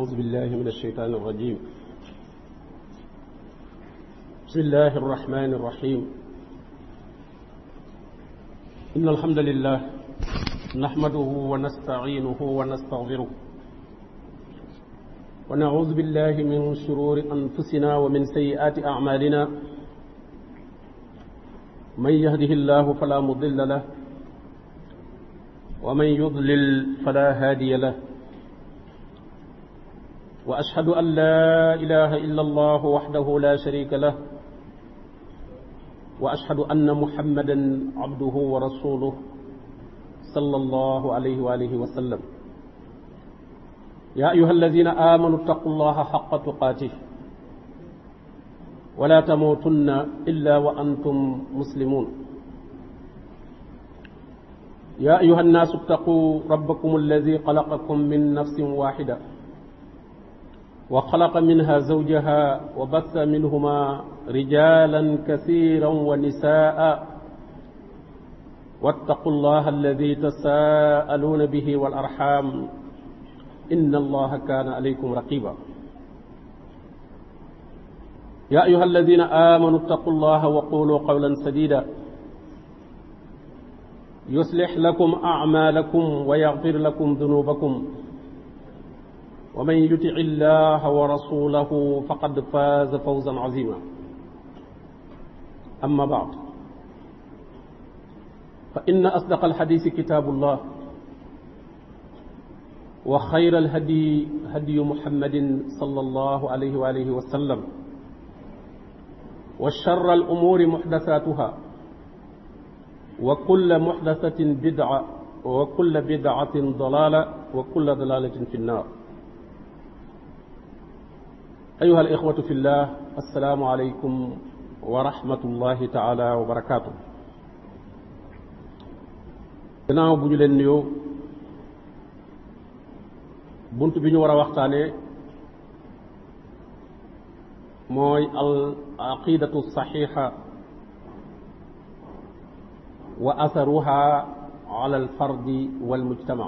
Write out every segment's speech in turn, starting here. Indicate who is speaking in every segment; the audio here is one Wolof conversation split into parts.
Speaker 1: أعوذ بالله من الشيطان الرجيم بسم الله الرحمن الرحيم إن الحمد لله نحمده ونستعينه ونستغفره ونعوذ بالله من شرور أنفسنا ومن سيئات أعمالنا من يهده الله فلا مضل له ومن يضلل فلا هادي له واشهد ان لا اله الا الله وحده لا شريك له واشهد ان محمدا عبده ورسوله صلى الله عليه واله وسلم يا ايها الذين امنوا اتقوا الله حق تقاته ولا تموتن الا وانتم مسلمون يا ايها الناس اتقوا ربكم الذي خلقكم من نفس واحده وخلق منها زوجها وبث منهما رجالا كثيرا ونساء واتقوا الله الذي تساءلون به والأرحام إن الله كان عليكم رقيبا يا أيها الذين آمنوا اتقوا الله وقولوا قولا سديدا يصلح لكم أعمالكم ويغفر لكم ذنوبكم ومن يطع الله ورسوله فقد فاز فوزا عظيما أما بعد فإن أصدق الحديث كتاب الله وخير الهدي هدي محمد صلى الله عليه وآله وسلم وشر الأمور محدثاتها وكل محدثة بدعة وكل بدعة ضلالة وكل ضلالة في النار أيها الإخوة في الله السلام عليكم ورحمة الله تعالى وبركاته gannaaw bu ñu leen nuyoo bunt bi ñu war a waxtaane mooy al aqidatu saxiixa wa asaruha ala al fardi wal mujtama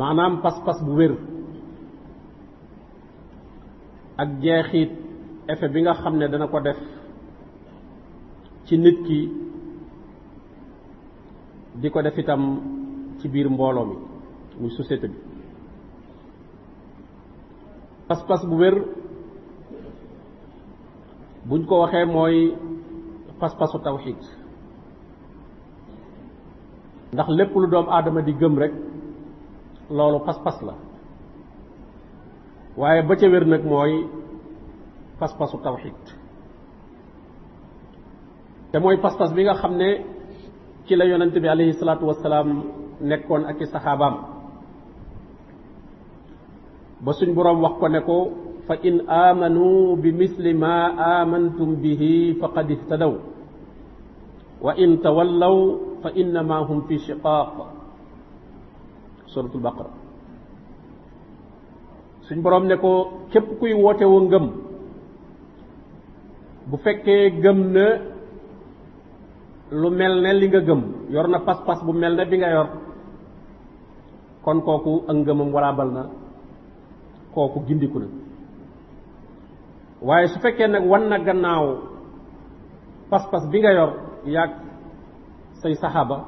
Speaker 1: maanaam pas-pas bu wér ak jeexiit effet bi nga xam ne dana ko def ci nit ki di ko def itam ci biir mbooloo mi muy société bi pas-pas bu wér buñ ko waxee mooy pas-pasu tawxid ndax lépp lu doom aadama di gëm rek loolu pas la waaye ba ca wér nag mooy pas-pasu te mooy pas bi nga xam ne ci la yonent bi alayhi salaatu wasalaam nekkoon ak i saxaabaam ba suñ boroom wax ko ne ko fa in aamanu bi misli ma aamantum bihi faqad ihtadaw wa in tawallaw fa innama hum fi shiqaaq suratul baqara suñ boroom ne ko képp kuy woote woo ngëm bu fekkee gëm na lu mel ne li nga gëm yor na pas-pas bu mel ne bi nga yor kon kooku ak ngëmam walaa bal na kooku gindiku na waaye su fekkee nag wan na gannaaw pas-pas bi nga yor yàgg say saxaaba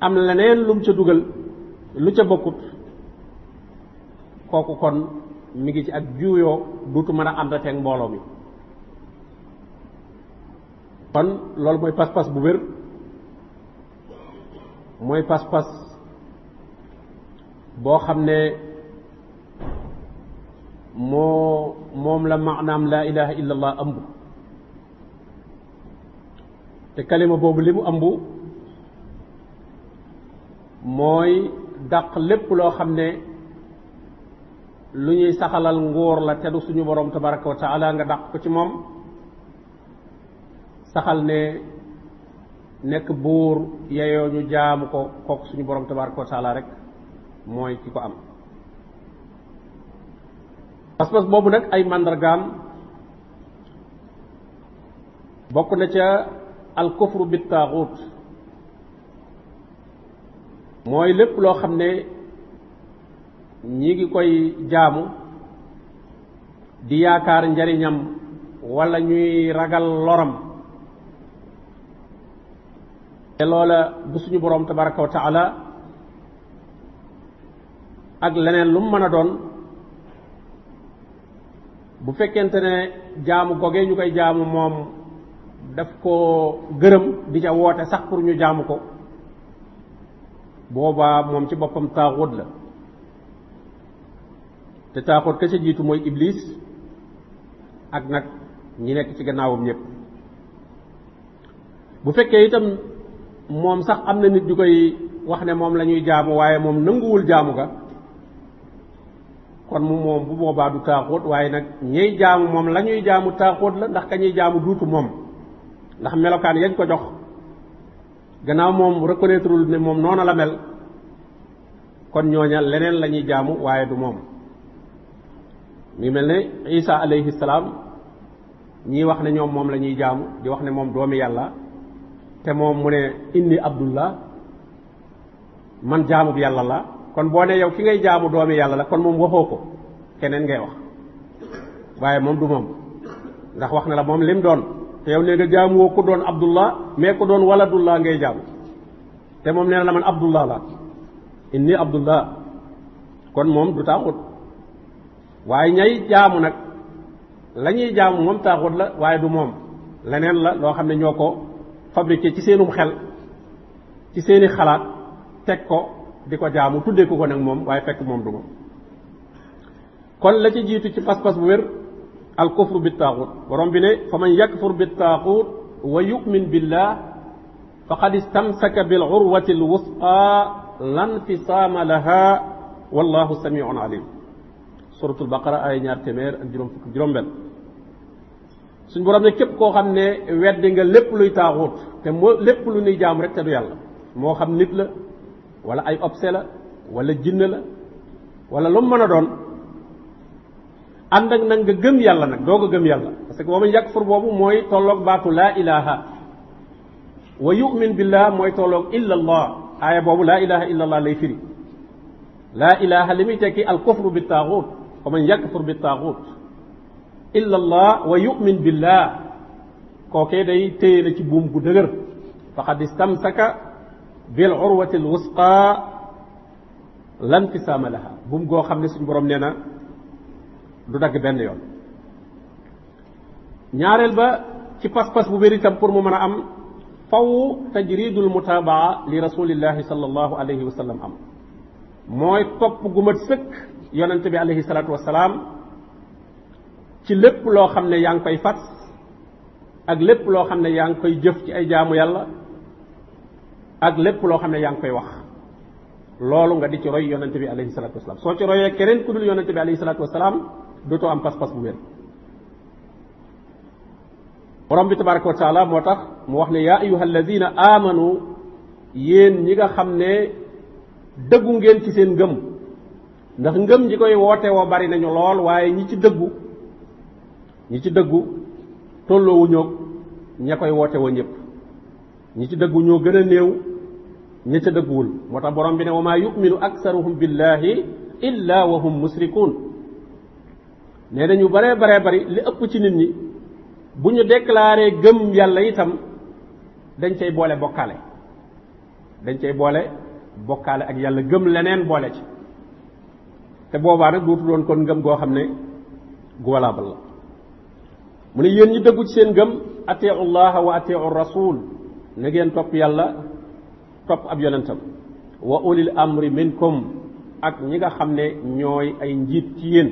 Speaker 1: am leneen lum mu ca dugal lu ca bokkut kooku kon mu ngi ci ak juuyoo duutu mën a ànd àndateeg mbooloo mi kon loolu mooy pas-pas bu wér mooy pas-pas boo xam ne moo moom la maanaam laa ilaha illa ëmb te kalima boobu li mu ëmb mooy dàq lépp loo xam ne lu ñuy saxalal nguur la teddu suñu borom tabaraka wa taala nga dàq ko ci moom saxal ne nekk buur yeyoo ñu jaamu ko kooku suñu borom tabaraka wa rek mooy ki ko am pas-pas boobu nag ay màndargaam bokk na ca al kufru bit mooy lépp loo xam ne ñii ngi koy jaamu di yaakaar njariñam walla ñuy ragal loram te loola bu suñu boroom tabaraka wa ak leneen lu mu mën a doon bu fekkente ne jaamu goge ñu koy jaamu moom daf ko gërëm di ca woote sax pour ñu jaamu ko boobaa moom ci boppam taaxut la te taaxoot ka jiitu mooy iblis ak nag ñi nekk ci gannaawam ñëpp bu fekkee itam moom sax am na nit ñu koy wax ne moom la ñuy jaamu waaye moom nanguwul jaamu ga kon mu moom bu boobaa du taaxoot waaye nag ñey jaamu moom lañuy ñuy jaamu taaxoot la ndax ka ñuy jaamu duutu moom ndax melokaan yañ ko jox gannaaw moom reconnaîtreul ne moom noona la mel kon ñooña leneen la ñuy jaamu waaye du moom mi mel ni isa alayhi salaam ñii wax ne ñoom moom la ñuy jaamu di wax ne moom doomi yàlla te moom mu ne indi abdullah man jaamub yàlla la kon boo ne yow ki ngay jaamu doomi yàlla la kon moom waxoo ko keneen ngay wax waaye moom du moom ndax wax na la moom lim doon te yow nee nga jaamu woo doon abdullah mais ku doon waladullah ngay jaamu te moom nee na la man abdullah la indi abdullah kon moom du taaxut waaye ñay jaamu nag lañuy ñuy jaamu moom taaxut la waaye du moom leneen la loo xam ne ñoo ko fabriqué ci seenum xel ci seeni xalaat teg ko di ko jaamu tuddee ko ko nag moom waaye fekk moom du moom kon la ci jiitu ci pas-pas bu wér al kufru bi taaxut borom bi ne fa man yakfur bi taaxut wa yu'min billah faqad istamsaka bil urwati al wusqa lan fisaama laha wallahu samiun alim suratul baqara ay ñaar téeméer ak juróom fukk juróom-benn suñ borom ne képp koo xam ne weddi nga lépp luy taaxuut te moo lépp lu nuy jaam rek te du yàlla moo xam nit la wala ay obse la wala jinne la wala lu mën a doon ànd ak nag nga gëm yàlla nag doog a gëm yàlla parce que boobu yakfur boobu mooy tolloog baatu laa ilaha wa yu'min billah mooy tolloog illa allah aaya boobu laa ilaha illa allah lay firi laa ilaha li muy tekki al kufru bi taaxuut wa man yakfur bi taaxut illa allah wa yumin billah kookee day téye na ci buum gu dëgër faqad istamsaka bil urwati al wusqa lan fisaama laha buum goo xam ne suñ borom nee na du dagg benn yoon ñaareel ba ci pas-pas bu wér itam pour mu mën a am faw tajridul mutaabaa li rasulillahi sallallahu alayhi wa sallam am mooy topp gu mat sëkk yonent bi alayhi salaatu salaam ci lépp loo xam ne yaa ngi koy fas ak lépp loo xam ne yaa ngi koy jëf ci ay jaamu yàlla ak lépp loo xam ne yaa ngi koy wax loolu nga di ci roy yonent bi alayhi salaatu wasalaam soo ci royee keneen ku dul yonent bi alayhi salaatu wasalaam dootoo am pas-pas bu wér borom tabaraka wa taala moo tax mu wax ne yaa ayuha alladina amanu yéen ñi nga xam ne dëggu ngeen ci seen ngëm ndax ngëm ji koy woote woo bari nañu lool waaye ñi ci dëggu ñi ci dëggu tolloowu ñoog ña koy woote woo ñëpp ñi ci dëggu ñoo gën a néew ña ca dëgguwul moo tax borom bi ne wa maa yuminu aksaruhum billahi illa wa hum musrikuun nee na ñu bare baree bari li ëpp ci nit ñi bu ñu déclaré gëm yàlla itam dañ cay boole bokkaale dañ cay boole bokkaale ak yàlla gëm leneen boole ci te boobaa nag dootu doon kon ngëm goo xam ne gu walaabal la mu ne yéen ñi dëggu ci seen ngëm atiu llaha wa atiu rasul na ngeen topp yàlla topp ab yonentam wa ulil amri minkum ak ñi nga xam ne ñooy ay njiit ci yéen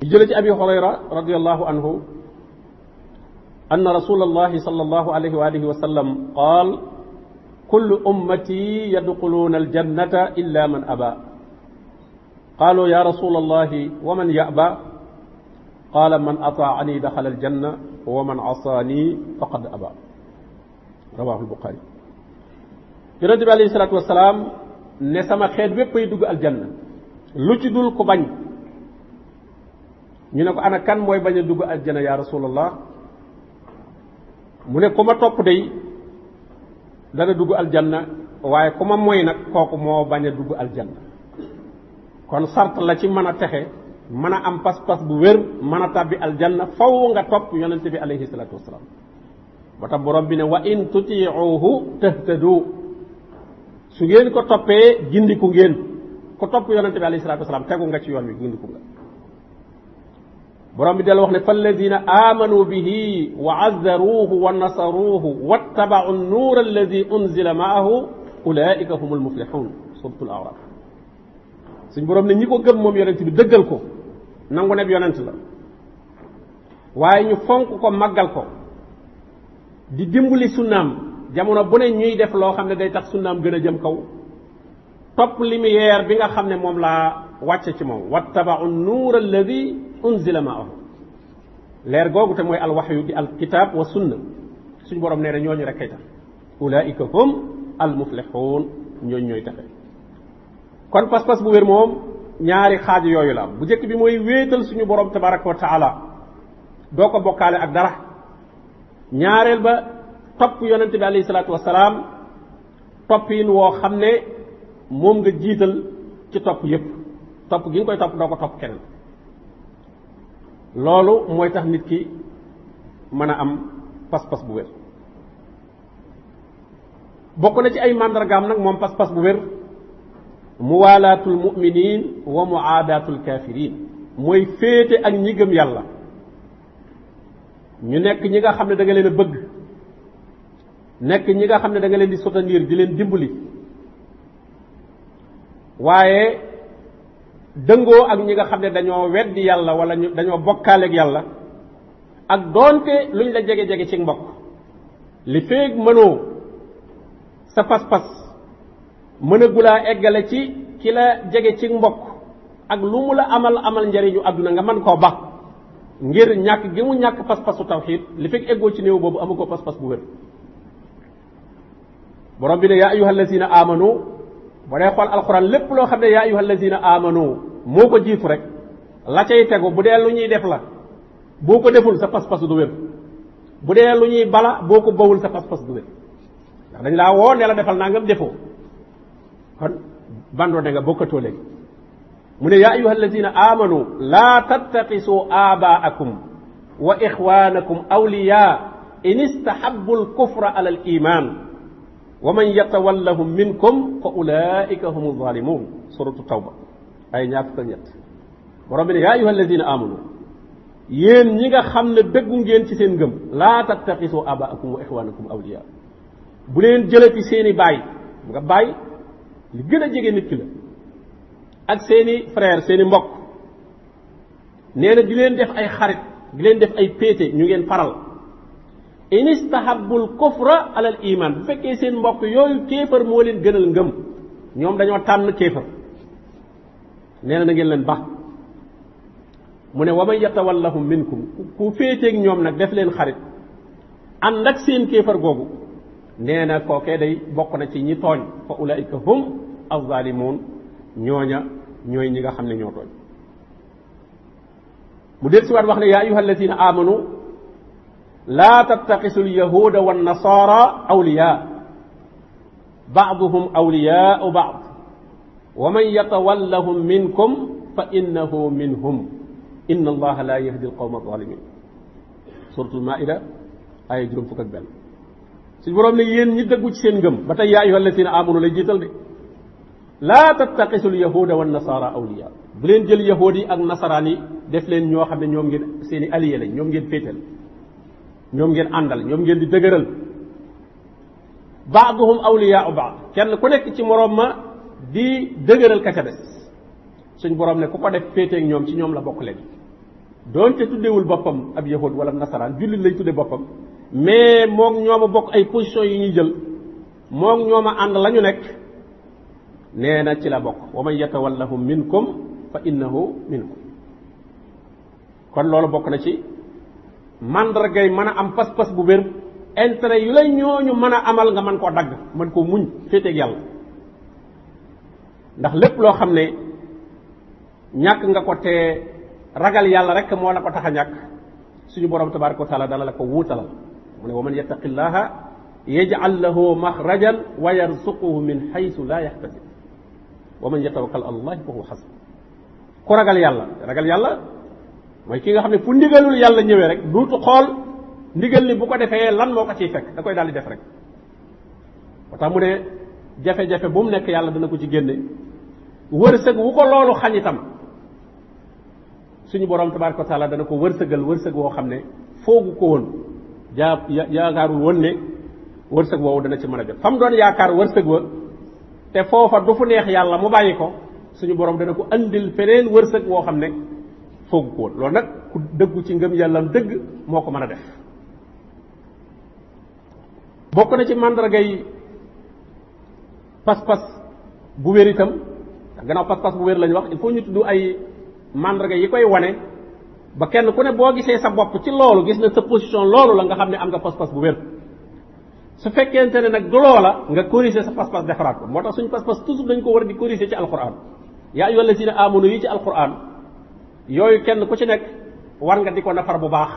Speaker 1: ñu jële ci abi hurayra radiallahu anhu anna rasul allahi sal allahu alayhi qaal kullu ummati yadxuluuna aljannata illa man aba qaalu ya rasula allahi wa man yaba qaala man ataani daxala aljanna wa man asaani faqad aba rawaahul buxaari yonente bi alayhi salaatu wasalaam ne sama xeet wépp ay dugg aljanna lu ci dul ko bañ ñu ne ko ana kan mooy bañ a dugg aljana ya rasulallah mu ne ku ma topp day dana dugg aljanna waaye ku ma moy nag kooku moo bañ a dugg aljanna kon sart la ci mën a texe mën a am pas-pas bu wér mën a tàbbi aljanna faw nga topp yonente bi alayhi salatu wasalaam ba tax boroom bi ne wa in tutiuhu tahtadu su ngeen ko toppee gindiku ngeen ku topp yonente bi alayhi salatu wasalaam tegu nga ci yoon wi gindiku nga borom bi del wax ne falladina amanu bihi wa azzaruuhu wa nasaruuhu wattabau nuur alladi unzila maahu ulaika humul muflixuun suratul araf suñ borom ne ñi ko gëm moom yonent bi dëggal ko nangu neb yonent la waaye ñu fonk ko màggal ko di dimbali sunnaam jamono bu ne ñuy def loo xam ne day tax sunnaam gën a jëm kaw topp lumière bi nga xam ne moom laa wàcce ci moom wattabau nuur alladi unzila ma'ahu leer googu te mooy alwaxyu di alkitab wa sunna suñu borom nee na ñooñu rek kay tax ulaika hum almuflixuun ñooñu ñooy taxe kon pas-pas bu wér moom ñaari xaaj yooyu la bu njëkk bi mooy wéetal suñu borom tabaraka wa taala doo ko bokkaale ak dara ñaareel ba topp yonente bi alayhi salaatu wasalaam toppin woo xam ne moom nga jiital ci topp yépp topp gi nga koy topp doo ko topp keneen loolu mooy tax nit ki mën a am pas-pas bu wér bokk na ci ay màndargaam nag moom pas-pas bu wér muwaalaatul mu'miniin wa muaadaatul kaafiriin mooy féete ak ñi gëm yàlla ñu nekk ñi nga xam ne danga leen a bëgg nekk ñi nga xam ne danga leen di soutenir di leen dimbali waaye dëngoo ak ñi nga xam ne dañoo weddi yàlla wala ñu dañoo bokkaaleeg yàlla ak doonte luñ la jege jege ci mbokk li feeg mënoo sa pas-pas mën a gulaa eggale ci ki la jege ci mbokk ak lu mu la amal amal njariñu àdduna nga mën koo ba ngir ñàkk gi mu ñàkk pas-pasu tawxiid li feeg eggoo ci néew boobu amu ko pas-pas bu wér borom bi ne yaa ayyuhal lazina amanu bu dee xool alxuraan lépp loo xam ne yaa ayyuha allazina amanu moo ko jiitu rek la cay tegu bu dee lu ñuy def la boo ko deful sa pas-pas du wér bu dee lu ñuy bala boo ko bawul sa pas-pas du wér ndax dañ laa woo ne la defal nangam defoo kon bandoo da nga bokkatoo léegi mu ne yaa ayyuha allazina amanu laa tattaqisu abaakum wa ixwanakum awliya in istahabu alkufra ala al wa man yatawallahum minkum fa ulaika humu zalimun suratu tawba ay ñaar fukk ak ñett borom bi ne yaa ayuha alladina amanu ñi nga xam ne dëggu ngeen ci seen gëm laa tattaxisu abaakum wa ixwanakum awliya bu leen jëlati seeni baay nga baay li gën a jege nit ki la ak seeni frère seeni mbokk nee na di leen def ay xarit di leen def ay péete ñu ngeen faral in istahabul kufra alal iman bu fekkee seen mbokk yooyu kéefar moo leen gënal ngëm ñoom dañoo tànn kéefar nee na na ngeen leen bax mu ne wa man yatawallahum minkum ku féeteeg ñoom nag def leen xarit ànd ak seen kéefar googu nee na kookee day bokk na ci ñi tooñ fa ulaika hum azzalimun ñooña ñooy ñi nga xam ne ñoo tooñ mu del si wax ne yaa ayyuha allazina amanu laa tattaxisu alyahuda wa nasaara awliya baaduhum awliyaau baad wa man yatawallahum minkum fa innahu minhum inna allaha laa yahdi alqawma alzalimin suratul maida aaya juróom fukk ak benn suñu boroom ne yéen ñi dëggu ci seen ngëm ba tey yaa ayyuha allazina amanu lay jiital de laa tattaxisu alyahuda wa nasaara awliya bu leen jël yahuud yi ak nasaraan yi def leen ñoo xam ne ñoom ngeen seen i allié lañ ñoom ngeen féetal ñoom ngeen àndal ñoom ngeen di dëgëral baaduhum awliyaau baax kenn ku nekk ci moroom ma di dëgëral ka ca des suñ boroom ne ku ko def féeteeg ñoom ci ñoom la bokk leen doonte tuddewul boppam ab yahud wala nasaraan jullit lay tudde boppam mais moom ñooma bokk ay position yi ñuy jël moom ñooma ànd la ñu nekk nee na ci la bokk wa man yatawallahum minkum fa innahu minkum kon loolu bokk na ci mandargay mën a am pas-pas bu wér intérêt yu lay ñooñu mën a amal nga mën koo dagg mën koo muñ féeteeg yàlla ndax lépp loo xam ne ñàkk nga ko te ragal yàlla rek moo la ko tax a ñàkk suñu borom tabaraka wa taala dana la ko wuutalal mu ne wa man yattaqillaha yaj'al lahu maxrajan wa yarzuquhu min haythu la yahtasib wa man yatawakkal allah fa huwa hasbu ku ragal yàlla ragal yàlla mooy kii nga xam ne fu ndigalul yàlla ñëwee rek duutu xool ndigal li bu ko defee lan moo ko ciy fekk da koy daal def rek moo tax mu ne jafe-jafe bu mu nekk yàlla dana ko ci génne wërsëg wu ko loolu xañ itam suñu borom tabaraka wa taala dana ko wërsëgal wërsëg woo xam ne foogu ko woon jaa yaakaarul woon ne wërsëg woowu dana ci mën a jot fa mu doon yaakaar wërsëg wa te foofa du fu neex yàlla mu bàyyi ko suñu borom dana ko andil feneen wërsëg woo xam ne foogu ko woon loolu nag ku dëggu ci ngëm yàllam dëgg moo ko mën a def bokk na ci màndargay pas-pas bu wér itam gannaaw pas-pas bu wér lañu wax il faut ñu tudd ay màndarga yi koy wane ba kenn ku ne boo gisee sa bopp ci loolu gis na sa position loolu la nga xam ne am nga pas-pas bu wér su fekkente ne nag du loola nga corriger sa pas-pas defaraat ko moo tax suñu pas-pas toujours dañ ko war a di corriger ci alquran yaa ayyuhallazina amanu yi ci alquran yooyu kenn ku ci nekk war nga di ko nafar bu baax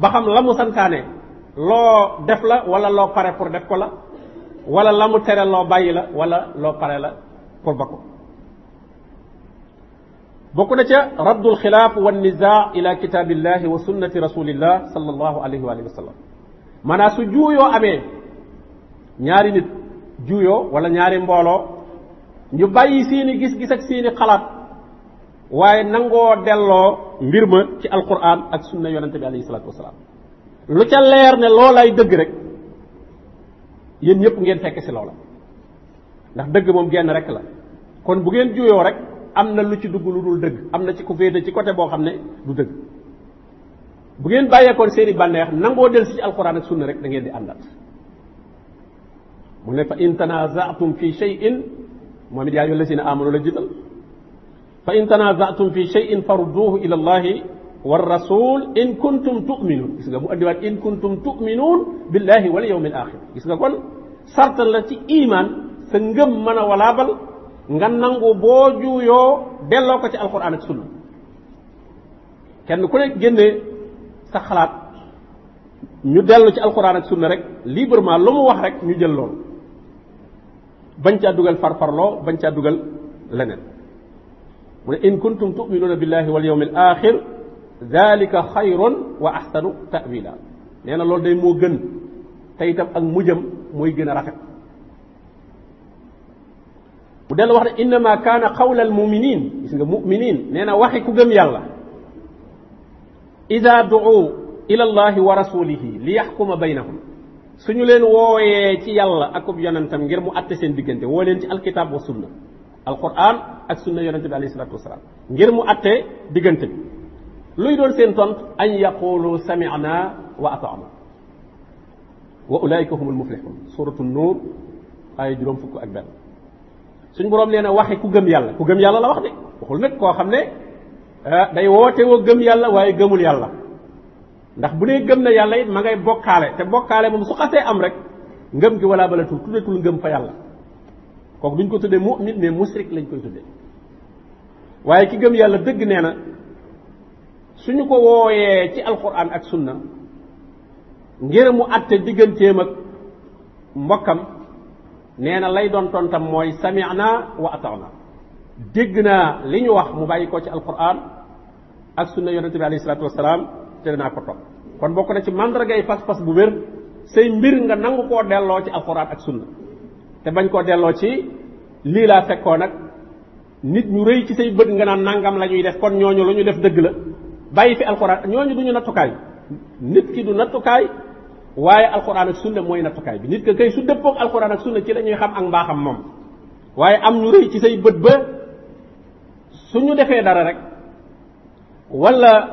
Speaker 1: ba xam la mu santaane loo def la wala loo pare pour def ko la wala la mu tere loo bàyyi la wala loo pare la pour ba ko bokk na ca raddul xilaaf wa nizaa ila kitaabillahi wa sunnati rasulillah sallallahu alayhi wa sallam maanaam su juuyoo amee ñaari nit juuyoo wala ñaari mbooloo ñu bàyyi seeni gis-gis ak seeni xalaat waaye nangoo delloo mbir ma ci alquran ak sunna yonente bi alayhi salatu wasalaam lu ca leer ne loolay dëgg rek yéen ñëpp ngeen fekk si loola ndax dëgg moom genn rek la kon bu ngeen juyoo rek am na lu ci dugg lu dul dëgg am na ci ku féete ci côté boo xam ne du dëgg bu ngeen bàyyeekoon seeni bànneex nangoo del si ci alquran ak sunna rek da ngeen di àndat mu ne fa in tanazatum fi shay'in moom it yaa ayyuhallazina amanu la jiital fa in tanazatum fi shay'in farudduhu ila allahi war rasul in kuntum tuminuun gis nga mu andiwaat in kuntum tuminuun billahi wal yawmil axir gis nga kon sartan la ci iman sa ngëm mën a walaabal nga nangu boo juuyoo delloo ko ci alquran sunna kenn ku ne génnee sa xalaat ñu dellu ci alquran ak sunna rek librement lu mu wax rek ñu jël loolu bañ caa dugal farfarloo bañ caa dugal leneen mu ne in kuntum tuminuuna billahi wal yawmil axir dalika xayrun wa axsanu tawila nee na loolu day moo gën te itam ak mujjam mooy gën a rafet mu dellu wax ne innama kaana qawla al muminin gis nga nee na waxi ku gëm yàlla ida duu ila allahi wa rasulihi li yaxkuma baynahum suñu leen wooyee ci yàlla akub yonentam ngir mu àtte seen diggante woo leen ci alkitab wa sunna alquran ak sunna yonente bi alayhi ngir mu attee diggante bi luy doon seen tont an yaqulu sami'na wa ata'na wa ulaika humul muflihun suratu nuur aaya juróom fukk ak benn suñ boroom nee na waxe ku gëm yàlla ku gëm yàlla la wax de waxul nag koo xam ne ah, day woote woo gëm yàlla waaye gëmul yàlla ndax bu dee gëm na yàlla it ma ngay bokkaale te bokkaale moom su xasee am rek ngëm gi wala bala tu tuddatul ngëm fa yàlla kooku duñ ko tuddee mu'min mais musrik lañ koy tuddee waaye ki gëm yàlla dëgg nee na su ñu ko wooyee ci alquran ak sunna ngir mu àtte digganteem ak mbokkam nee na lay doon tontam mooy sami'na wa na dégg naa li ñu wax mu bàyyi ko ci alquran ak sunna yonente bi alayhi salaatu wasalaam te dinaa ko topp kon bokk na ci mandargay fas fas bu wér say mbir nga nangu koo delloo ci alquran ak sunna te bañ koo delloo ci lii laa fekkoo nag nit ñu rëy ci say bët nga naan nangam la ñuy def kon ñooñu lu ñu def dëgg la bàyyi fi alxuraan ñooñu du ñu nattukaay nit ki du nattukaay waaye alxuraan ak sunna mooy nattukaay bi nit ki kay su dëppoog alxuraan ak sunna ci la xam ak mbaaxam moom waaye am ñu rëy ci say bët ba su ñu defee dara rek wala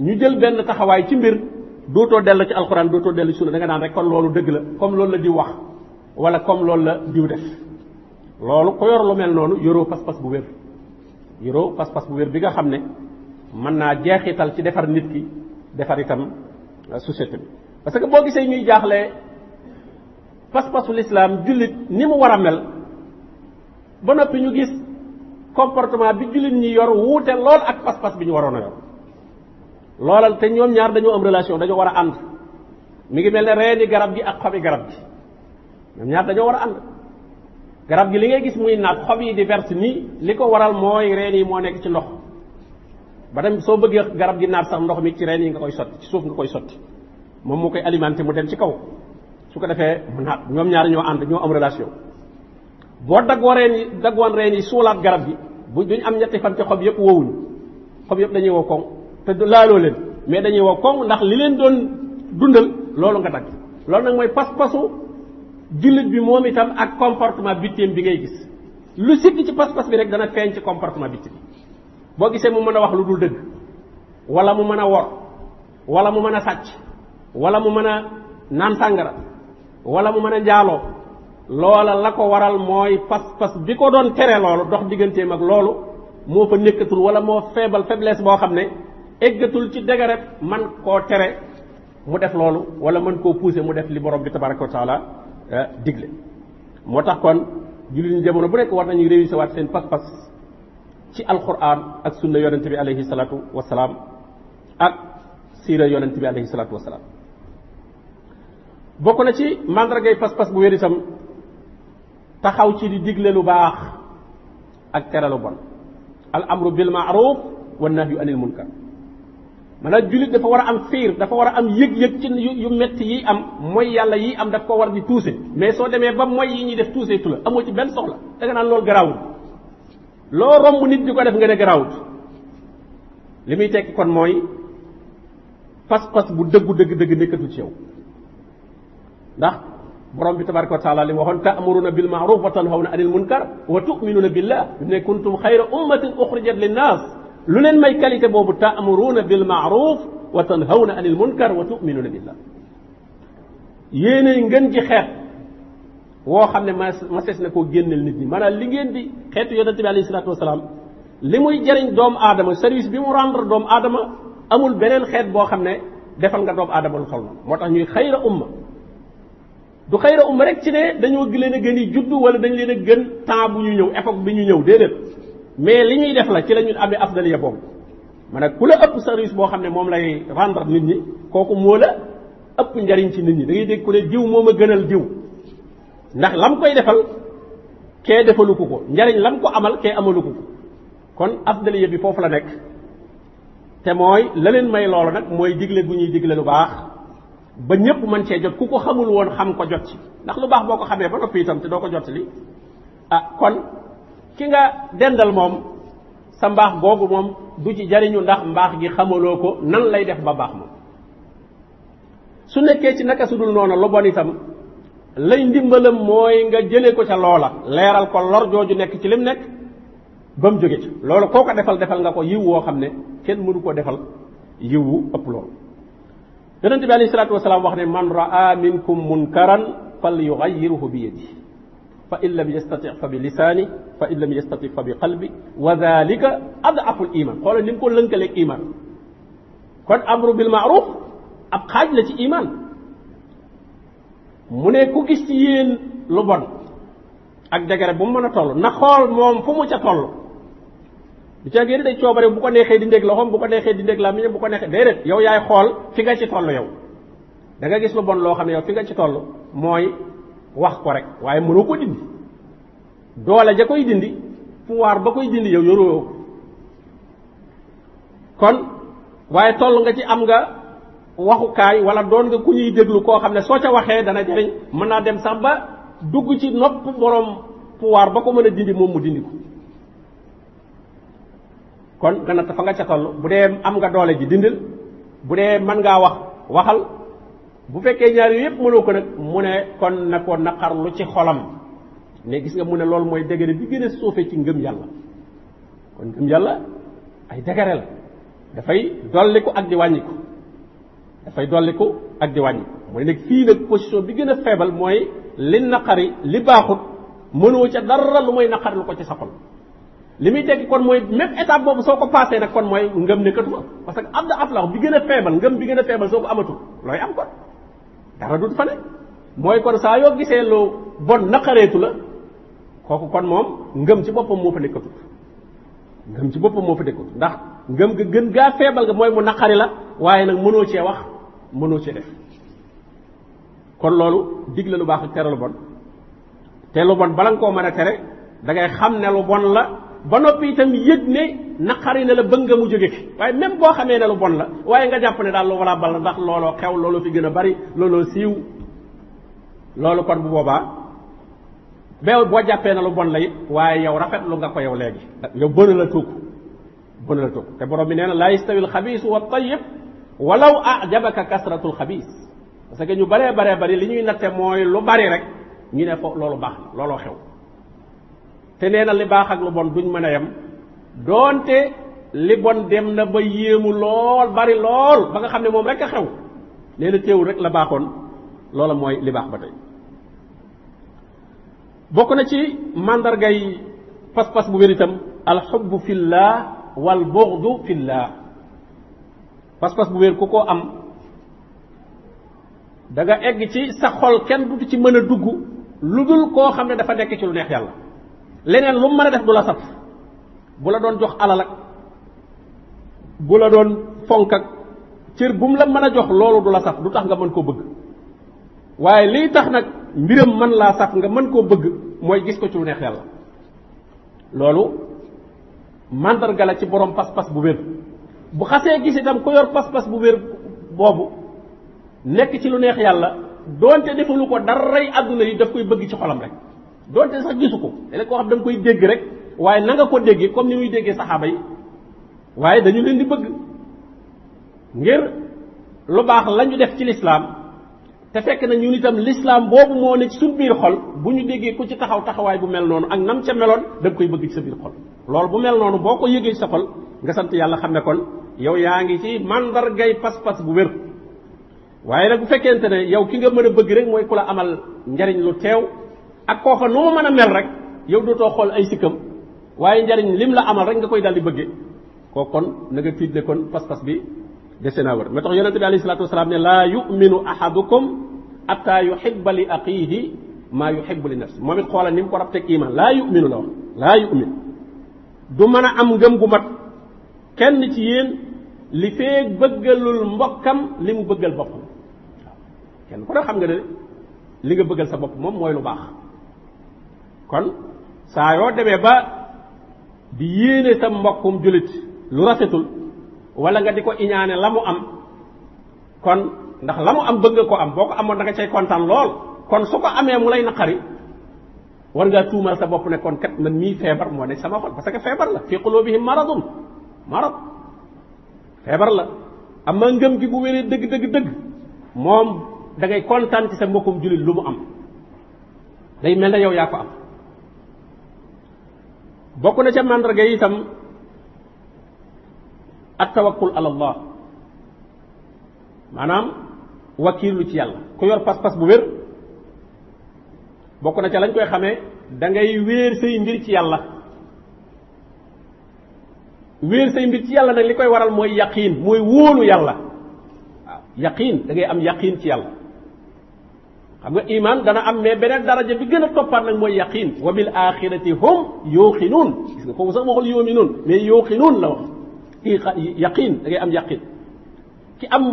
Speaker 1: ñu jël benn taxawaay ci mbir dootoo dellu ci alxuraan dootoo dellu ci sunna da nga naan rek kon loolu dëgg la comme loolu la di wax wala comme loolu la diw def loolu ku yor lu mel noonu yoroo pas-pas bu wér yoroo pas-pas bu wér bi nga xam ne mën naa jeexital ci defar nit ki defar itam euh, société bi parce que boo gisee ñuy jaaxle pas-pasu lislaam jullit ni mu war a mel ba noppi ñu gis comportement bi jullit ñi yor wuute lool ak pas-pas bi ñu waroon a yor loolal te ñoom ñaar dañoo am relation dañoo war a ànd mu ngi mel ne reeni garab gi ak xobi garab gi ñoom ñaar dañoo war a ànd garab gi li ngay gis muy naat xob yi di verse nii li ko waral mooy reen yi moo nekk ci ndox ba dem soo bëggee garab gi naat sax ndox mi ci reen yi nga koy sotti ci suuf nga koy sotti moom moo koy alimente mu dem ci kaw su ko defee mu naat ñoom ñaari ñoo ànd ñoo am relation boo daggoo reen yi daggoon reen yi suulaat garab gi bu duñ am ñetti fan ci xob yëpp wowuñu xob yëpp dañuy wow koŋ te laaloo leen mais dañuy wow koŋ ndax li leen doon dundal loolu nga dagg jullit bi moom itam ak comportement bittim bi ngay gis lu sikk ci pas-pas bi rek dana feeñ ci comportement bitti bi boo gisee mu mën a wax lu dul dëgg wala mu mën a wor wala mu mën a sàcc wala mu mën a naan sàngara wala mu mën a njaaloo loola la ko waral mooy pas-pas bi ko doon tere loolu dox digganteem ak loolu moo fa nekkatul wala moo feebal faiblesse boo xam ne eggatul ci dégaret man koo tere mu def loolu wala mën koo pousser mu def li borom bi tabaraka wa Ah, digle moo tax kon jullit ñi jamono bu nekk war nañuy réussir waat seen pas-pas ci alquran ak sunna yonente bi alayhi salaatu wasalaam ak siira yonente bi alayhi salaatu wasalaam bokk na ci mandargay pas-pas bu wér itam taxaw ci di digle lu baax ak tere lu bon al amru bil maaruf wa nahyu anil munkar a jullit dafa war a am fiir dafa war a am yëg-yëg ci yu metti yi am mooy yàlla yi am daf ko war di tuuse mais soo demee ba mooy yi ñuy def tuuse tu la amoo ci benn soxla te nga naan loolu garaawut loo romb nit di ko def nga ne garaawut li muy tekki kon mooy pas-pas bu dëggu dëgg dëgg nekkatu ci yow ndax borom bi tabaraka wa taala li mu waxoon taamuruna bil maaruf wa tanhawna anil munkar wa tuminuna billah ne kuntum xayra ummatin uxrijat linnas lu leen may qualité boobu taamuruuna bil maaruf wa tanhawna anil munkar wa tuminuuna billah yéenay ngeen ji xeet woo xam ne ma sees na koo génneel nit ñi maanaam li ngeen di xeetu yonent bi alayhi salaatu wasalaam li muy jariñ doomu aadama service bi mu rendre doomu aadama amul beneen xeet boo xam ne defal nga doomu aadama lu xol noonu moo tax ñuy xayra uma du xayra umma rek ci ne dañoo leen a gën yi juddu wala dañ leen a gën temps bu ñu ñëw époque bi ñu ñëw déedéet mais li ñuy def la ci la ñuy amee afdaliya boobu ma ne ku la ëpp service boo xam ne moom lay rendre nit ñi kooku moo la ëpp njariñ ci nit ñi da ngay dégg ku ne diw moom a gënal diw ndax lam koy defal kee defalu ko ko njariñ lam ko amal kee amalu ko ko kon afdaliya bi foofu la nekk te mooy la leen may loolu nag mooy digle bu ñuy digle lu baax ba ñépp mën cee jot ku ko xamul woon xam ko jot ci ndax lu baax boo ko xamee ba noppi itam te doo ko jot li ah ki nga dendal moom sa mbaax googu moom du ci jariñu ndax mbaax gi xamaloo ko nan lay def ba baax moom su nekkee ci naka su dul noonu lu bon itam lay ndimbalam mooy nga jële ko ca loola leeral ko lor jooju nekk ci lim nekk ba mu jóge ci loolu koo ko defal defal nga ko yiw woo xam ne kenn mënu ko defal yiwu ëpp loolu yonente bi alayhi salaatu wasalaam wax ne man raa minkum munkaran fal yugayiruhu bi yadihi fa in lam yastati fa bi lisaani fa in lam yastati fa bi qalbi wa dalika adaful iman xoolal ni mu ko lënkaleeg iman kon amru xaaj la ci iman mu ne ku gis ci yéen lu bon ak degere bu mën a toll na xool mu ca toll du caa génn bu ko neexee di ndég loxoom bu ko neexee di ndég bu ko neexee déedéet yow yaay xool fi nga ci toll yow da nga gis lu bon loo xam ne yow fi nga ci toll mooy wax ko rek waaye mënoo ko dindi doole ja koy dindi pouvoir ba koy dindi yow yoroo kon waaye toll nga ci am nga waxukaay wala doon nga ku ñuy déglu koo xam ne soo ca waxee dana jariñ mën naa dem sax ba dugg ci nopp boroom pouvoir ba ko mën a dindi moom mu dindi ko kon nga natt fa nga ca toll bu dee am nga doole ji dindil bu dee mën ngaa wax waxal bu fekkee ñaar yooyu yëpp mënoo ko nag mu ne kon na ko naqarlu ci xolam ne gis nga mu ne loolu mooy dëgëre bi gën a suufee ci ngëm yàlla kon ngëm yàlla ay dëgëre la dafay dolliku ak di wàññiku dafay dolliku ak di wàññiku mooy nag fii nag position bi gën a feebal mooy li naqari li baaxut mënoo ca dara lu mooy naqarlu ko ci sa xol li muy tekki kon mooy même étape boobu soo ko passé nag kon mooy ngëm nekkatu parce que abda aflax bi gën a feebal ngëm bi gën a feebal soo looy am kon dara du fa ne mooy kon saa yoo gisee lu bon naqareetu la kooku kon moom ngëm ci boppam moo fa nekkatut ngëm ci boppam moo fa nekkatut ndax ngëm ga gën gaa feebal nga mooy mu naqari la waaye nag mënoo cee wax mënoo cee def kon loolu digle lu baax ak tere lu bon te lu bon bala nga koo mën a tere da ngay xam ne lu bon la ba noppi itam yëg ne naqari na la bëgg nga mu jóge fi waaye même boo xamee ne lu bon la waaye nga jàpp ne daal lu wala bal ndax looloo xew looloo fi gën a bari looloo siiw loolu kon bu boobaa beew boo jàppee na lu bon la it waaye yow rafetlu nga ko yow léegi yow bëna la tukk bëna la tukk te borom bi nee na laa yastawi alxabiisu wa tayib walaw ajabaka kasratul xabiis parce que ñu baree baree bari li ñuy natte mooy lu bari rek ñu ne foofu loolu baax looloo xew te nee na li baax ak lu bon duñ mën a yem doonte li bon dem na ba yéemu lool bari lool ba nga xam ne moom rek a xew nee na teewul rek la baaxoon loola mooy li baax ba tey bokk na ci màndargay pas-pas bu wér itam alxubbu fillah wal bughdu fillah pas-pas bu wér ku ko am danga nga egg ci sa xol kenn du ci mën a dugg lu dul koo xam ne dafa nekk ci lu neex yàlla leneen lu mu mën a def du la saf bu la doon jox alal ak bu la doon fonk ak cër bu mu la mën a jox loolu du la saf du tax nga mën koo bëgg waaye liy tax nag mbiram mën laa saf nga mën koo bëgg mooy gis ko ci lu neex yàlla loolu mandarga la ci borom pas-pas bu wér bu xasee gis itam ku yor pas-pas bu wér boobu nekk ci lu neex yàlla doonte lu ko daray àdduna yi daf koy bëgg ci xolam rek doonte sax gisu ko léeg koo xam da koy dégg rek waaye nanga nga ko déggee comme ni muy déggee saxaaba yi waaye dañu leen di bëgg ngir lu baax lañu def ci lislaam te fekk na ñun itam lislaam boobu moo ne suñ biir xol bu ñu déggee ku ci taxaw taxawaay bu mel noonu ak nam ca meloon da nga koy bëgg ci sa biir xol loolu bu mel noonu boo ko yëgee sa xol nga sant yàlla xam ne kon yow yaa ngi ci mandargay pas-pas bu wér waaye nag bu fekkente ne yow ki nga mën a bëgg rek mooy ku la amal njariñ lu teew ak kooka nu mu mën a mel rek yow dootoo xool ay sikkam waaye njariñ lim la amal rek nga koy daal di bëgge koo kon a nga tiit ne kon pas-pas bi dese naa wër moo tax yonente bi alayhi salatu wasalaam ne laa yuminu ahadukum atta yuhibba li aqihi maa yuhibbu li nafsi moom it xoolal ni mu ko teg iman laa yuminu la wax laa yumin du mën a am ngëm gu mat kenn ci yéen li fee bëggalul mbokkam li mu bëggal boppam waaw kenn ku ne xam nga ne li nga bëggal sa bopp moom mooy lu baax kon saa yoo demee ba di yéene sa mbokkum jullit lu rafetul wala nga di ko iñaane la mu am kon ndax la mu am bëgg nga ko am boo ko amoon da nga cay kontaan lool kon su ko amee mu lay naqari war ngaa tuumal sa bopp ne kon kat man mii feebar moo ne sama xol parce que feebar la fi qulubihim maradun marad feebar la amma ngëm gi bu wéree dëgg dëgg dëgg moom da ngay kontaan ci sa mbokkum jullit lu mu am day mel na yow yaa ko am bokk na ca màndarga yi tam at tawakkul ala allah maanaam wakiilu ci yàlla ku yor pas-pas bu wér bokk na ca lañ koy xame da ngay wéer say mbir ci yàlla wéer say mbir ci yàlla nag li koy waral mooy yaqiin mooy wóolu yàlla waaw yaqiin da ngay am yaqiin ci yàlla xam nga imaan dana am mais beneen daraja bi gën a toppaat nag mooy yaqin wa bil axirati hum yuqinuun gis nga kooku sax waxul yuminuun mais yuqinuun la wax i yaqin da am yaqin ki am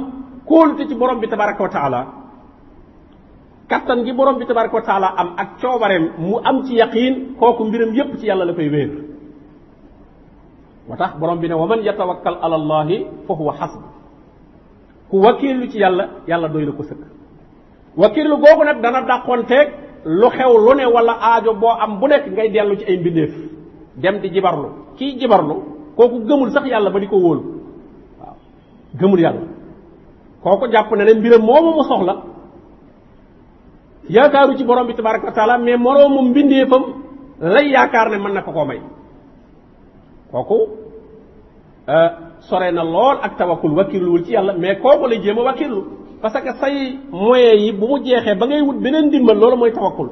Speaker 1: kóolute ci borom bi tabaraka wa taala kattan gi borom bi tabaraka wa taala am ak coobareem mu am ci yaqin kooku mbiram yépp ci yàlla la koy wéer moo tax borom bi ne wa man yatawakkal ala allahi fa huwa xasb ku wakiilu ci yàlla yàlla doy la ko sëkk wakirlu googu nag dana dàqonteeg lu xew lu ne wala aajo boo am bu nekk ngay dellu ci ay mbindeef dem di jibarlu kii jibarlu kooku gëmul sax yàlla ba di ko wóolu waaw gëmul yàlla kooku jàpp ne na ne mbiram moomu mu soxla yaakaaru ci borom bi tabaraka wa mais moroomu mbindeefam lay yaakaar ne mën na ko koo may kooku euh, sore na lool ak tawakkul wakkirluwul ci yàlla mais kooku lay jéem a parce que say moyens yi bu mu jeexee ba ngay wut beneen ndimbal loolu mooy tawakkul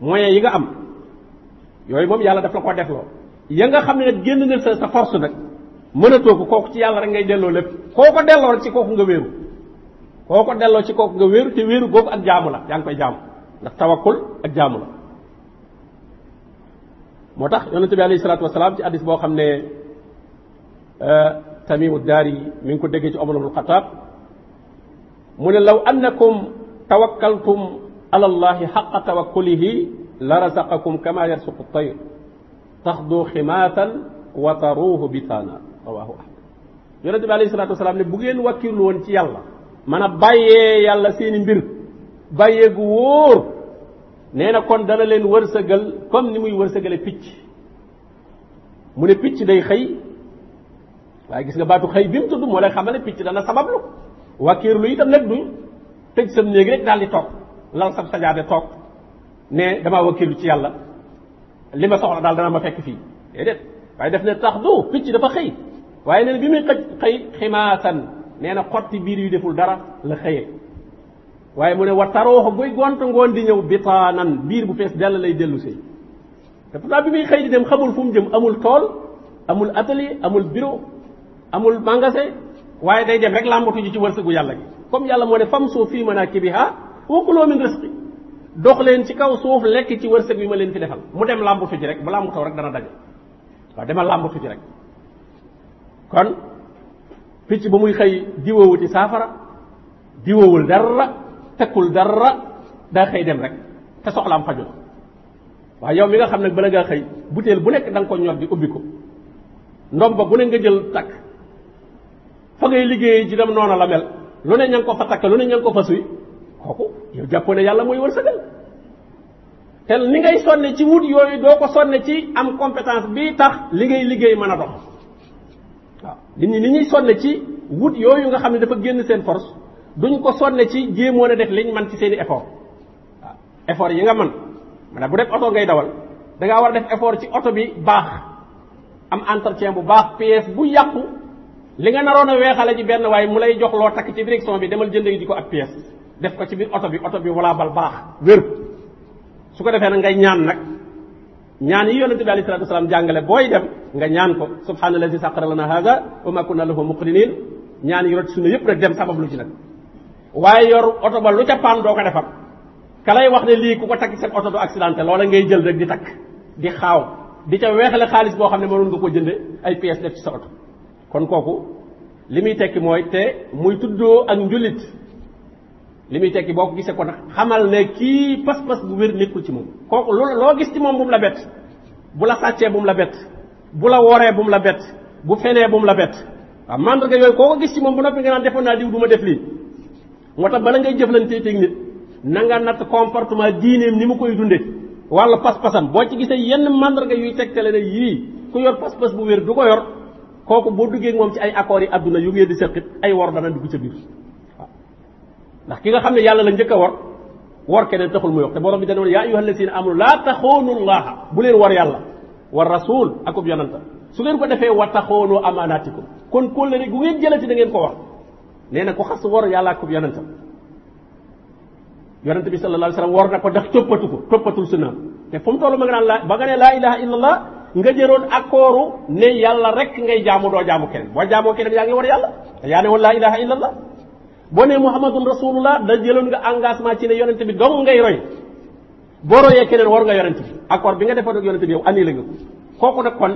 Speaker 1: moyens yi nga am yooyu moom yàlla daf la ko defloo ya nga xam ne nag génn na sa sa force nag mënatoo ko kooku ci yàlla rek ngay delloo lépp koo ko delloo kooku nga wéeru koo ko delloo ci kooku nga wéeru te wéeru boobu ak jaamu la yaa ngi koy jaamu ndax tawakkul ak jaamu la moo tax yonente bi alayhi salaatu wasalaam ci addis boo xam ne euh, tamimu daari mi ngi ko déggee ci omar ibnul xataab mu ne law annakum tawakkaltum ala allahi xaqa tawakkulihi la razaqakum kama yarsuqu tayr taxdu ximaatan wa taruuhu bitaana rawaahu ahmad yonente bi alayhi salaatu wasalaam ne bu ngeen wàkkirlu woon ci yàlla man a bàyyee yàlla seeni mbir bàyyee gu wóor nee na kon dana leen wërsëgal comme ni muy wërsëgale picc mu ne picc day xëy waaye gis nga baatu xëy bi mu tudd moo lay xamal ne picc dana sabablu wakkiirlu itam nag duñ tëj sam néegi rek daal di toog lal sab sajaade toog ne damaa wakkiirlu ci yàlla li ma soxla daal dana ma fekk fii déedéet waaye def na tax du picc dafa xëy waaye nee na bi muy xëj xëy ximaasan nee na xotti biir yu deful dara la xëyee waaye mu ne wa tarooxa buy gont ngoon di ñëw bitaanan biir bu fees dell lay dellu sëy te pourtant bi muy xëy di dem xamul fu jëm amul tool amul atelier amul bureau amul magasin waaye day dem rek làmbatu ji ci wërsëgu yàlla gi comme yàlla moo ne fam suuf fii manaakibihaa wa kuluu min rizqi dox leen ci kaw suuf lekk ci wërsëg bi ma leen fi defal mu dem làmbatu ji rek bu làmbatoo rek dana daje waaw dama ji rek kon picc ba muy xëy diwoowuti saafara diwoowul dara tekkul dara daa xëy dem rek te soxlaam fajul waaye yow mi nga xam ne bala ngaa xëy butéel bu nekk da ko ñor bi ubbi ko ndomba bu ne nga jël takk fa ngay liggéeyee ji dem noona la mel lu ne ña ngi ko fa takk lu ne ña ngi ko fa suy kooku yow jàppoo yàlla mooy wërsëgal te ni ngay sonne ci wut yooyu doo ko sonne ci am compétence bi tax li ngay liggéey man a dox waaw nit ñi ni ñuy sonne ci wut yooyu nga xam ne dafa génn seen force duñ ko sonne ci jéemoon a def liñ man ci seeni effort waaw effort yi nga man maanaam bu def oto ngay dawal da ngaa war a def effort ci oto bi baax am entretien bu baax pièce bu yàqu li nga naroon a weexale ji benn waaye mu lay jox loo takk ci direction bi demal jënd ji ko ab pièce def ko ci biir oto bi oto bi wala bal baax wér su ko defee nag ngay ñaan nag ñaan yi yonente bi alayhi salatu wasalaam jàngale booy dem nga ñaan ko subhaanallazi sàqara lana hada wa ma kunna lahu muqrinin ñaan yi rot suñu yëpp nag dem sabab lu ci nag waaye yor oto ba lu ca paan doo ko defam ka lay wax ne lii ku ko takk seen oto du accidenté loola ngay jël rek di takk di xaaw di ca weexale xaalis boo xam ne mënoon nga ko jënde ay pièces def ci kon kooku li muy tekki mooy te muy tuddoo ak njullit li muy tekki boo ko gisee kon xamal ne kii pas-pas bu wér nekkul ci moom kooku loolu loo gis ci moom bu mu la bett bu la sàccee bu mu la bett bu la woree bu mu la bett bu fenee bu mu la bett waaw mandarga yooyu koo ko gis ci moom bu noppi nga naan defoon naa diw du ma def lii moo tax bala ngay jëflante ak nit na nga natt comportement diineem ni mu koy dunde wala pas-pasam boo ci gisee yenn mandarga yuy tegtale ne yii ku yor pas-pas bu ko yor kooku boo duggee moom ci ay accords adduna yu ngeen di sëqit ay wor dana dugg ca biir waaw ndax ki nga xam ne yàlla la njëkk a wor wor keneen taxul muy wax te borom bi dana woon yaa ayyuha allazina amanu laa taxoonu llaaha bu leen war yàlla war rasul akub yonanta su ngeen ko defee wa taxoonu amaanaatikum kon kóllëre gu ngeen jëlati da ngeen ko wax nee na ku xas war yàlla akub yonanta yonente bi sallallahu alayhi wasallam war na ko ndax toppatu ko toppatul sunnaam te fu mu ma nga ba nga laa nga jëroon accord ne yàlla rek ngay jaamu doo jaamu keneen boo jaamoo keneen yaa ngi war yàlla te yaa ne woon laa ilaha illallah boo ne muhammadun rasulullah da jëloon nga engagement ci ne yonent bi dong ngay roy boo royee keneen war nga yonent bi accord bi nga defoon ak yonent bi yow annulé nga ko kooku nag kon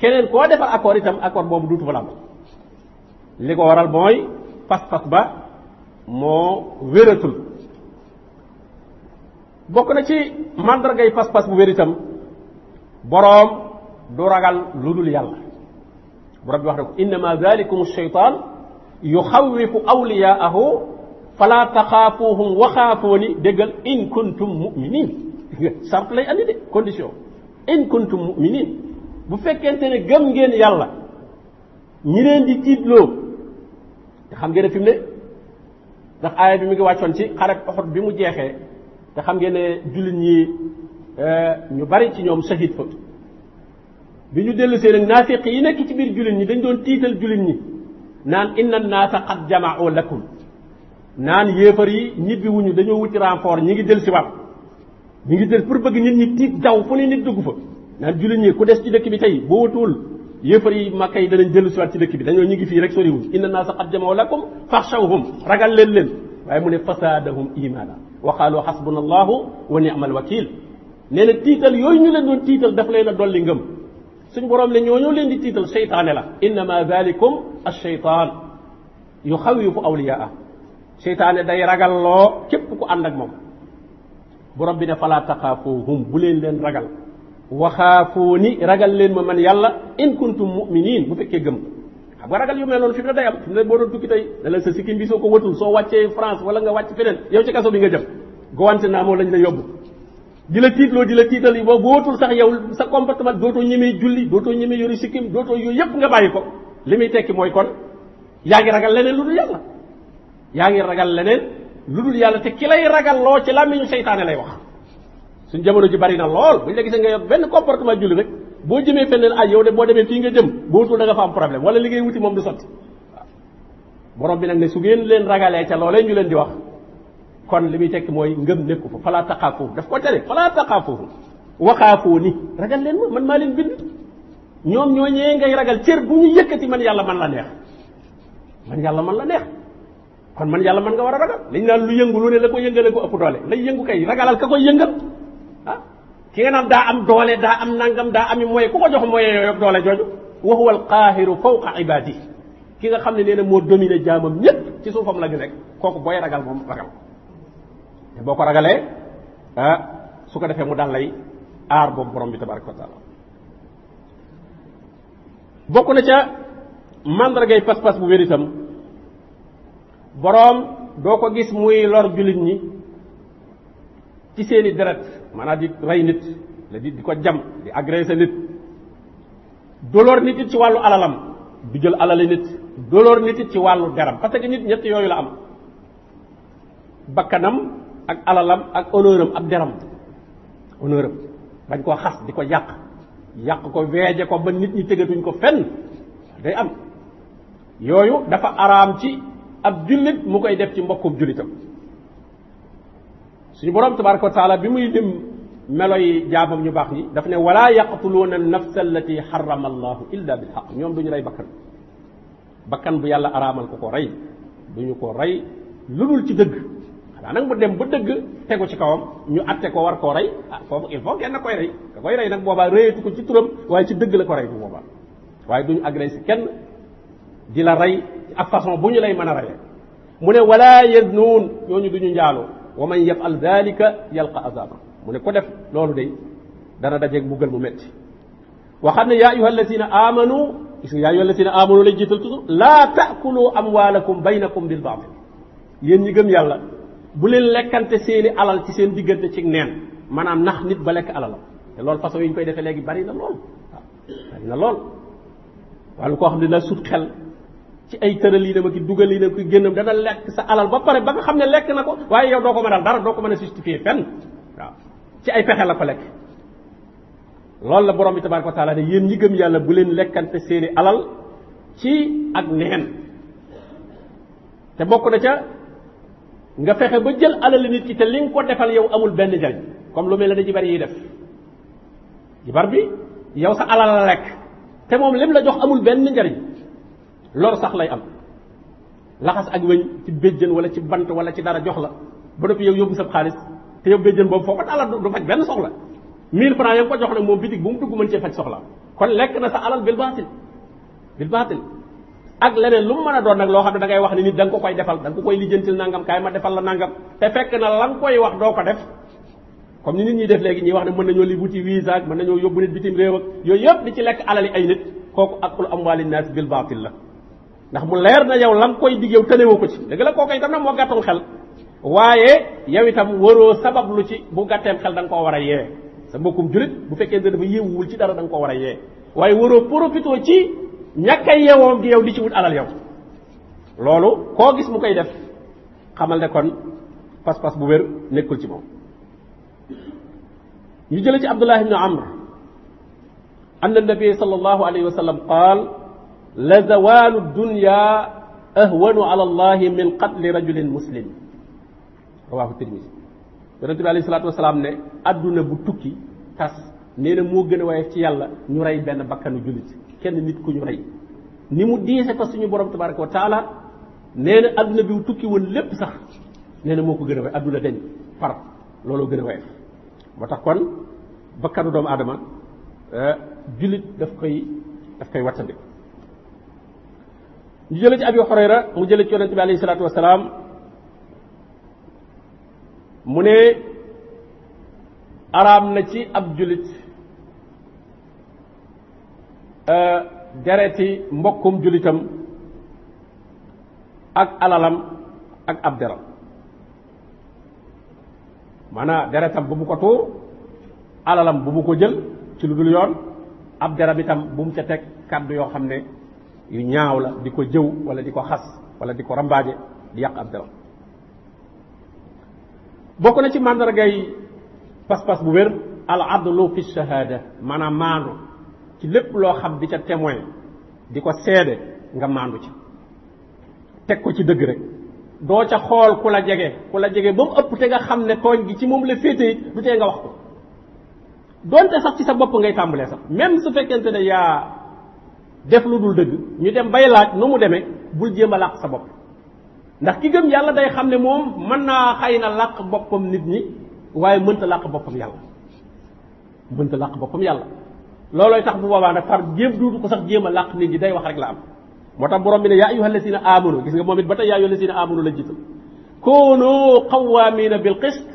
Speaker 1: keneen koo defal accord tam accord boobu duutu fa la li ko waral mooy pas-pas ba moo wératul bokk na ci mandargay pas-pas bu wér itam boroom du ragal lu dul yàlla borom bi wax ne ko innama dalikum sheytaan yuxawifu awliyaahu fala taxaafuuhum wa xaafuuni déggal in kuntum muminin sart lay andi de condition in kuntum muminin bu fekkente ne gëm ngeen yàlla ñi leen di tiitloo te xam ngeen ne fi mu ne ndax aaya bi mu ngi wàccoon ci xareb bi mu jeexee te xam ngeen jullit ñi Euh, ñu bari ci ñoom shahid fa bi ñu dellu see nag naafiq yi nekk ci biir jullit ñi dañ doon tiital jullit ñi naan inna naasa qad jama'u lakum naan yéefar yi ñibbi wuñu dañoo wuti renfort ñi ngi dellu si waat ñi ngi del pour bëgg nit ñi tiit daw fu ne nit dugg fa naan jullit ñi ku des ci dëkk bi tey boo watuwul yéefar yi makka yi danañ dellu siwat waat ci dëkk bi dañoo ñu ngi fii rek soriwuñ inna naasa qad jama'u lakum faxshawhum ragal leen leen waaye mu ne fasaadahum imaana wa nee na tiital yooyu ñu leen doon tiital daf lay a dolli ngëm suñu borom ne ñoo ñëw leen di tiital seytaane la innama dalikum alcheytan yu xawifu awliyaa seytaane day ragalloo képp ku ànd ak moom borom bi ne falaa taxaafuuhum bu leen leen ragal waxaafuuni ragal leen ma man yàlla in kuntum muminin bu fekkee gëm xam nga ragal yu mel noonu fi mu ne day am fi ne boo doon tukki tey da la sa sikkim bi soo ko watul soo wàccee France wala nga wàcc feneen yow kaso bi nga jëm gowante naa moo lañ la yóbbu di la tiitloo di la tiital yi ba bootul sax yow sa comportement dootoo ñemee julli dootoo ñemee yori sikkim dootoo yooyu yëpp nga bàyyi ko li muy tekki mooy kon yaa ngi ragal leneen lu dul yàlla yaa ngi ragal leneen lu dul yàlla te ki lay ragal loo ci làmmiñu seytaane lay wax suñ jamono ji bari na lool buñ la gisee nga yor benn comportement julli rek boo jëmee feneen ay ah, yow de boo demee fii nga jëm bootul da nga fa am problème wala li ngay wuti moom du sotti borom bi nag ne su ngeen leen ragalee ca loolee ñu leen di wax kon li muy tekki mooy ngëm nekku fa falaa taqaafu daf ko tere falaa taqaafu waxaafoo ni ragal leen ma man maa leen bind ñoom ñoo ñee ngay ragal cër bu ñu yëkkati man yàlla man la neex man yàlla man la neex kon man yàlla man nga war a ragal liñ naan lu yëngu lu ne la ko yëngale ko ëpp doole lay yëngu kay ragalal ka koy yëngal ah ki nga naan daa am doole daa am nangam daa ami mooy ku ko jox mooy yooyu ak doole jooju wa huwa alqaahiru fawqa ibaadi ki nga xam ne nee na moo dominé jaamam ñépp ci suufam la ñu nekk kooku booy ragal moom ragal te boo ko ragalee ah su ko defee mu daan lay aar boobu borom bi tabaraka wa taala bokk na ca màndargay pas-pas bu wér itam boroom doo ko gis muy lor jullit ñi ci seeni deret maanaam di rey nit la di di ko jam di agressé nit dolor nit it ci wàllu alalam du jël alali nit dolor nit it ci wàllu deram parce que nit ñett yooyu la am bakkanam ak alalam ak honneur ak ab deram honneur am bañ xas di ko yàq yàq ko weeje ko ba nit ñi tëgatuñ ko fenn day am yooyu dafa araam ci ab jullit mu koy def ci mbokkum jullitam suñu borom tabaraka wa taala bi muy lim melo yi jaamam ñu baax ñi daf ne wala yaqtuluuna nafsa allati xarama allahu illa bil xaq ñoom duñu rey bakkan bakkan bu yàlla araamal ko ko rey duñu ko rey lu dul ci dëgg xanaa nag mu dem ba dëgg tegu ci kawam ñu atte ko war koo rey ah foofu il faut kenn koy rey ka koy rey nag boobaa réyetu ko ci turam waaye ci dëgg la ko rey bu boobaa waaye duñu agressé kenn di la rey ak façon bu ñu lay mën a reye mu ne wala yaznuun ñooñu duñu njaaloo wa man yafal dalika yalqa azaba mu ne ko def loolu de dana dajeeg mbugal mu metti waxam ne yaa ayuha alladina amanu gis yaa ayuha alladina amanu lay jiital toujours laa taakulu amwaalakum baynakum bil baatil yéen ñi gëm yàlla bu leen lekkante seeni alal ci seen diggante ci neen maanaam nax nit ba lekk alalam te loolu façon yi ñu koy defee léegi bari na lool waaw bari na lool wala koo xam ne dina sut xel ci ay tëral yi dama ki dugal yi dama ki génnam dana lekk sa alal ba pare ba nga xam ne lekk na ko waaye yow doo ko mënal dara doo ko mën a justifier fenn waaw ci ay pexe la ko lekk loolu la borom bi tabaraka ko taala ne yéen ñi gëm yàlla bu leen lekkante seeni alal ci ak te bokk na ca nga fexe ba jël alal nit ki te li nga ko defal yow amul benn njariñ comme lu mel ne da jibar yiy def jibar bi yow sa alal la lekk te moom lim la jox amul benn njariñ lor sax lay am laxas ak weñ ci béjjën wala ci bant wala ci dara jox la ba noppi yow yóbbu sa xaalis te yow béjjën boobu foo ko dalal du faj benn soxla 1000 francs ya ko jox nag moom bitig bu mu dugg mën cee faj soxla kon lekk na sa alal bil baatil bil baatil ak leneen lu mu mën a doon nag loo xam ne dangay wax ne nit da nga ko koy defal da nga ko koy lijjantil nangam kaay ma defal la nangam te fekk na la nga koy wax doo ko def comme ni nit ñi def léegi ñuy wax ne mën nañoo li wuti visa ak mën nañoo yóbbu nit bitim réew ak yooyu yëpp di ci lekk alali ay nit kooku akul amwaali naas bil baatil la ndax mu leer na yow la nga koy diggeew tënewoo ko ci dëgg la kooku itam nag moo gàttoon xel waaye yow itam waroo sabab lu ci bu gàtteem xel da koo war a yee sa mbokkum julit bu fekkee ne dafa yéewuwul ci dara da nga war a yee waaye waroo profité ci ñàkk a yeewoom gi yow di ci wut alal yow loolu koo gis mu koy def xamal ne kon pas-pas bu wér nekkul ci moom ñu jële ci abdullah ibni amr an na sal allahu alayhi wa sallam qaal la zawalu dunya ahwanu ala allahi min qatli rajulin muslim rawahu tirmisi yonente bi alayhi salatu wasalaam ne adduna bu tukki tas nee na moo gën a woyof ci yàlla ñu rey benn bakkanu jullit kenn nit ku ñu rey ni mu diise fa suñu borom tabaraka wa taala nee na adduna bi tukki woon lépp sax nee moo ko gën a woy adduna dañ par looloo gën a woyof moo tax kon bakkanu doomu aadama euh, jullit daf koy daf koy wattandi ñu jële ci abi xoreyra mu jële ci yonente bi alayhi salaatu mu ne araam na ci ab jullit Euh, dereti mbokkum jullitam ak alalam ak ab deram maanaam deretam bu mu ko tuur alalam bu mu ko jël ci lu dul yoon ab deram itam bu mu ca teg kàddu yoo xam ne yu ñaaw la di ko jëw wala di ko xas wala di ko rambaaje di yàq ab deram bokk na ci màndargay pas-pas bu wér al adlu fi shahada maanaam maandu ci lépp loo xam di ca témoin di ko seede nga maandu ci teg ko ci dëgg rek doo ca xool ku la jege ku la jege ba mu ëpp te nga xam ne tooñ gi ci moom la féete du tee nga wax ko donte sax ci sa bopp ngay tàmbalee sax même su fekkente ne yaa def lu dul dëgg ñu dem bay laaj nu mu demee bul jéem a làq sa bopp ndax ki gëm yàlla day xam ne moom mën naa xëy na làq boppam nit ñi waaye mënta làq boppam yàlla mënta làq boppam yàlla loolooy tax bu boobaa nag far jéem duutu ko sax jéem a làq nit ñi day wax rek la am moo tax borom bi ne yaa ayyuhal lazina amanu gis nga moom it ba tey yaa ayyuhal lazina amanu la jiital koonoo qawwaamina bil qist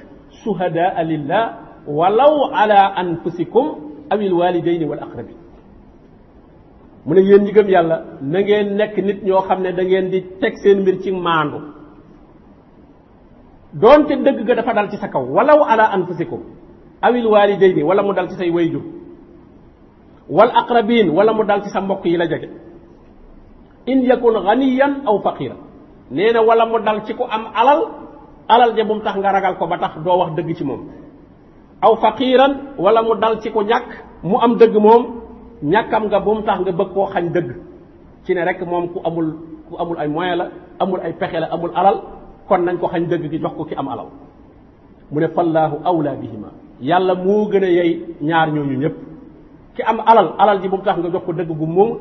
Speaker 1: shuhadaa lillah walaw ala anfusikum awil walidayni wal aqrabin mu ne yéen ñi gëm yàlla na nekk nit ñoo xam ne da ngeen di teg ci maandu doonte dëgg ga dafa dal ci sa kaw walaw ala anfusikum awil walidayni wala mu dal ci say wayjur wal aqrabin wala mu dal ci sa mbokk yi la jege in yakun ganiyan aw faqira nee na wala mu dal ci ku am alal alal ja bu mu tax nga ragal ko ba tax doo wax dëgg ci moom aw faqiran wala mu dal ci ku ñàkk mu am dëgg moom ñàkkam nga bu mu tax nga bëgg koo xañ dëgg ci ne rek moom ku amul ku ay moyen la amul ay pexe la amul alal kon nañ ko xañ dëgg gi jox ko ki am alal mu ne fallaahu awlaa bihima yàlla moo gën a yey ñaar ñooñu ñëpp ki am alal alal ji bu mu tax nga jox ko dëgg gu moom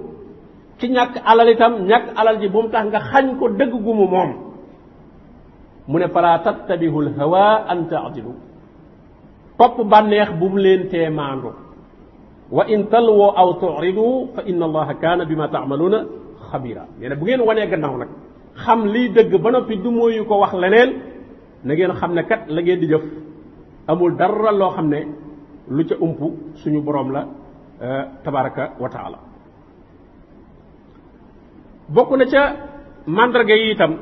Speaker 1: ki ñàkk alal itam ñàkk alal ji bu mu tax nga xañ ko dëgg gu mu moom mu ne fala tattabihu l hawa an taadilu topp bànneex bu mu leen tee maandu wa in talwoo aw turidu fa inna allaha kaana ma taamaluuna xabira nee na bu ngeen wanee gannaaw nag xam liy dëgg ba noppi du mooyu ko wax leneen na ngeen xam ne kat la ngeen di jëf amul dara loo xam ne lu ca ump suñu boroom la Eh, tabaraka wa taala bokk na ca mandarga yi itam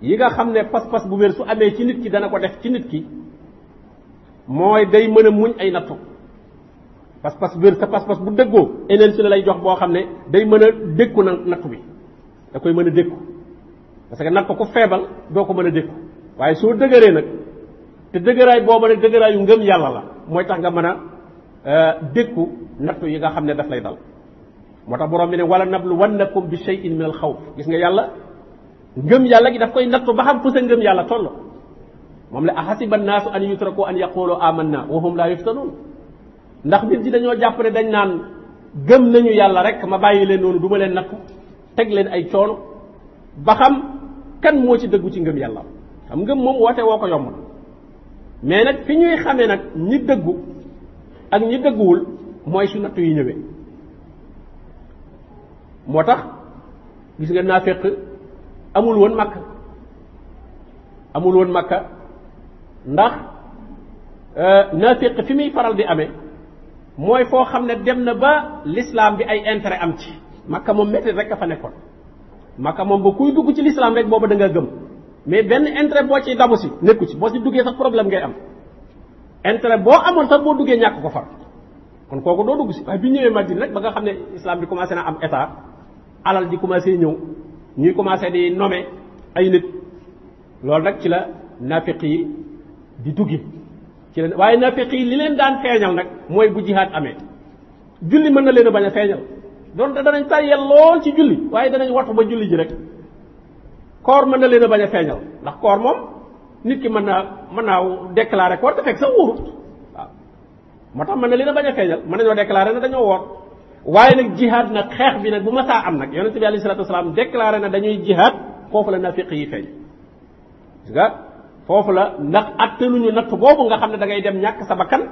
Speaker 1: yi nga xam ne pas-pas bu wér su amee ci nit ki dana ko def ci nit ki mooy day mën a muñ ay nattu pas-pas wér te pas-pas bu dëggoo énergie la lay jox boo xam ne day mën dékku na nattu bi da koy mën a dékku parce que ko ko feebal doo ko mën a dékku waaye soo dëgëree nag te dëgëraay boo mën a dëgëraayu ngëm yàlla la mooy tax nga mën a Euh, dékku nattu yi nga xam ne daf lay dal moo tax borom bi ne wala nablu wannakum bi shay'in min al xawf gis nga yàlla ngëm yàlla gi daf koy nattu ba xam fu sa ngëm yàlla toll moom la ahasiba naasu an yutraku an yaqulu amanna wa hum la yuftanun ndax nit ñi dañoo jàpp ne dañ naan gëm nañu yàlla rek ma bàyyi leen noonu duma leen nattu teg leen ay coono ba xam kan moo ci dëggu ci ngëm yàlla xam ngëm moom woote woo ko yomb mais nag fi ak ñi dëgguwul mooy su nattu yi ñëwee moo tax gis nga naafeq amul woon makka amul woon makka ndax euh, naafeq fi muy faral di amee mooy foo xam ne dem na ba l'islam bi ay intérêt am ci makka moom métti rek a fa nekkoon makka moom ba kuy dugg ci l'islam rek booba da nga gëm mais benn intérêt boo ciy damu si nekku si boo si duggee sax problème ngay am intérêt boo amoon sax boo duggee ñàkk ko far kon kooku doo dugg si waaye bi ñëwee Madina nag ba nga xam ne islam bi commencé na am état alal ji commencé ñëw ñuy commencé di nommer ay nit loolu nag ci la nafiq yi di duggi ci la waaye nafiq yi li leen daan feeñal nag mooy bu jihaad amee julli mën na leen a bañ a feeñal doon doonte danañ tàyyel lool ci julli waaye danañu wattu ba julli ji rek koor mën na leen a bañ a feeñal ndax koor moom nit ki mën naa mën naa déclarer ko war te fekk sa wóorut waaw moo tax mën na li na bañ a feeñal mën nañoo déclarer ne dañoo woor waaye nag jihaad nag xeex bi nag bu ma saa am nag yonente bi alayhi salatu wasalaam déclaré na dañuy jihaad foofu la nafiq yi feeñ gis nga la ndax attanuñu natt boobu nga xam ne da ngay dem ñàkk sa bakkan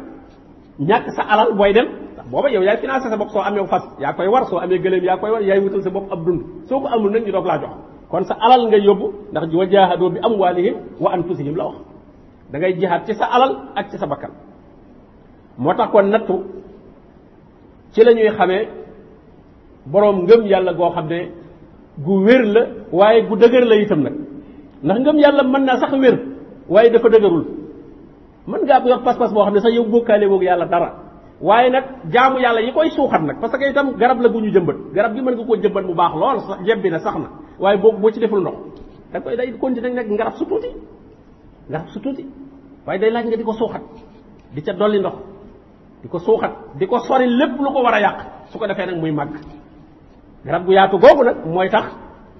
Speaker 1: ñàkk sa alal booy dem ndax booba yow yaay financé sa bopp soo amee fas yaa koy war soo amee gëléem yaa koy war yaay wutal sa bopp ab dund soo ko amul nañ ñu doog laa jox kon sa alal nga yóbbu ndax wa jaahadoo bi amwaalihim wa anfusihim la wax da ngay jihaad ci sa alal ak sa bakkan moo tax kon nattu ci la ñuy xamee boroom ngëm yàlla goo xam ne gu wér la waaye gu dëgër la itam nag ndax ngëm yàlla mën naa sax wér waaye dafa dëgërul mën ngaa yor pas boo xam ne sax yow woog yàlla dara waaye nag jaamu yàlla yi koy suuxat nag parce que itam garab la gu ñu jëmbat garab gi mën nga koo jëmbat mu baax lool sax jebbi na sax na waaye boobu boo ci deful ndox da koy day continuer nekk ngarab su tuuti ngarab su tuuti waaye day laaj nga di ko suuxat di ca dolli ndox di ko suuxat di ko sori lépp lu ko war a yàq su ko defee nag muy màgg garab gu yaatu googu nag mooy tax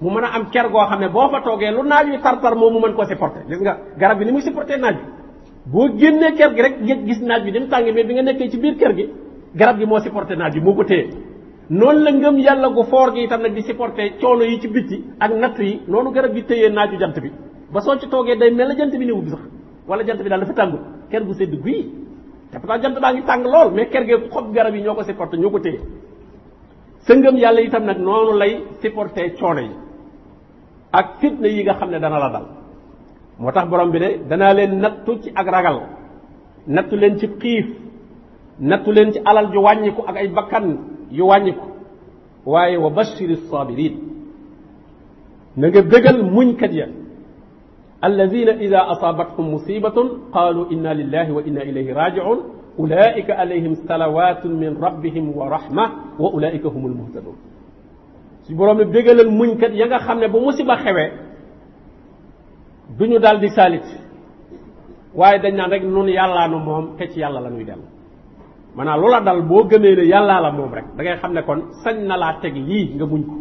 Speaker 1: mu mën a am ker goo xam ne boo fa toogee lu naaj wi tar-tar moom mu mën koo nga garab bi ni muy supporter naaj bi boo génnee ker gi rek gis naaj bi ni mu tàngee bi nga nekkee ci biir ker gi garab gi moo supporter naaj bi moo ko téye noonu la ngëm yàlla gu foor gi itam nag di supporter coono yi ci bitti ak nattu yi noonu garab gi tëyee naaju jant bi ba soo ci toogee day mel na jant bi néewul sax wala jant bi daal dafa tàng ker gu sedd guy te pourtant jant baa ngi tàng lool mais ker gee xob garab yi ñoo ko supporter ko téye sa ngëm yàlla itam nag noonu lay supporter coono yi ak fitna yi nga xam ne dana la dal moo tax borom bi de danaa leen nattu ci ak ragal nattu leen ci xiif nattu leen ci alal ju wàññiku ak ay bakkan yu wàññi ko waaye wa bashiri sabirin na nga bégal muñkat ya alladina ida asaabathum musibatun qalu inna lillahi wa inna ilayhi rajiun ulaika alayhim salawatun min rabbihim wa rahma wa ulaika humul muhtadun su boroom ne bégalal ya nga xam ne bu musiba xewee duñu daal di saalit waaye dañ naan rek nun yàllaanu moom te ci yàlla la ñuy dellu maanaam loola dal boo gëmee ne yàllaa la moom rek dangay xam ne kon sañ na laa teg lii nga muñ ko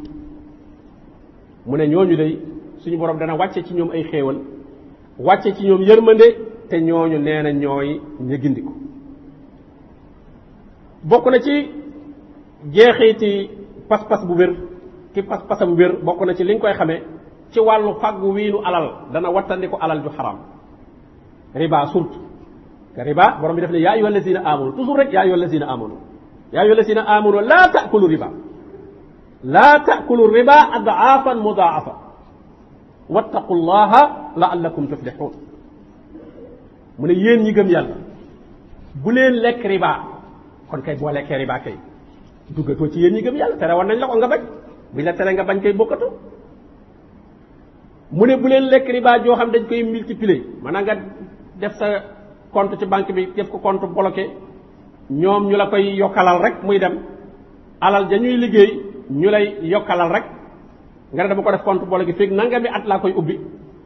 Speaker 1: mu ne ñooñu day suñu borom dana wàcce ci ñoom ay xéewal wàcce ci ñoom yërmande te ñooñu nee na ñooy ña gindi ko bokk na ci jeexiti pas-pas bu wér ki pas-pasam wér bokk na ci li nga koy xamee ci wàllu fàggu wiinu alal dana wattandiku alal ju xaram riba surtout ka riba borom bi def ne yaa ayyuha allazina amanu toujours rek yaa ayyuha allazina amanu yaa ayyuha allazina amanu laa taakulu riba laa taakulu riba adaafan mudaafa wattaqu llaha laallakum tuflixuun mu ne yéen ñi gëm yàlla bu leen lekk riba kon kay boo lekkee riba kay duggatoo ci yéen ñi gëm yàlla tere war nañ la nga bañ buñ la tere nga bañ kay bokkatu mu ne bu leen lekk riba joo xam dañ koy multiplier maanaam nga def sa compte ci banque bi def ko compte bloqué ñoom ñu la koy yokkalal rek muy dem alal dañuy liggéey ñu lay yokkalal rek nga ne dama ko def compte bloqué fii nangami at laa koy ubbi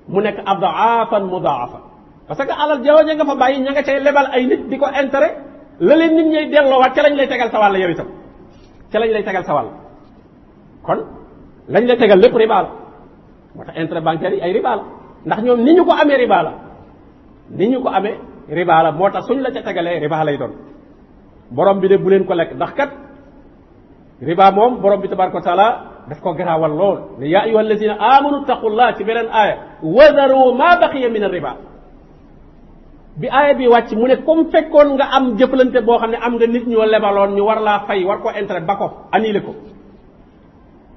Speaker 1: mu nekk abdaafan mudaafa parce que alal jaww ja nga fa bàyyi ña nga cay lebal ay nit di ko intérêt la leen nit ñay delloowaat ca lañ lay tegal sa wàll yow itam ca lañ lay tegal sa wàll kon lañ lay tegal lépp riba la moo tax intérêt bancaire yi ay riba ndax ñoom ni ñu ko amee riba la ñu ko amee riba la moo tax suñ la ca tegalee riba lay doon borom bi de bu leen ko lekk ndax kat riba moom borom bi tabaraka wa taala daf ko garaawal lool ne yaa ayuha allazina amanu taqullah ci beneen aaya wadaru ma baqiya min riba bi aaya bi wàcc mu ne comme fekkoon nga am jëflante boo xam ne am nga nit ñoo lebaloon ñu war laa fay war ko intérêt ba ko annulé ko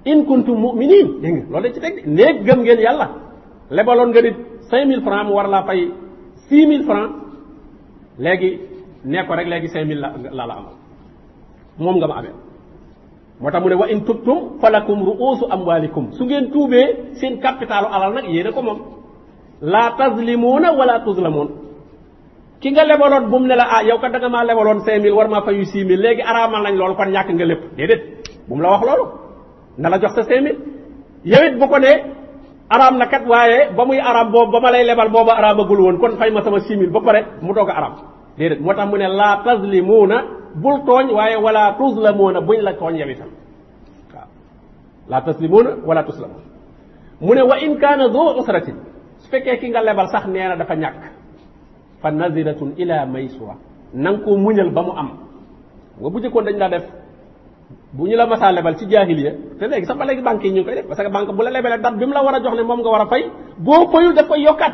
Speaker 1: in kuntum mu'minin dégg nga loolu ci teg de néeg gëm ngeen yàlla lebaloon nga nit cinq mille war laa fay léegi nee rek léegi cinq mille la la amal moom nga ma amee moo tax mu ne wa in tubtum falakum ru'usu amwalikum su ngeen tuubee seen capitalu alal nag yéene ko moom laa tazlimuuna wala tuzlamuun ki nga lebaloon bu mu ne la ah yow kat da nga maa lebaloon cinq mille war maa fayu six mille léegi araamal nañ loolu kon ñàkk nga lépp déedéet bu mu la wax loolu na la jox sa cinq mille yow bu ko ne araam na kat waaye ba muy araam boobu ba ma lay lebal booba araamagul woon kon fay ma sama six ba pare mu doog a araam déedéet moo tax mu ne laa tazlimuuna bul tooñ waaye wala tuzlamuuna buñ la tooñ yow itam waaw laa tazlimuuna wala tuzlamuuna mu ne wa in kaana doo usratin su fekkee ki nga lebal sax nee na dafa ñàkk fa naziratun ila maysura na nga ko muñal ba mu am nga bu jëkkoon dañ laa def bu ñu la masaa lebal ci jaahiliya te léegi sax ba léegi banque yi ñu ngi koy def parce que banque bu la lebalee date bi mu la war a jox ne moom nga war a fay boo fayul daf koy yokkaat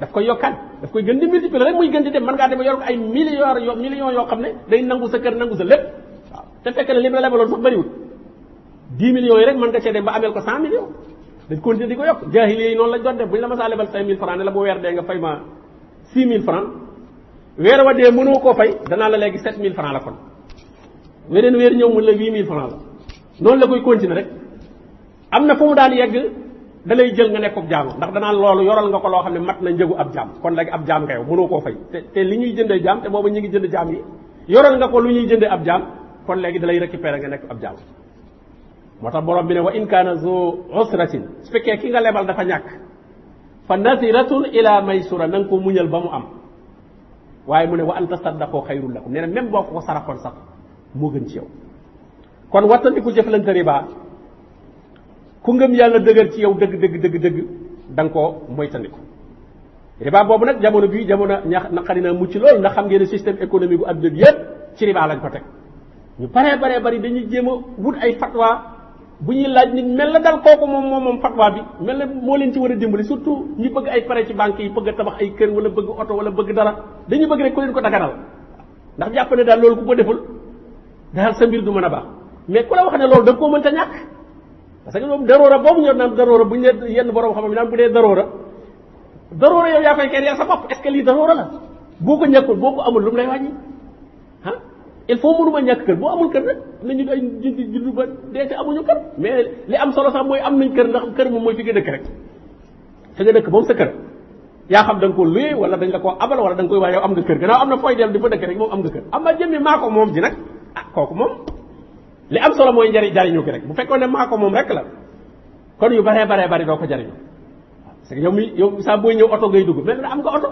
Speaker 1: daf koy yokkaat daf koy gën di multiplier rek muy gën di dem mën ngaa dem yor ay milliards yo millions yoo xam ne day nangu sa kër nangu sa lépp waaw te fekk ne li la lebaloon sax bëriwul 10 millions yi rek mën nga cee dem ba ko 100 millions dañ continuer di ko yokk jaahiliya yi noonu lañ doon def la masaa lebal 5000 francs ne weneen weer ñëw mu la huit mille francs la noonu la koy continuer rek am na fu mu daan yegg da jël nga nekk ak ndax danaan loolu yoral nga ko loo xam ne mat na njëgu ab jaam kon léegi ab jaam nga yow mënoo koo fay te te li ñuy jëndee jaam te booba ñu ngi jënd jaam yi yoral nga ko lu ñuy jëndee ab jaam kon léegi da lay récupérer nga nekk ab jaam moo tax borom bi ne wa in kaana zo usratin su fekkee ki nga lebal dafa ñàkk fa nasiratun ila maysura na nga ko muñal ba mu am waaye mu ne wa an tasaddaqoo xayrul lakum nee na même boo ko sax moo gën ci yow kon wattandiku jëflante riba ku ngëm yàlla dëgër ci yow dëgg dëgg dëgg dëgg da nga koo moytandiku riba boobu nag jamono bii jamono ñax naqari naa mucc lool ndax xam ngeen ne système économique bu adduna bi yépp ci riba lañ ko teg ñu baree baree bari dañuy jéem a wut ay fatwa bu ñuy laaj nit mel na dal kooku moom moom moom fatwa bi mel na moo leen ci war a dimbali surtout ñu bëgg ay pare ci banque yi bëgg a tabax ay kër wala bëgg oto wala bëgg dara dañuy bëgg rek ku leen ko daganal ndax jàpp daal loolu ku ko deful daal sa mbir du man a baax mais ku la wax ne loolu da nga koo mënta ñàkk parce que daroora boobu ñor naan daroora bu ñu nee yenn borom xam-xam naan bu dee daroora daroora yow yaa koy kenn yaa sa bopp est-ce que lii daroora la boo ko ñàkkul boo ko amul lu mu lay wàññi ah il faut mënuma ñàkk kër boo amul kër nag nañu ay juddu juddu ba dee am solo sax mooy am nañ kër mooy fi nga dëkk rek fi nga moom sa kër yaa xam da nga ko luyee wala dañ la koo abal wala da nga koy waaye yow am nga kër gannaaw am na fooy di fa moom am na ah kooku moom li am solo mooy njëriñ jariñu gi rek bu fekkoon ne maako moom rek la kon yu baree baree bari doo ko jariñu parce que yow mi yow saa booy ñëw oto ngay dugg mel na am nga oto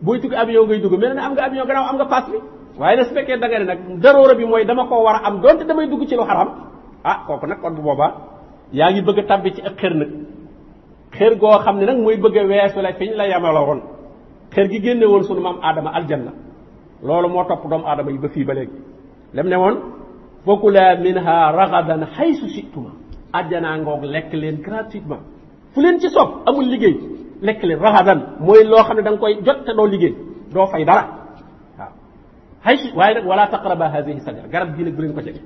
Speaker 1: booy tukki avion ngay dugg mel na am nga avion gannaaw am nga paas bi waaye nag su fekkee da ne nag daroora bi mooy dama koo war a am donte damay dugg ci lu xaram ah kooku nag kon bu boobaa yaa ngi bëgg a tabbi ci ak xër nag xër goo xam ne nag mooy bëgg a weesu la fiñ la yamala woon gi génne woon sunu maam aadama loolu moo topp doomu aadama yi ba fii ba léegi lem ne woon fakula minha ragadan haysu situma ajjanaa ngoog lekk leen gratuitement fu leen ci soob amul liggéey lekk leen ragadan mooy loo xam ne danga koy jot te doo liggéey doo fay dara waaw haysu waaye nag wala taqraba hadihi sajara garab gii nag bu leen ko jege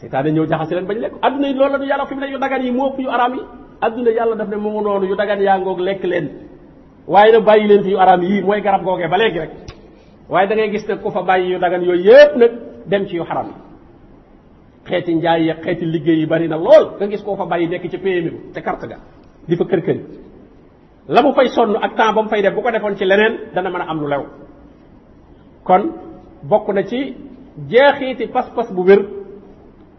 Speaker 1: seytaane ñëw jaxase leen bañ lekk adduna yi loolu la du yàlla fi mu ne yu dagan yi moo ëpp yu araam yi adduna yàlla def ne moomu noonu yu dagan yaa ngoog lekk leen waaye nag bàyyi leen fi yu araam yii mooy garab googee ba léegi rek waaye da ngay gis nag ku fa bàyyi yu dagan yooyu yépp nag dem ci yu xaram yi xeeti njaay ya xeeti liggéey yi bari na lool nga gis koo fa bàyyi nekk ci PMI te carte ga di fa kër kër la mu fay sonn ak temps ba mu fay def bu ko defoon ci leneen dana mën a am lu lew kon bokk na ci jeexiiti pas-pas bu wér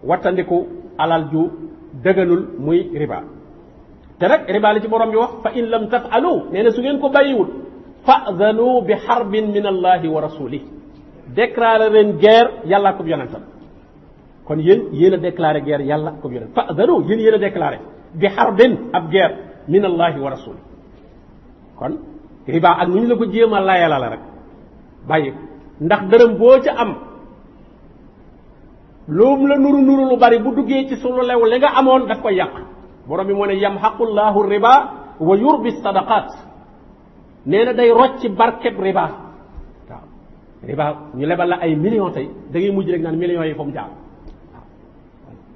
Speaker 1: wattandiku alal ju dëgënul muy riba te nag riba ci borom bi wax fa in lam tafalu nee na su ngeen ko bàyyiwul fa'zanu bi xarbin min allahi wa rasulih déclaré leen guerre yàlla ko yonentam kon yéen yéen a déclaré guerre yàlla ko yonent fa'zanu yéen yéen a déclaré bi xarbin ab guerre min allahi wa rasulih kon riba ak nu ñu la ko jéem a layala la rek bàyyi ndax dërëm boo ca am loom la nuru nuru lu bari bu duggee ci sunu lew li nga amoon daf koy yàq borom bi moo ne yamhaqullahu riba wa yurbi sadaqat nee na day rocci barkeb riba waaw riba ñu lebal la ay millions tey da ngay mujj rek naan millions yi fu mu jaar waaw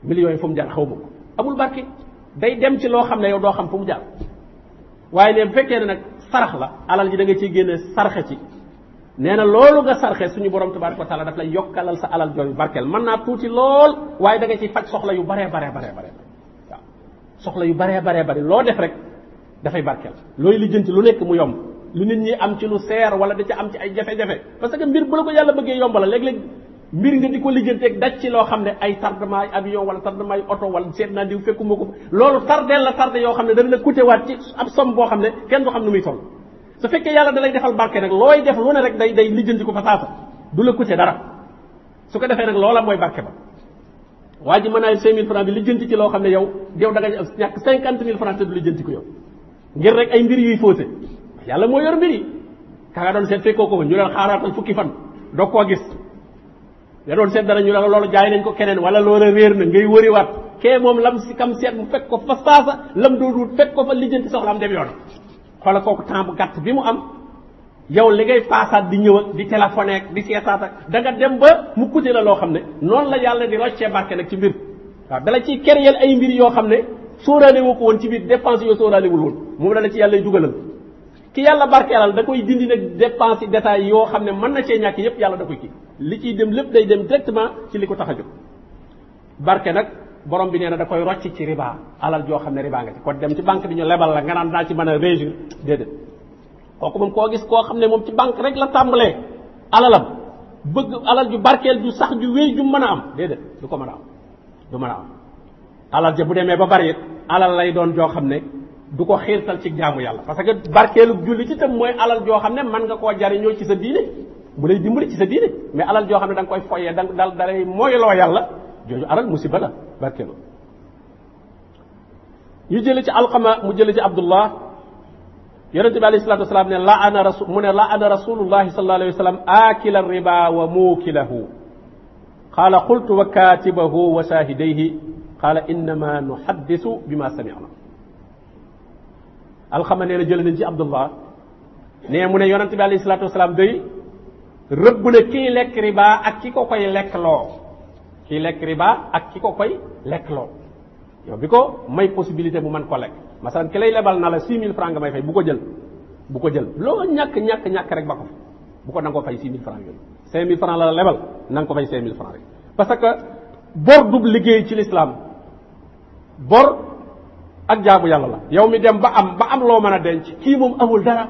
Speaker 1: millions xaw ma amul barke day dem ci loo xam ne yow doo xam fu mu jaar waaye ne bu fekkee ne nag sarax la alal ji da nga ciy génne sarxe ci nee na loolu nga sarxe suñu borom tabaraka wa taala daf lay yokkalal sa alal jooju barkeel mën naa tuuti lool waaye da nga ciy faj soxla yu baree baree baree bare waaw soxla yu baree baree bare loo def rek dafay barkeel looy lijjanti lu nekk mu yomb lu nit ñi am ci lu seer wala da ca am ci ay jafe-jafe parce que mbir bu la ko yàlla bëggee yombala léeg-léeg mbir nga di ko lijjanteeg daj ci loo xam ne ay tardement yi avion wala tardement yi oto wala seet naa diw fekkuma ko loolu tardeel la tardé yoo xam ne dana la coûté waat ci ab somme boo xam ne kenn du xam nu muy toll su fekkee yàlla da lay defal barke nag looy def lu ne rek day day lijjanti ko fa saasa du la coûté dara su ko defee nag loola mooy barke ba waa ji mën naa cinq mille francs bi lijjanti ci loo xam ne yow yow da nga ñàkk cinquante mille francs te du lijjanti ko yow ngir mbir yuy faussé yàlla moo yor mbir yi ka nga doon seet fekkoo ko fa fukki fan doog koo gis nga doon seet dara ñu la loolu jaay nañ ko keneen wala loola réer na ngay wëriwaat kee moom lam si kam seet mu fekk ko fa saasa lam doon wut fekk ko fa lijjanti soxlaam dem yoon xoola kooku temps bu gàtt bi mu am yow li ngay paasaat di ñëw ak di téléphoné ak di seetaat ak da dem ba mu coûté la loo xam ne noonu la yàlla di roccee barke nag ci mbir waaw dala ciy keréel ay mbir yoo xam ne sóoraale woo ko woon ci biir dépense yoo sóoraale wul woon moom dala ci yàlla dugalal ki yàlla barkeelal da koy dindi nag dépense yi détails yoo xam ne mën na cee ñàkk yépp yàlla da koy kii li ciy dem lépp day dem directement ci li ko tax a jóg barke nag borom bi nee na da koy rocc ci riba alal joo xam ne riba nga ci kon dem ci banque bi ñu lebal la nga naan naa ci mën a réussir déedéet kooku moom koo gis koo xam ne moom ci banque rek la tàmbalee alalam bëgg alal ju barkeel ju sax ju wéy ju mën a am déedéet du ko mën a am du mën bu demee ba bari alal lay doon joo xam ne du ko xiirtal ci jaamu yàlla parce que barkeelu julli ci tam mooy alal joo xam ne man nga koo jariñoo ci sa diine bu lay ci sa diine mais alal joo xam ne da nga koy foyee da dal dalay mooyloo yàlla jooju alal musiba la barkeelu ñu jële ci alqama mu jële ci abdullah yonente bi alayhi salatu wasalaam ne la ana rasul mu ne la ana rasulullahi sallallahu alayhi wa sallam aakila riba wa muukilahu qaala qultu wa kaatibahu wa shaahidayhi qaala innama bima samina alxama nee na jël nañ ci abdullah nee mu ne yonente bi alayhi salaatu wasalaam day rëbb na kii lekk riba ak ki ko koy lekkloo kii lekk riba ak ki ko koy lekkloo yow bi ko may possibilité bu mën ko lekk masalan ki lay lebal na la mille francs nga may fay bu ko jël bu ko jël loo ñàkk ñàkk ñàkk rek ba ko bu ko nangoo fay 6000 francs yooyu 5000 francs la la lebal na ko fay 5000 francs rek parce que bor du liggéey ci lislaam bor ak jaabu yàlla la yow mi dem ba am ba am loo mën a denc kii moom amul dara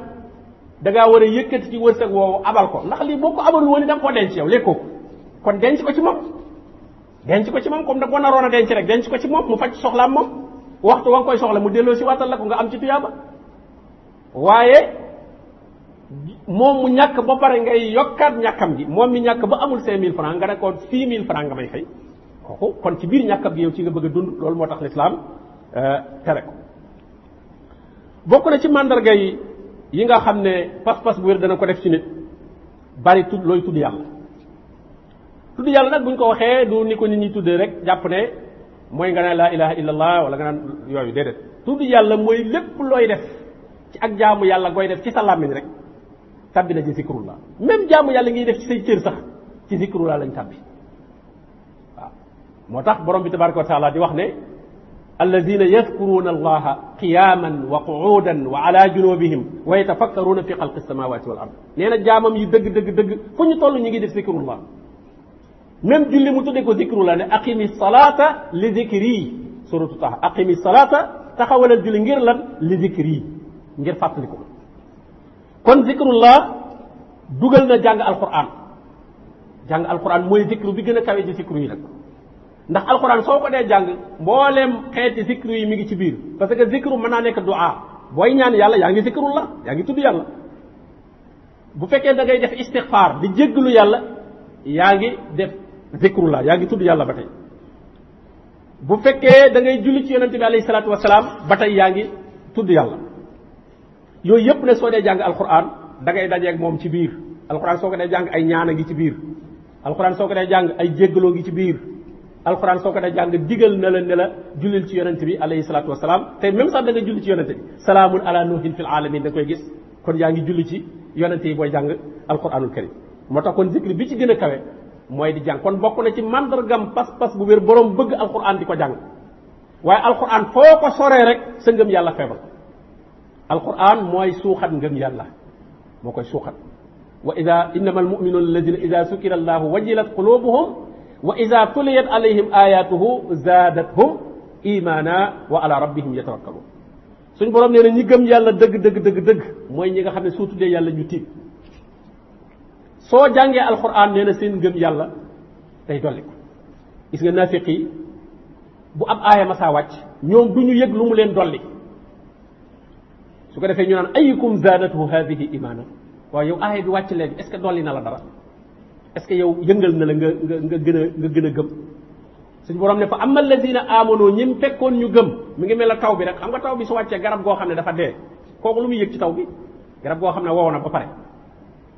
Speaker 1: da ngaa war a yëkkati ci wërsëg woowu abal ko ndax lii bokk ko abalul woon da nga koo denc yow lékkoo ko kon denc ko ci moom denc ko ci moom comme da ko naroon a denc rek denc ko ci moom mu faj soxlaam moom waxtu wa nga koy soxla mu delloo si waatal la ko nga am ci tuyaaba waaye moom mu ñàkk ba pare ngay yokkaat ñàkkam gi moom mi ñàkk ba amul cinq mille francs nga ko nga may fay kooku kon ci biir ñàkkam gi yow ci nga bëgg a dund loolu moo tax l'islam Euh, tere ko bokk na ci màndarga yi yi nga xam ne pas-pas bu wér dana ko def ci nit bari tudd looy tudd yàlla tudd yàlla nag bu ñu ko waxee du ni ko nit ñi tuddee rek jàpp ne mooy nga naan laa ilaha illallah wala nga naan yooyu déedéet tudd yàlla mooy lépp looy def ci ak jaamu yàlla gooy def ci sa làmmiñ rek tabbi na ci zikrullah même jaamu yàlla ngiy def ci say cër sax ci zikrullah lañ tabbi waaw moo tax borom bi tabaraka wa taala di wax ne alladina yadkuruuna allaha qiyaaman wa qu'uudan wa ala junubihim wa yatafakkaruuna fi xalqi samawati wal ard nee na jaamam yi dëgg dëgg dëgg fu ñu toll ñu ngi def zikrullah même julli mu tuddee ko zikrullah ne aqimi salata li zikri suratu taha aqimi salata taxawalal julli ngir lan li zikri ngir fàttaliku kon zikrullah dugal na jàng alquran jàng alquran mooy zikru bi gën a kawe ci zikru yi nag ndax alxuraan soo ko dee jàng mbooleem xeeti zikru yi mi ngi ci biir parce que zikru mën naa nekk du'a booy ñaan yàlla yaa ngi zikru la yaa ngi tudd yàlla bu fekkee da ngay def istixfaar di jéggalu yàlla yaa ngi def yaa ngi tudd yàlla ba tey bu fekkee da ngay julli ci yonente bi alayhi salaatu wasalaam ba tey yaa ngi tudd yàlla yooyu yépp ne soo dee jàng alxuraan dangay ngay dajeeg moom ci biir alxuraan soo ko dee jàng ay ñaan a ngi ci biir alxuraan soo ko dee jàng ay jéggaloo ngi ci biir alxuraan soo ko dee jàng digal na la ne la jullil ci yonent bi alayhi salaatu wasalaam te même sax da nga julli ci yonent bi salaamun ala nuuhin fil alamin da koy gis kon yaa ngi julli ci yonent yi booy jàng alxuraanul karim moo tax kon zikri bi ci gën a kawe mooy di jàng kon bokk na ci mandargam pas-pas bu wér borom bëgg alxuraan di ko jàng waaye alxuraan foo ko soree rek sa ngëm yàlla feebar alxuraan mooy suuxat ngëm yàlla moo koy suuxat wa ida innama almuminuuna alladina ida sukira allahu wajilat qulubuhum wa iza tuliyat alayhim ayatuhu zaadathum imana wa ala rabbihim yatawakkalun suñ borom nee na ñi gëm yàlla dëgg dëgg dëgg dëgg mooy ñi nga xam ne soo tuddee yàlla ñu tiit soo jàngee alxuraan nee na seen ngëm yàlla tey dolli ko gis nga naafiq bu ab aaya masaa wàcc ñoom du ñu yëg lu mu leen dolli su ko defee ñu naan ayukum zaadatuhu haadihi imaana waaw yow aaya bi wàcc léegi est ce que dolli na la dara est-ce que yow yëngal na la nga nga nga gën a nga gën a gëm suñu borom ne fa amal lazina amanoo ñim fekkoon ñu gëm mi ngi mel la taw bi rek xam nga taw bi su wàccee garab goo xam ne dafa dee kooku lu muy taw bi garab goo xam ne wow na ba pare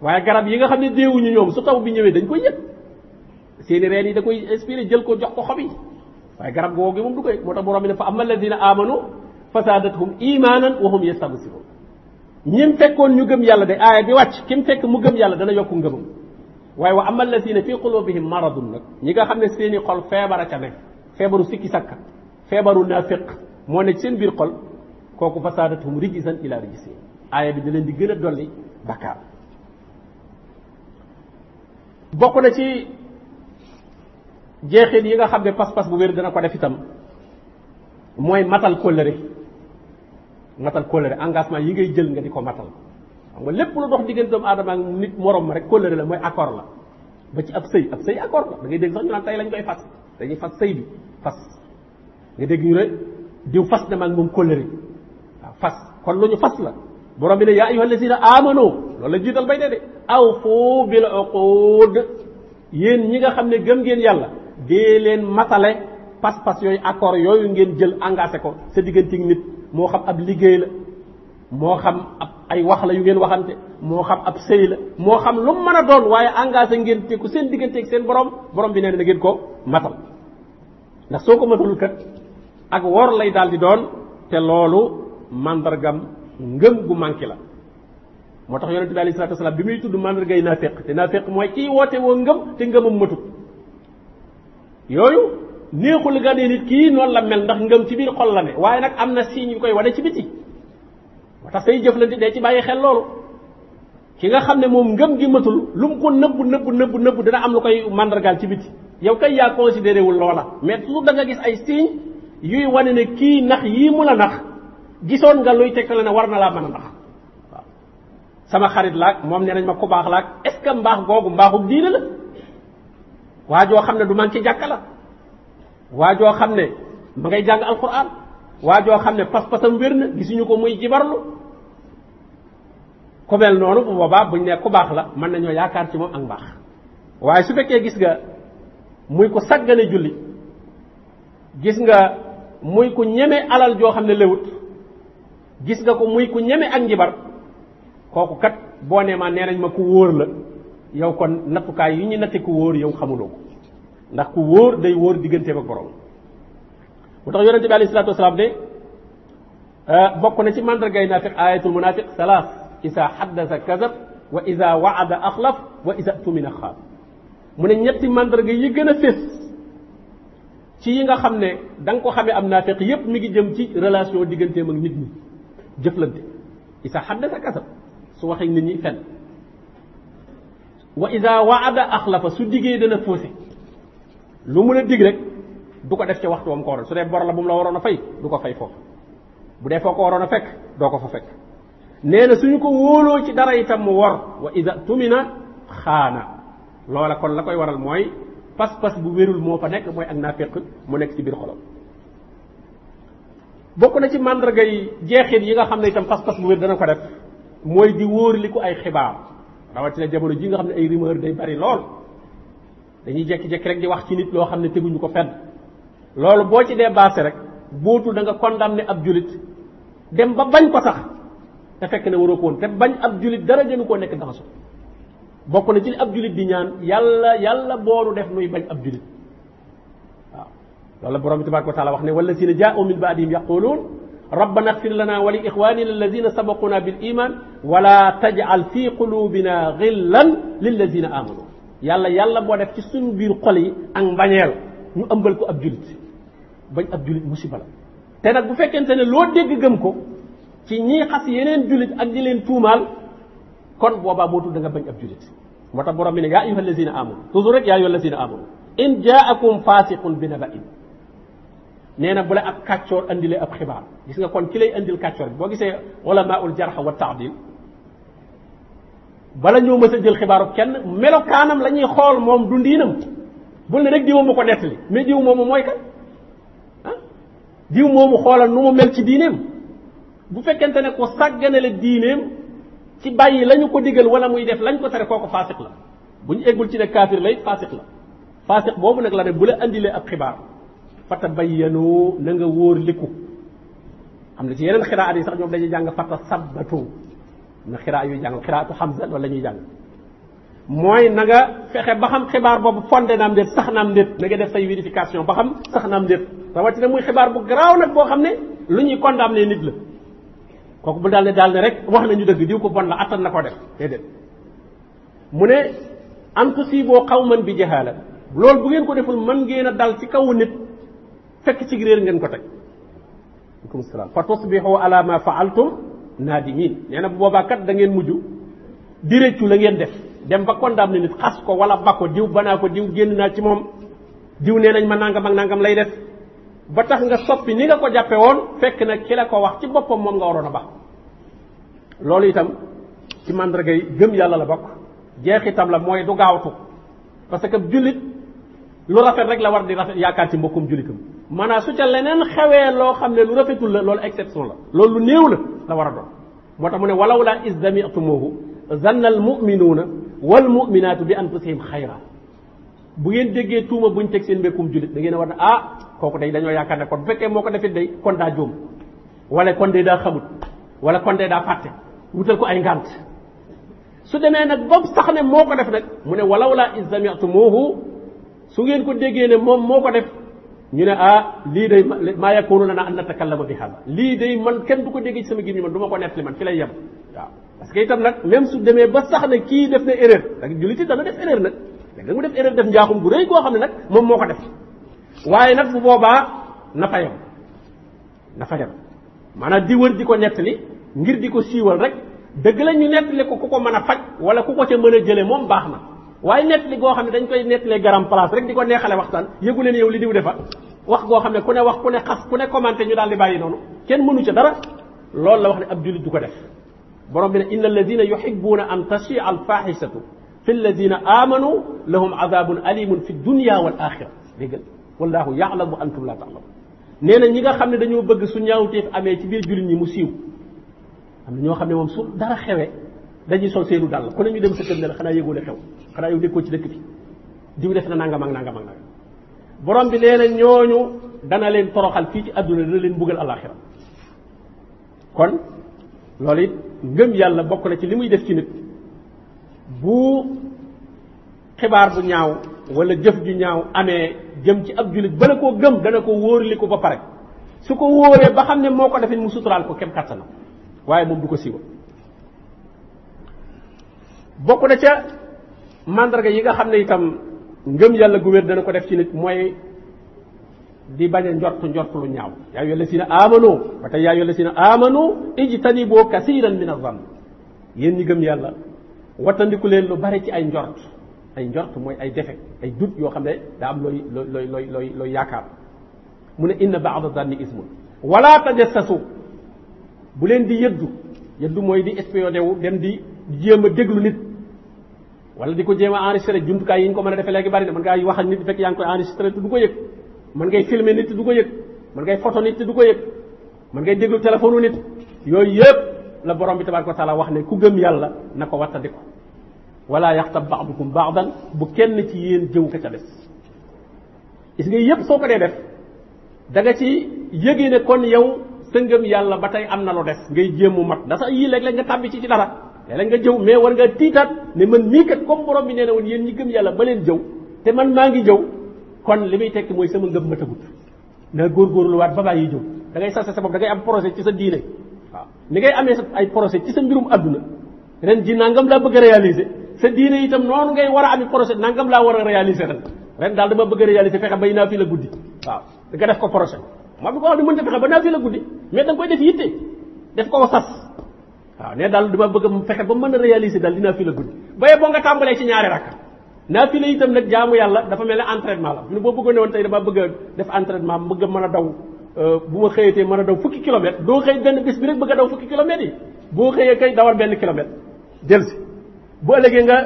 Speaker 1: waaye garab yi nga xam ne deewuñu ñoom su taw bi ñëwee dañ koy yëg reen yi da koy inspiré jël ko jox ko xob yi waaye garab googu gi moom du koy moo tax borom bi ne fa amal lazina amanu fasadathum imanan wa hum yastabsirun ñim fekkoon ñu gëm yàlla de aaya bi wàcc kim fekk mu gëm yàlla dana yokku ngëmam waaye wa amal lazina bi qulubihim maradun nag ñi nga xam ne seeni xol feebara ca nekk feebaru sikki sakka feebaru naafiq moo ne seen biir xol kooku fasaadathum rijisan ila rijisi aaya bi da leen di gën a dolli bakkaar bokk na ci jeexit yi nga xam ne pas-pas bu wér dana ko def itam mooy matal kóllëre matal kóllëre engagement yi ngay jël nga di ko matal xam nga lépp lu dox diggante doomu aadama ak nit morom ma rek kóllëre la mooy accord la ba ci ab sëy ab sëy accord la da ngay dégg sax ñu naan tey lañ koy fas dañuy fas sëy bi fas nga ma moom kóllëre waaw kon lu ñu fas la borom bi ne yaa ayyuha na amanu loolu la jiital bay dee de awfu bil uqud yéen ñi nga xam ne gëm ngeen yàlla dee leen matale pas-pas yooyu accord yooyu ngeen jël engagé ko sa diggante nit moo xam ab liggéey la moo xam ab ay wax la yu ngeen waxante moo xam ab sëy la moo xam lu mën a doon waaye engage ngeen te ku seen digganteeg seen borom borom bi nee na ngeen ko matal ndax soo ko matalul kat ak wor lay daal di doon te loolu mandargam ngëm gu manqué la moo tax yonente bi alei salatu wasalaam bi muy tudd mandargay naafeq te naafeq mooy kiy woote woo ngëm te ngëmam matut yooyu néexul ganee nit kii noonu la mel ndax ngëm ci biir xol la ne waaye nag am na signe yu koy wane ci biti tax tey jëflante dee ci bàyyi xel loolu ki nga xam ne moom ngëm gi matul lu mu ko nëbb nëbb nëbb nëbb dina am lu koy màndargaal ci biti yow kay yaa considéré wul loola mais toujours da gis ay signe yuy wane ne kii nax yii mu la nax gisoon nga luy tegtale ne war na laa mën a nax sama xarit laag moom nee nañ ma ku baax laa est ce mbaax googu mbaaxu diine la waa joo xam ne du man ci jàkka la waa joo xam ne ma ngay jàng al alquran waa joo xam ne pas-pasam wér na gisuñu ko muy jibarlu ku noonu bu boobaa buñ nekk ku baax la mën nañoo yaakaar ci moom ak mbaax waaye su fekkee gis nga muy ko saggane julli gis nga muy ku ñeme alal joo xam ne lewut gis nga ko muy ku ñeme ak njibar kooku kat boo nee ma nee nañ ma ku wóor la yow kon nattukaay yi ñu natte ku wóor yow xamuloo ko ndax ku wóor day wóor digganteem ak borom mu tax yonente bi alayhi salaatu wasalaam de euh, bokk na ci mandargay naafiq ayatul wa isa waada axlaf wa isa ne ñetti mandarga yi gën nga xam ne da nga ko xamee am naafiq yépp mi ngi jëm ci relation digganteem ak nit ñi jëflante isa xaddasa kazab su waxee nit ñi lu mën a dig rek du ko def ca waxtu wam ko waroon su dee bor la bu mu la waroon a fay du ko fay foofu bu dee foo ko waroon a fekk doo ko fa fekk nee na ñu ko wóoloo ci dara itam mu wor wa ida tumina xaana loola kon la koy waral mooy pas-pas bu wérul moo fa nekk mooy ak naa naaféq mu nekk ci biir xolam bokk na ci màndarga yi jeexit yi nga xam ne itam pas-pas bu wér dana ko def mooy di wóorliku ay xibaar rawatina jamono ji nga xam ne ay rumeur day bari lool dañuy jekki-jekki rek wax ci nit loo xam ne teguñu ko fenn loolu boo ci dépassé rek bootul danga nga condamné ab jullit dem ba bañ ko tax te fekk ne waroo ko woon te bañ ab jullit dara jënu koo nekk jaxaso bokk na ci li ab jullit di ñaan yàlla yàlla boolu def nuy bañ ab jullit waaw borom bi tabaraka wax ne wallazina jaa'u min ba'dihim yaquluun rabbana ighfir lana wa li ixwanina alladina sabaquna bil iman wala taj'al fi qulubina ghillan lillazina amanu yàlla yàlla boo def ci suñu biir xol yi ak mbañeel ñu ëmbal ko ab jullit bañ ab jullit musiba la te nag bu fekkente ne loo dégg gëm ko ci ñii xas yeneen jullit ak di leen tuumaal kon boobaa bootul da nga bañ ab jullit moo tax borom bi ne yaa ayyuha allazina amanu toujours rek yaa ayyuha allazina amanu in jaakum fasiqun bi naba'in nee na bu la ab kàccoor indilee ab xibaar gis nga kon ki lay andil bi boo gisee ulamaul jarh wa taadil bala ñoo mës a jël xibaaru kenn melo la lañuy xool moom du ndiinam bul ne rek diw ma ko nettali mais diw moomu mooy kan diw moomu xoolal nu mu mel ci diineem bu fekkente ne ko sàgganale diineem ci bàyyi la ñu ko digal wala muy def lañ ko tere kooku faasiq la bu ñu eggul ci ne kaafir lay faasiq la faasiq boobu nag la ne bu la andilee ab xibaar fata bayyanu na nga wóor liku am na ci yeneen xiraat yi sax ñoom dañuy jàng fata sabbatu na xiraat yuy jàng xiraatu Hamza wala ñuy jàng mooy na nga fexe xam xibaar boobu fondé naam ndéet sax naam ndéet na nga def say vérification ba xam sax naam ndéet rawatina muy xibaar bu garaaw nag boo xam ne lu ñuy condamné nit la kooku bu daal ne daal ne rek wax nañu dëgg diw ko bon la attan na ko def déedéet mu ne an tusiiboo qawman bi jahaala loolu bu ngeen ko deful man ngeen a dal ci kawu nit fekk ci réer ngeen ko teg aleykum salaam fa tusbixu ala ma faaltum naadimin nee na bu boobaa kat da ngeen mujj di réccu la ngeen def dem ba ne nit xas ko wala ba ko diw banaa ko diw génn naa ci moom diw nee nañ ma nangam ak nangam lay def ba tax nga soppi ni nga ko jàppe woon fekk na ki la ko wax ci boppam moom nga waroon a ba loolu itam ci màndarga yi gëm yàlla la bokk jeex jeexitam la mooy du gaaw gaawtu parce que jullit lu rafet rek la war di rafet yaakaar si mbokkum jullitam maanaam su ca leneen xewee loo xam ne lu rafetul la loolu exception la loolu lu néew la la war a doon moo tax mu ne walaw laa is damitumuhu zanna al muminuuna wal muminaatu bi anfusihim xayra bu ngeen déggee tuuma bu ñu teg seen mbékkum jullit da ngeen a war na ah kooku day dañoo yaakaar ne kon bu fekkee moo ko defit day kon daa jóom wala kon de daa xamut wala kon de daa fàtte wutal ko ay ngànt su demee nag ba sax ne moo ko def nag mu ne walaw laa iz sami'tumuuhu su ngeen ko déggee ne moom moo ko def ñu ne ah lii day maa yakunu lana an natakallama bi hada lii day man du ko déggee sama gémmiñ man du ma ko nettali man fi lay yem waaw parce que même su demee ba sax ne kii def na erreur nag jullit dana def erreur nag léeg-léeg mu def erreur def njaaxum gu rëy koo xam ne nag moom moo ko def waaye nag bu boobaa na fa yem na fa yem maanaam di wër di ko nettali ngir di ko siiwal rek dëgg la ñu nettali ko ku ko mën a faj wala ku ko ca mën a jële moom baax na waaye nettali goo xam ne dañ koy nettalee garam place rek di ko neexale waxtaan yëgu leen yow li diw defa wax goo xam ne ku ne wax ku ne xas ku ne commenté ñu daal di bàyyi noonu kenn mënu ca dara loolu la wax ne ab jullit du ko def borom bi ne inna alladina yuhibbuna an tashia alfahisatu fi alladina amanu lahum azabun alimun fi dunya wal axira dégg wallahu yaalamu wa antum la nee na ñi nga xam ne dañoo bëgg su ñaawteef amee ci biir jullit ñi mu siiw am na ñoo xam ne moom su dara xewee dañuy sol seenu dàll ku ne ñu dem sa kër ne la xanaa yëgoo la xew xanaa yow nekkoo ci dëkk bi diw def na nangam ak nangam ak nangam borom bi nee na ñooñu dana leen toroxal fii ci àdduna dana leen mbugal alaxira kon loolu it ngëm yàlla bokk na ci li muy def ci nit bu xibaar bu ñaaw wala jëf ju ñaaw amee jëm ci ab jullit bala koo gëm dana ko wóorliku ba pare su ko wóoree ba xam ne moo ko defee mu suturaal ko kem kàttanam waaye moom du ko siiwa bokk na ca mandarga yi nga xam ne itam ngëm yàlla gu dana ko def ci nit mooy di bañ a njot lu ñaaw yaa ayyuha llazina amanu ba tey yaa ayyuha llazina amanu ijtanibu kasiran min azann yéen ñi gëm yàlla wattandiku leen lu bari ci ay njort ay njort mooy ay defe ay dut yoo xam ne daa am looy looy looy looy looy yaakaar mu ne inna ba'da dhanni ta wala tajassasu bu leen di yëddu yëddu mooy di espion wu dem di jéem a déglu nit wala di ko jéem a enregistré jumtukaay yi ñu ko mën a defee léegi bari na mën wax ak nit fekk yaa ngi koy enregistré te du ko yëg mën ngay filmer nit du ko yëg mën ngay photo nit te du ko yëg mën ngay déglu téléphone nit yooyu yëpp la borom bi tabaraka wa taala wax ne ku gëm yàlla na ko wattandi ko wala yaxtab baadukum baadan bu baax ban bu kenn ci yéen jëw ka ca des gis nga yépp soo ko dee def danga ci yëgee ne kon yow sa ngëm yàlla ba tey am na lu def ngay jéemu mat da sax yii léeg-léeg nga tàbbi ci ci dara léeg-léeg nga jëw mais war nga tiitaat ne man mii kat comme borom bi nee na woon yéen ñi gëm yàlla ba leen jëw te man maa ngi jëw kon li muy tekki mooy sama ngëm ma tagut na góorgóorluwaat ba bàyyi jëw da ngay sase sa bopp da ngay am projet ci sa diine waaw ni ngay amee sa ay projet ci sa mbirum adduna ren ji nangam laa bëgg a réaliser sa diine itam noonu ngay war a ami projet nangam laa war a réaliser ren ren daal dama bëgg a réaliser ba bay naa fii la guddi waaw da nga def ko projet ba naa fii la guddi mais da nga koy def yitte def ko sas bëgg a fexe ba mën a réaliser daal dinaa fii la guddi baye boo nga tàmbalee ci ñaari naa fii la itam nag yàlla dafa mel ne entraînement la ñu boo bëggoon tey dama bëgg a def entraînement bëgg a mën a daw euh, bu ma xëyatee mën a daw fukki kilomètre doo xëy benn bis bi rek bëgg a daw fukki kilomètres yi boo xëyee kay dawal benn kilomètre delsi bu ëllëgee nga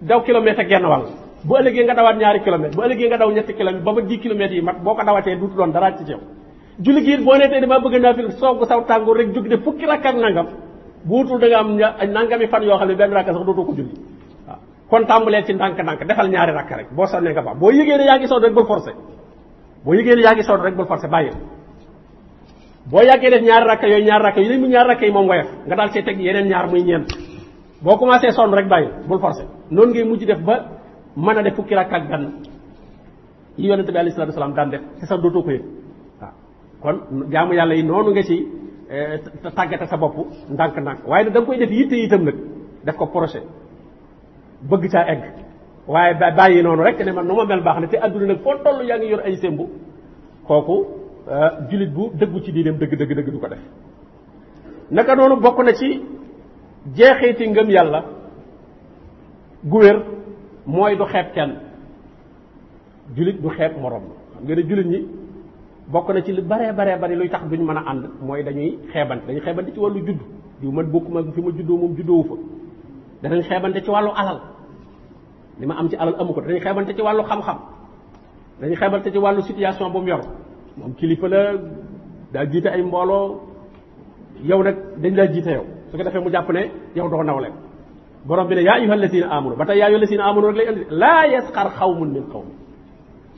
Speaker 1: daw kilomètre ak genn wàll bu ëllëgee nga dawaat ñaari kilomètre bu ëllëgee nga daw ñetti kilomètre ba ba dix kilomètres yi mat boo ko dawatee duutu doon dara ci ceew julli gi boo nee tey damaa bëgg naa fi soogu saw tàngoor rek jóg de fukki rakk ak nangam bu wutul da am nangami fan yoo xam ne benn rakk sax dootoo ko julli waaw kon tàmbalee ci ndànk-ndànk defal ñaari rakk rek boo sonnee nga baax boo yëgee ne yaa ngi sonn rek bul forcé boo yëgee yaa ngi sonn rek bul forcé bàyyi boo yàggee def ñaari rakk yooyu ñaari rakk yooyu mu ñaari rakk yi moom nga def nga daal see teg yeneen ñeent boo commencé sonn rek bàyyi bul forcé noonu ngay mujj def ba mën a def fukki rakk ak benn yi yonente bi alayhi salaatu salaam daan def te sax dootoo ko yëg kon jaamu yàlla yi noonu nga ci eh, tàggate sa bopp ndànk-ndànk waaye nag da koy def yitte itam nag def ko projet bëgg caa egg waaye bàyyi noonu rek ne man nu ma mel baax na te adduna nag foo toll yaa ngi yor ay sémbu kooku eh, jullit bu dëggu ci diineem dëgg dëgg dëgg du ko def naka noonu bokk na ci jeexeeti ngëm yàlla gu mooy du xeeb kenn jullit du xeeb morom xam nga ne ñi bokk na ci lu baree baree bari luy tax duñ mën a ànd mooy dañuy xeebante dañuy xeebante ci wàllu judd diw man bokkuma fi ma juddoo moom juddoowu fa danañ xeebante ci wàllu alal li ma am ci alal amuko ko danañ xeebante ci wàllu xam-xam dañuy xeebante ci wàllu situation bu mu yor moom kilifa la daa jiite ay mbooloo yow nag dañ laa jiite yow su ko defee mu jàpp ne yow doo nawle borom bi ne yaa ayyuha allazina amanu ba tey yaa ayyuha allazina amanu rek lay andi laa xaw xawmun min xawmin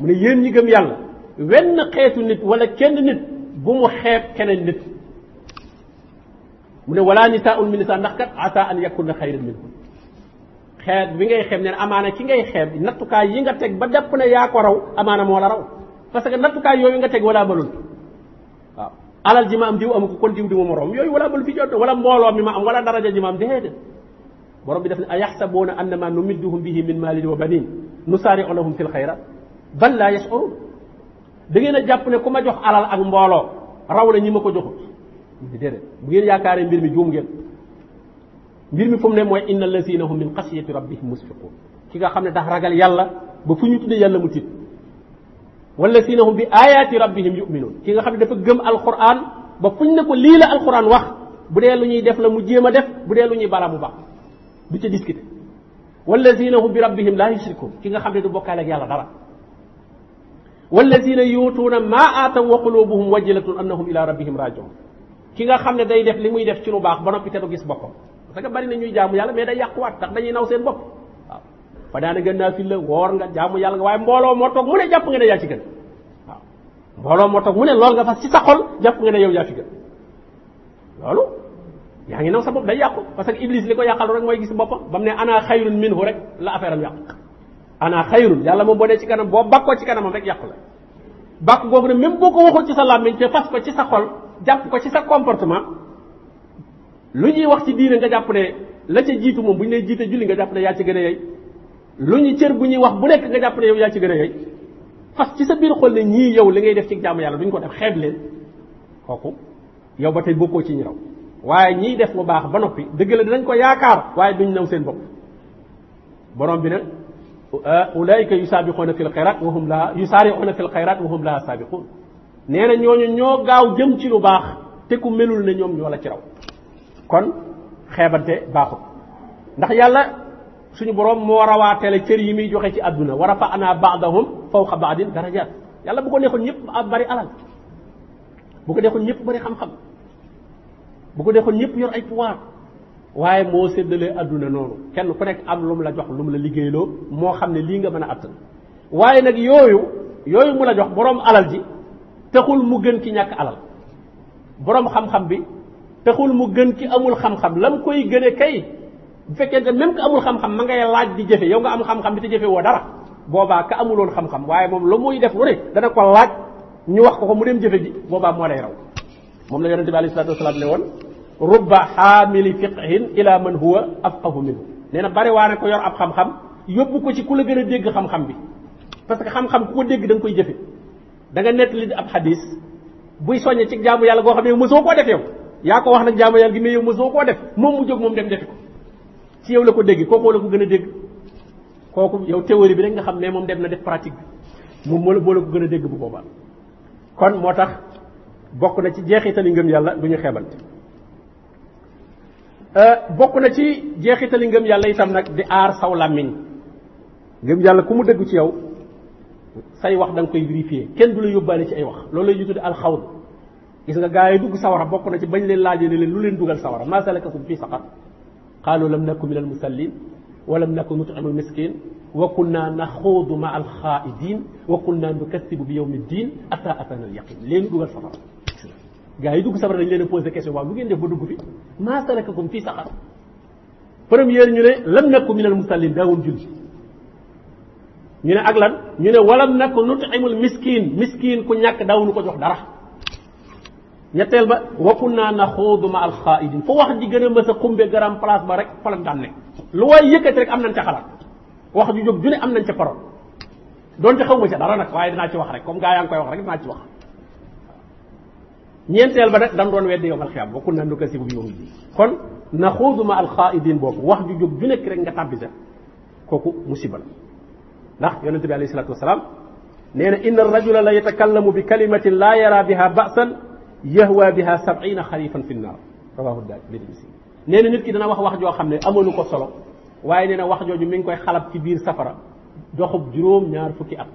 Speaker 1: mu ne yéen ñi gëm yàlla wenn xeetu nit wala kenn nit bu mu xeeb keneen nit mu ne wala nisaaun min nisaa ndax kat asa an yakunna xayran minkum xeet bi ngay xeeb neen amaana ki ngay xeeb nattukaay yi nga teg ba depp na yaa ko raw amaana moo la raw parce que nattukaay yooyu nga teg wala balul alal ji ma am diw amu ko kon diw di ma moroom yooyu wala bal fi jot wala mbooloo mi ma am wala daraja ji ma am déedéet borom bi def ne a yaxsabuuna annama numidduhum bihi min maalin wa banin nusaari'u lahum fil xayrat bal laa yash'uruun da ngeen a jàpp ne ma jox alal ak mbooloo raw la ñi ma ko joxut déedéet bu ngeen yaakaaree mbir mi juum ngeen mbir mi fu mu ne mooy inna allazina hum min xasiyati rabbihim musfiquun ki nga xam ne dafa ragal yàlla ba fu ñu tuddee yàlla mu tiit wallazina hum bi ayaati rabbihim yuminuun ki nga xam ne dafa gëm alquran ba fuñ ne ko lii la alquran wax bu dee lu ñuy def la mu jéem a def bu dee lu ñuy bara bu baax du ca discuter wallazina hum bi rabbihim laa yushrikuun ki nga xam ne du bokkaale ak yàlla dara wallazina yuutuuna maa aataw wa qulubuhum wajilatun annahum ila rabbihim rajiun ki nga xam ne day def li muy def ci lu baax ba noppi te du gis boppam parce que bari na ñuy jaamu yàlla mais day yàquwaat tax dañuy naw seen bopp ba daana gën naa fil la woor nga jaamu yàlla nga waaye mbooloo moo toog mu ne jàpp nga ne yaa ci gën waaw mbooloo moo toog mu ne loolu nga fas ci sa xol jàpp nga ne yow yaa ci gën loolu yaa ngi naw sa bopp day yàqu parce que iblis li ko rek mooy gis boppam ba mu ne ana xayrun minhu rek la affaire am yàqu ana yàlla moom boo ci kanam boo bakkoo ci kanamam rek yàqu la bàkk googu ne même boo ko waxul ci sa làmmiñ te fas ko ci sa xol ko ci sa comportement lu ñuy wax ci diine nga jàpp ne la ca jiitu moom bu ñu lay jiite julli nga jàpp ne yàlla ci gën a yey lu ñu cër bu ñuy wax bu nekk nga jàpp ne yow yaa ci gën a yey fas ci sa biir xol ne ñii yow li ngay def ci jaamu yàlla duñ ko def xeeb leen kooku yow ba tey bokkoo ci ñi raw waaye ñii def lu baax ba noppi dëgg la dinañ ko yaakaar waaye duñ naw seen bopp borom bi nag ulaayika yusaabixuuna fil xayraat wa hum laa yusaariuuna fil xayraat wa hum laa saabiquun nee na ñooñu ñoo gaaw jëm ci lu baax te ku melul ne ñoom ñoo la ci raw kon xeebante baaxul ndax yàlla suñu borom moo rawaatale cër yi muy joxe ci àdduna wa a ba'dahum fawqa ba'din darajaat yàlla bu ko neexoon ñëpp bari alal bu ko neexoon ñëpp bari xam-xam bu ko neexoon ñëpp yor ay pouvoir waaye moo séddalee àdduna noonu kenn ku nekk am lu mu la jox lu mu la liggéeyloo moo xam ne lii nga mën a attan waaye nag yooyu yooyu mu la jox boroom alal ji taxul mu gën ki ñàkk alal boroom xam-xam bi texul mu gën ki amul xam-xam lam koy gëne kay bu fekkente même que amul xam-xam ma ngay laaj di jëfe yow nga am xam-xam bi te jëfe woo dara boobaa ka amuloon xam-xam waaye moom la muy def lu ne dana ko laaj ñu wax ko ko mu dem jëfe ji boobaa moo raw moom la yonente bi alayhi salatu wasalaam ne woon rubba xaamili fiqhin ila man huwa afqahu minhu nee na bari waa ne ko yor ab xam-xam yóbbu ko ci ku la gën a dégg xam-xam bi parce que xam-xam ku ko dégg da nga koy jëfe da nga nettali ab xadis buy soññe ci jaamu yàlla goo xam ne yow mosoo koo def yow yaa ko wax nag jaamu yàlla gi mais yow mosoo koo def moom mu jóg dem defi ko ci yow la ko dégg kooku la ko gën a dégg kooku yow théorie bi rek nga xam ne moom dem na def pratique bi moom moo la moo la ko gën a dégg bu boobaa kon moo tax bokk na ci jeexitali ngëm yàlla du ñu xeebante euh, bokk na ci jeexitali ngëm yàlla tam nag di aar saw làmmiñ ngëm yàlla ku mu déggu ci yow say wax da nga koy vérifier kenn du la yóbbaale ci ay wax loolu lay ñu tudde alxawd gis nga gaa yi dugg sawara bokk na ci bañ leen laajee ne leen lu leen dugal sawara maa salakakum fii saqar qaalu lam naku min almusallin wa lam naku nutimu almiskin wa kunna naxuudu ma alxaaidin wa kunna nukasibu bi yawmi ddin ata atana alyaqin léegi dugal safara gaa yi dugg safara dañ leen a posé question waaw lu ngeen def ba dugg fi maa salakakum fii saqar première ñu ne lam naku min almusallin daawul julli ñu ne ak lan ñu ne walam naku nutimul miskin miskin ku ñàkk daawuñu ko jox dara ñetteel ba wakul naa na xoodu ma alxaaidin foo wax ji gën a mës a xumbe garam place ba rek falan daan ne lu waaye yëkkati rek am nañ ca xalaat wax ju jóg ju am nañ ca parole doonte xaw ma ca dara nag waaye dinaa ci wax rek comme gaa koy wax rek dinaa ci wax ñeenteel ba nag dam doon weddi yowm alxiyaam wakul naa nu kasi kon na xoodu ma alxaaidin boobu wax musiba la ndax yonente bi alayhi salatu wasalaam nee na inna rajula la yatakallamu bi kalimatin laa yara biha ba'san yahwa biha sab'ina xarifan fi nnaar rawahu Tirmisi nee na nit ki dana wax wax joo xam ne amalu ko solo waaye nee na wax jooju mi ngi koy xalab ci biir safara doxub juróom ñaar fukki at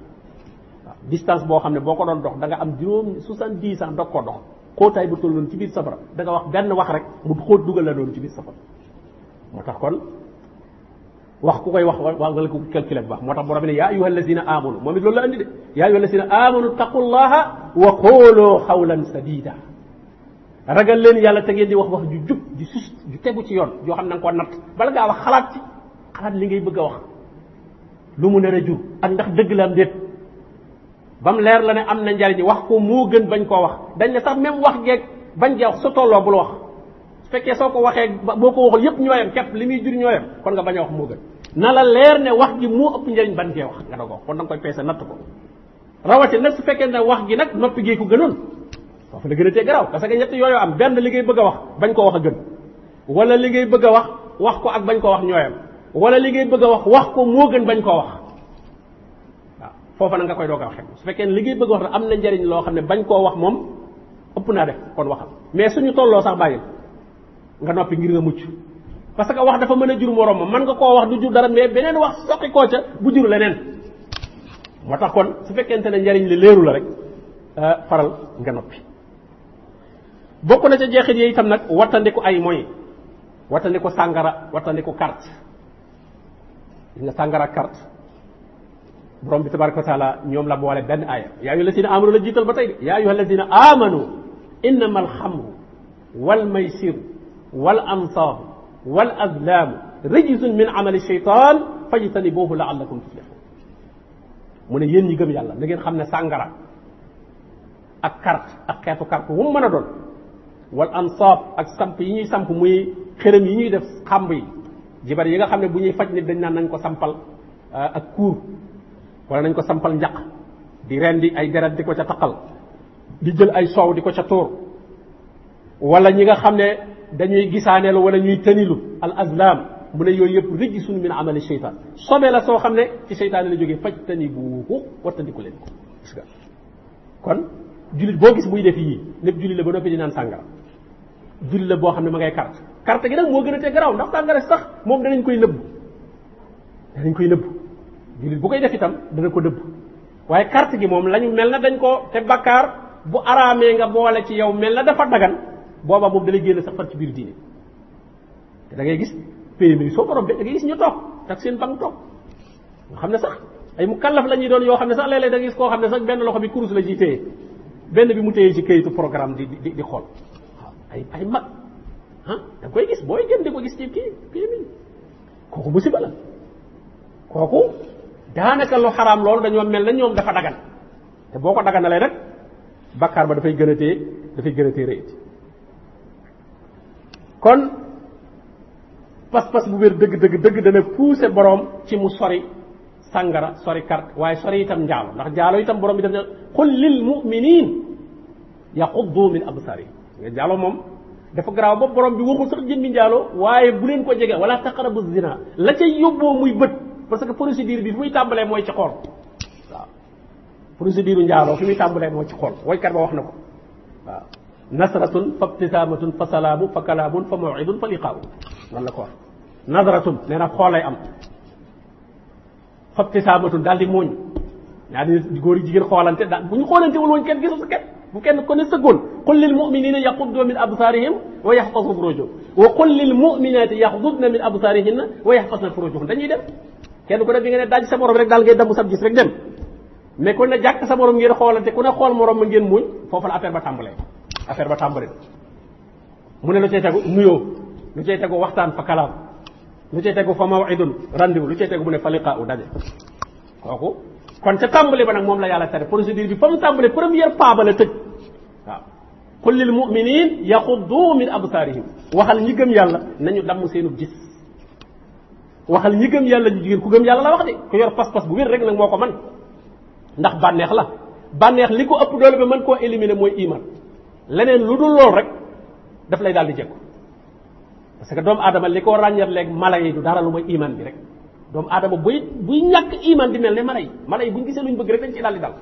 Speaker 1: waaw distance boo xam ne boo ko doon dox da nga am juróom soixante-dix ans dog ko dox xóotaay bu tolloon ci biir safara danga wax benn wax rek mu xóot dugal la doon ci biir safara moo tax kon wax ku koy wax wala ku calculé bu baax moo tax borom ne yaa ayuha allazina amanu moom it loolu la andi de yaa ayuha allazina amanu taqullaha wa qooloo xawlan sadida ragal leen yàlla te ngeen di wax wax ju jub tegu ci yoon joo xam na nga koo natt bala ngaa wax xalaat ci xalaat bëgg a wax lu mu nar a jur ak ndax dëgg la am déet ba mu leer la ne am na njariñ wax ko moo gën bañ koo wax dañ ne sax même wax geeg bañ gee wax sa tolloo bul wax su fekkee soo ko waxee boo ko waxul yépp ñooyam képp li muy jur ñooyam kon nga bañ a wax moo gën na la leer ne wax gi moo ëpp njariñ ban gee wax nga doog wax kon na nga koy peese natt ko rawati nag su fekkee ne wax gi nag noppi ko gën a tee garaaw parce que ñett yooyu am benn li ngay a wax bañ koo wax a gën wala li bëgg a wax wax ko ak bañ koo wax ñooyam wala li ngay a wax wax ko moo gën bañ koo wax waaw foofa na nga koy doog a waxee su fekkee ne li ngay bëgg a am na njariñ loo xam ne bañ koo wax moom ëpp naa def kon waxal mais suñu tolloo sax nga noppi ngir nga mucc parce que wax dafa mën a jur moroom ma mën nga koo wax du jur dara mais beneen wax soqi ca bu jur leneen moo tax kon su fekkente ne njariñ li leeru la rek euh, faral nga noppi bokk na ca jeexit yi itam nag wattandiku ay moy wattandiku sàngara wattandiku carte gis nga sàngara carte borom bi tabaraka wa ñoom la boole benn aaya yaa ayyuha allazina amanu la jiital ba tey de yaa ayyuha allazina amanu innama alxamru wal maysiru wal ansaabu wal azlaamu rijsun min amali shaytaan fajtanibuuhu laallakum tuflihun mu ne yéen ñi gëm yàlla na ngeen xam ne sàngara ak carte ak xeetu carte wu mu mën a doon wal ansaab ak samp yi ñuy samp muy xërëm yi ñuy def xamb yi jibar yi nga xam ne bu ñuy faj nit dañ naan nañ ko sampal euh, ak kuur wala nañ ko sampal njaq di rendi ay deret di ko ca taqal di jël ay soow di ko ca tuur wala ñi nga xam ne dañuy gisaaneelu wala ñuy tënilu al azlam mu ne yooyu yëpp rëjji suñu min amali seytaan sobe la soo xam ne ci seytaane la jógee faj tani buuxu wattandiku leen ko gis nga kon jullit boo gis muy def yii lépp jullit la ba noppi di naan sàngara jullit boo xam ne ma ngay carte carte gi nag moo gën a te garaaw ndax sàngara sax moom danañ koy nëbb danañ koy nëbb jullit bu koy def itam dana ko nëbb waaye carte gi moom lañu mel na dañ ko te bakkaar bu araamee nga boole ci yow mel na dafa dagan booba moom dalay génn sax far ci biir diine te da ngay gis PMI soo borom de da gis ñu toog tak seen banque toog nga xam ne sax ay mu kallaf la ñuy doon yoo xam ne sax léeg-léeg da gis koo xam ne sax benn loxo bi kurus la ciy téye benn bi mu téye ci kayitu programme di di di xool ay ay mag ah koy gis booy gën di ko gis ci kii PMI kooku musiba la kooku daanaka lu xaraam loolu dañoo mel na ñoom dafa dagan te boo ko daganalee nag bakkaar ba dafay gën dafay gën a kon pas-pas bu wér dëgg dëgg dëgg dana poussé borom ci mu sori sàngara sori carte waaye sori itam njaalo ndax njaalo itam borom bi def xul lil muminin yaquddu min absari nga njaalo moom dafa garaaw borom bi waxul sax jëmmi waaye bu leen ko jege wala taqrabu zina la ca yóbboo muy bët parce que procédure bi fi muy tàmbalee mooy ci xol waaw procédure njaaloo fi muy tàmbalee mooy ci xol woykat ba wax na ko waaw nasratun fa btisaamatun fa salaamu fa kalaamun fa mawidun fa liqaaw noonu la ko wax nasratun nee na xoolay am fa btisaamatun daal di muuñ ñaari nit góor yi jigéen xoolante daal bu ñu xoolantewul woon kenn gisul kenn bu kenn ko ne sëggoon qul lil muminina yaxuddu min absaarihim wa yaxfasu furujahum wa qul lil muminati yaxdudna min absaarihinna wa yaxfasna furujahum dañuy dem kenn ku ne bi nga ne daaj daal ngay damm sab gis rek dem mais ku ne jàkk sa morom ngeen xoolante ku ne xool morom ma ngeen muuñ foofu la affaire ba tàmbali mu ne lu cay tegu nuyoo lu cay tegu waxtaan fa kalaam lu cay tegu fa mawidun rendez-vous lu cay tegu mu ne fa liqaa u daje kooku kon ca tàmbali ba nag moom la yàlla tere procédure bi fa mu tàmbali première pas ba la tëj waaw qul lil mu'minin yaxuddu min absaarihim waxal ñi gëm yàlla nañu damm seenu gis waxal ñi gëm yàlla ñu jigéen ku gëm yàlla la wax de ku yor pas-pas bu wér rek nag moo ko man ndax bànneex la banneex li ko ëpp doole koo éliminer mooy iman leneen lu dul lool rek daf lay daal di jekku parce que doomu aadama li ko ràññeet léegi mala yi du dara lu mooy iman bi rek doomu aadama buy buy ñàkk iman di mel ne mala yi mala yi bu buñ gisee luñ bëgg rek dañ ciy daal di dal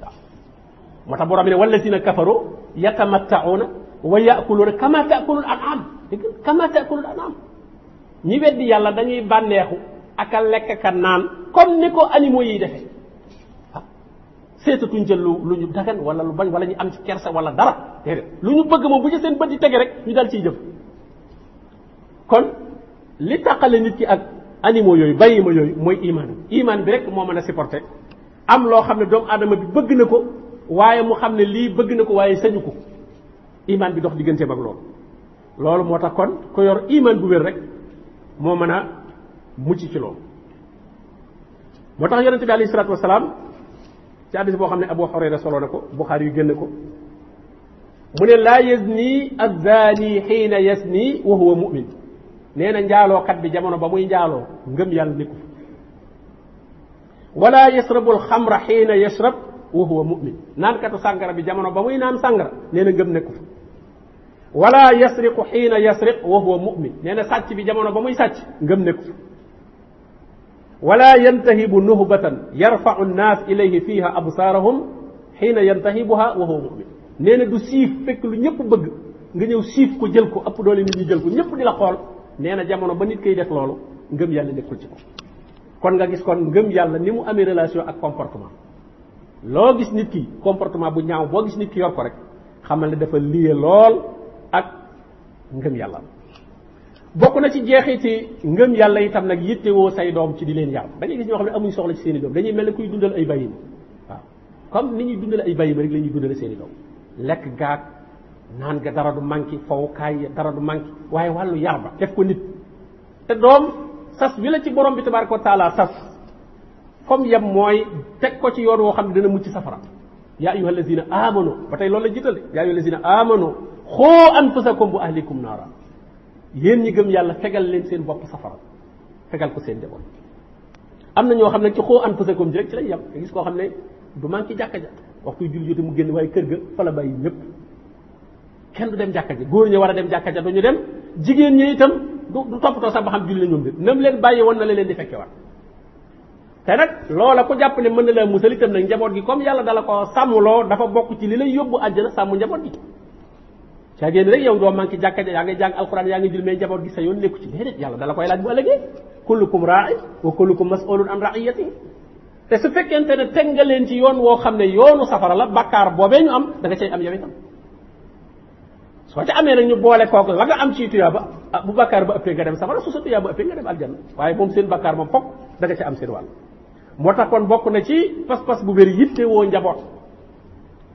Speaker 1: waaw moo tax borom ne walladina kafaru yatamattauna wa yaakuluuna kama taakulul anam dégg kama taakulul anam ñi weddi yàlla dañuy bànneexu ak a lekk ka naan comme ni ko animaux yiy defee seetatuñ ca lu lu ñu dagan wala lu bañ wala ñu am ci kersa wala dara déedéet lu ñu bëgg ma bu ci seen bët di tege rek ñu dal ciy jëf kon li tàqale nit ki ak animaux yooyu bàyyi ma yooyu mooy imaan imaan bi rek moo mën a supporter am loo xam ne doomu aadama bi bëgg na ko waaye mu xam ne lii bëgg na ko waaye sañu ko imaan bi dox digganteem ak loolu loolu moo tax kon ku yor imaan bu wér rek moo mën a mucc ci loolu moo tax yonente bi alayhi salaatu wasalaam ci addis boo xam ne Abu Hurayra solo na ko Buxaari yu génn ko mu ne laa yazni az-zaani xiina yazni wa huwa mu'min nee na njaalookat bi jamono ba muy njaaloo ngëm yàlla wala yashrabu al-xamra xiina yashrab bi jamono ba muy naan sàngara nee na ngëm nekku wala yasriqu xiina yasriq wa huwa mu'min nee na sàcc bi jamono ba muy sàcc ngëm nekku wala yantahibu nuhbatan yarfau nnaas ilayhi fiha absaarahum xiina yantahibuha wa huwa mumin nee na du siif fekk lu ñëpp bëgg nga ñëw siif ko jël ko ëpp doole nit ñi jël ko ñëpp di la xool nee na jamono ba nit koy def loolu ngëm yàlla nekkul ci ko kon nga gis kon ngëm yàlla ni mu amee relation ak comportement loo gis nit ki comportement bu ñaaw boo gis nit ki yor ko rek xamal ne dafa lié lool ak ngëm yàlla bokk na ci jeexiti ngëm yàlla itam nag yittewoo say doom ci di leen yar dañuy gis ñoo xam ne amuñ soxla ci seen i doom dañuy mel ne kuy dundal ay bayima waaw comme ni ñuy dundal ay bayima rek la ñuy dundale seen i lekk gaag ga dara du manqué fowukaay dara du manqué waaye wàllu yar ba def ko nit te doom sas bi la ci borom bi tabaraka wa taala sas comme yem mooy teg ko ci yoon woo xam ne dana mucc safara yaa ayuha alladina amano ba tey loolu la jiital yaa ayuha alladina amano xoo anfusakum bu ahlikum naara yéen ñi gëm yàlla fegal leen seen bopp safara fegal ko seen njaboot am na ñoo xam ne ci xoo an pësakom ji rek ci lañ yem te gis koo xam ne du manqué jàkka ja waxtu julli jote mu génn waaye kër ga fa la ñëpp kenn du dem jàkka ja góor ñi war a dem jàkka ja duñu dem jigéen ñi itam du toppatoo sax ba xam julli la ñoom de nam leen bàyyi woon na la leen di fekke waat te nag loola ku jàpp ne mën na laa musal itam nag njaboot gi comme yàlla dala ko sàmmloo dafa bokk ci li lay yóbbu àjjana sàmm njaboot gi caa génn rek yow doo manqué jàkka yaa yaa ngi jul mais njaboot gi sa yoon nekku ci déedéet yàlla dala koy laaj bu ëllëgee kullukum raai wa kullukum masulun an raiyati te su fekkente ne teg nga leen ci yoon woo xam ne yoonu safara la bakkaar boobee ñu am da nga am yow itam soo ca amee nag ñu boole kook la nga am ci tuyaaba ah, bu bakkaar ba ëppee nga dem safara su sa tuyaaba ëppee nga dem aljanna waaye moom seen bakkaar moom fokk da nga ca am seen wàll moo tax kon bokk na ci pas-pas bu wér yitte woo njaboot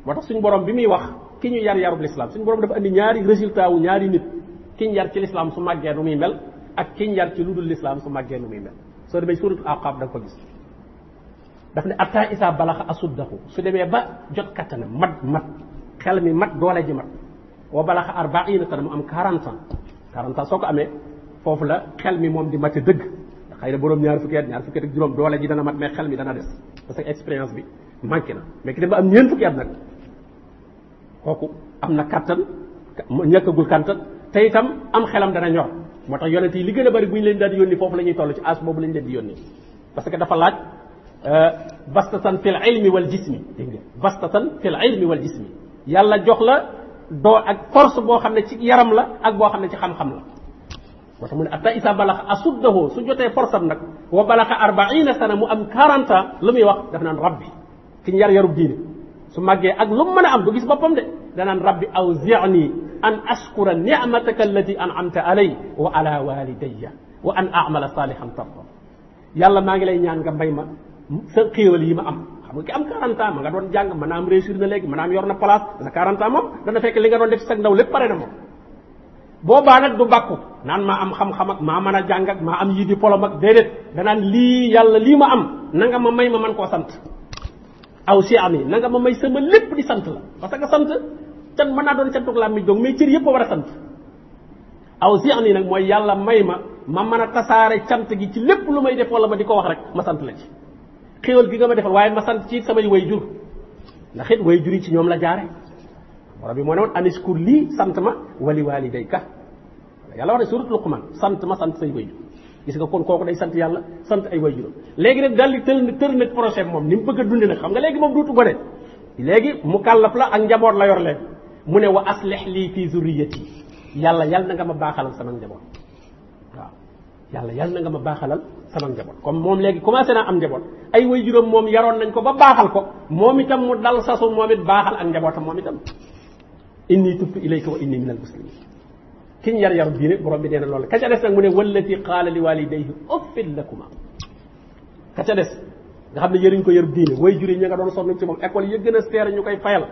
Speaker 1: moo tax suñu borom bi muy wax ki ñu yar yarub l'islam suñu borom dafa andi ñaari résultat wu ñaari nit ki ñu yar ci l'islam su màggee nu muy mel ak ki ñu yar ci lu dul l'islam su màggee nu muy mel soo demee suratul aqab da nga ko gis daf ne atta isa balaxa daxu su demee ba jot kattanam mat mat xel mi mat doole ji mat wa balaxa arbaina tan mu am 40 ans 40 ans soo ko amee foofu la xel mi moom di mat dëgg xay na boroom ñaar fukki at ñaar ak juróom doole ji dana mat mais xel mi dana des parce que expérience bi manqué na mais dem am ñeent fukki at kooku am na kattan ñàkkagul kattan te itam am xelam dana ñor moo tax yonent yi li gën a bari bu ñu leen daan yónni foofu la ñuy toll ci as boobu la ñu leen di yónni parce que dafa laaj euh, bastatan fil ilmi wal jismi dégg nga bastatan fil ilmi jismi yàlla jox la doo ak force boo xam ne ci yaram la ak boo xam ne ci xam-xam la moo tax mu ne atta isa balaxa asuddahu su jotee force am nag wa balaxa arbaina sana mu am 40 ans lu muy wax daf naan rabbi ki ñu yar yarub diine su màggee ak lu mu mën a am du gis boppam de danaan rabbi awzi'ni an ashkura ni'mataka allati an alay wa ala walidayya wa an a'mala salihan tarda yàlla maa ngi lay ñaan nga mbay ma sa xéewal yi ma am xam nga ki am 40 ans ma nga doon jàng mën naa am réussir na léegi mën am yor na place sa 40 dana fekk li nga doon def ci sa ndaw lépp pare na moom boobaa nag du bàkku naan maa am xam-xam ak maa mën a jàng ak maa am yi diplôme ak déedéet danaan lii yàlla lii ma am na nga ma may ma mën koo sant aw si am yi na ma may sama lépp di sant la parce que sant can mën naa doon cantuk làmmiñ dong mais cër yëpp a war a sant aw si am yi nag mooy yàlla may ma ma mën a tasaare cant gi ci lépp lu may def wala ma di ko wax rek ma sant la ci xéwal gi nga ma defal waaye ma sant ci samay way jur ndax it way jur yi ci ñoom la jaare borom bi moo ne woon aniskur lii sant ma wali waalidayka yàlla wax ne surat luqman sant ma sant say way jur gis nga kon kooku day sant yàlla sant ay waajuram léegi nag daldi tël tër nag projet moom ni mu bëgg a dunde nag xam nga léegi moom duutu gone léegi mu kàllaf la ak njaboot la yor leen mu ne wa aslih lii fii zurriyati yàlla yàlla na nga ma baaxalal sama njaboot waaw yàlla yàlla na nga ma baaxalal sama njaboot comme moom léegi commencé naa am njaboot ay waajuram moom yaroon nañ ko ba baaxal ko moom itam mu dal sasu moom it baaxal ak njabootam moom itam inni tubtu ilayka wa inni minal ki ñu yar yaru diine borom bi nee na loolu ka ca des nag mu ne wallati qaala li walidayhi uffin lakuma ka ca des nga xam ne yëriñ ko yarub diine way juri ña nga doon sonn ci moom école ya gën a seer ñu koy fayal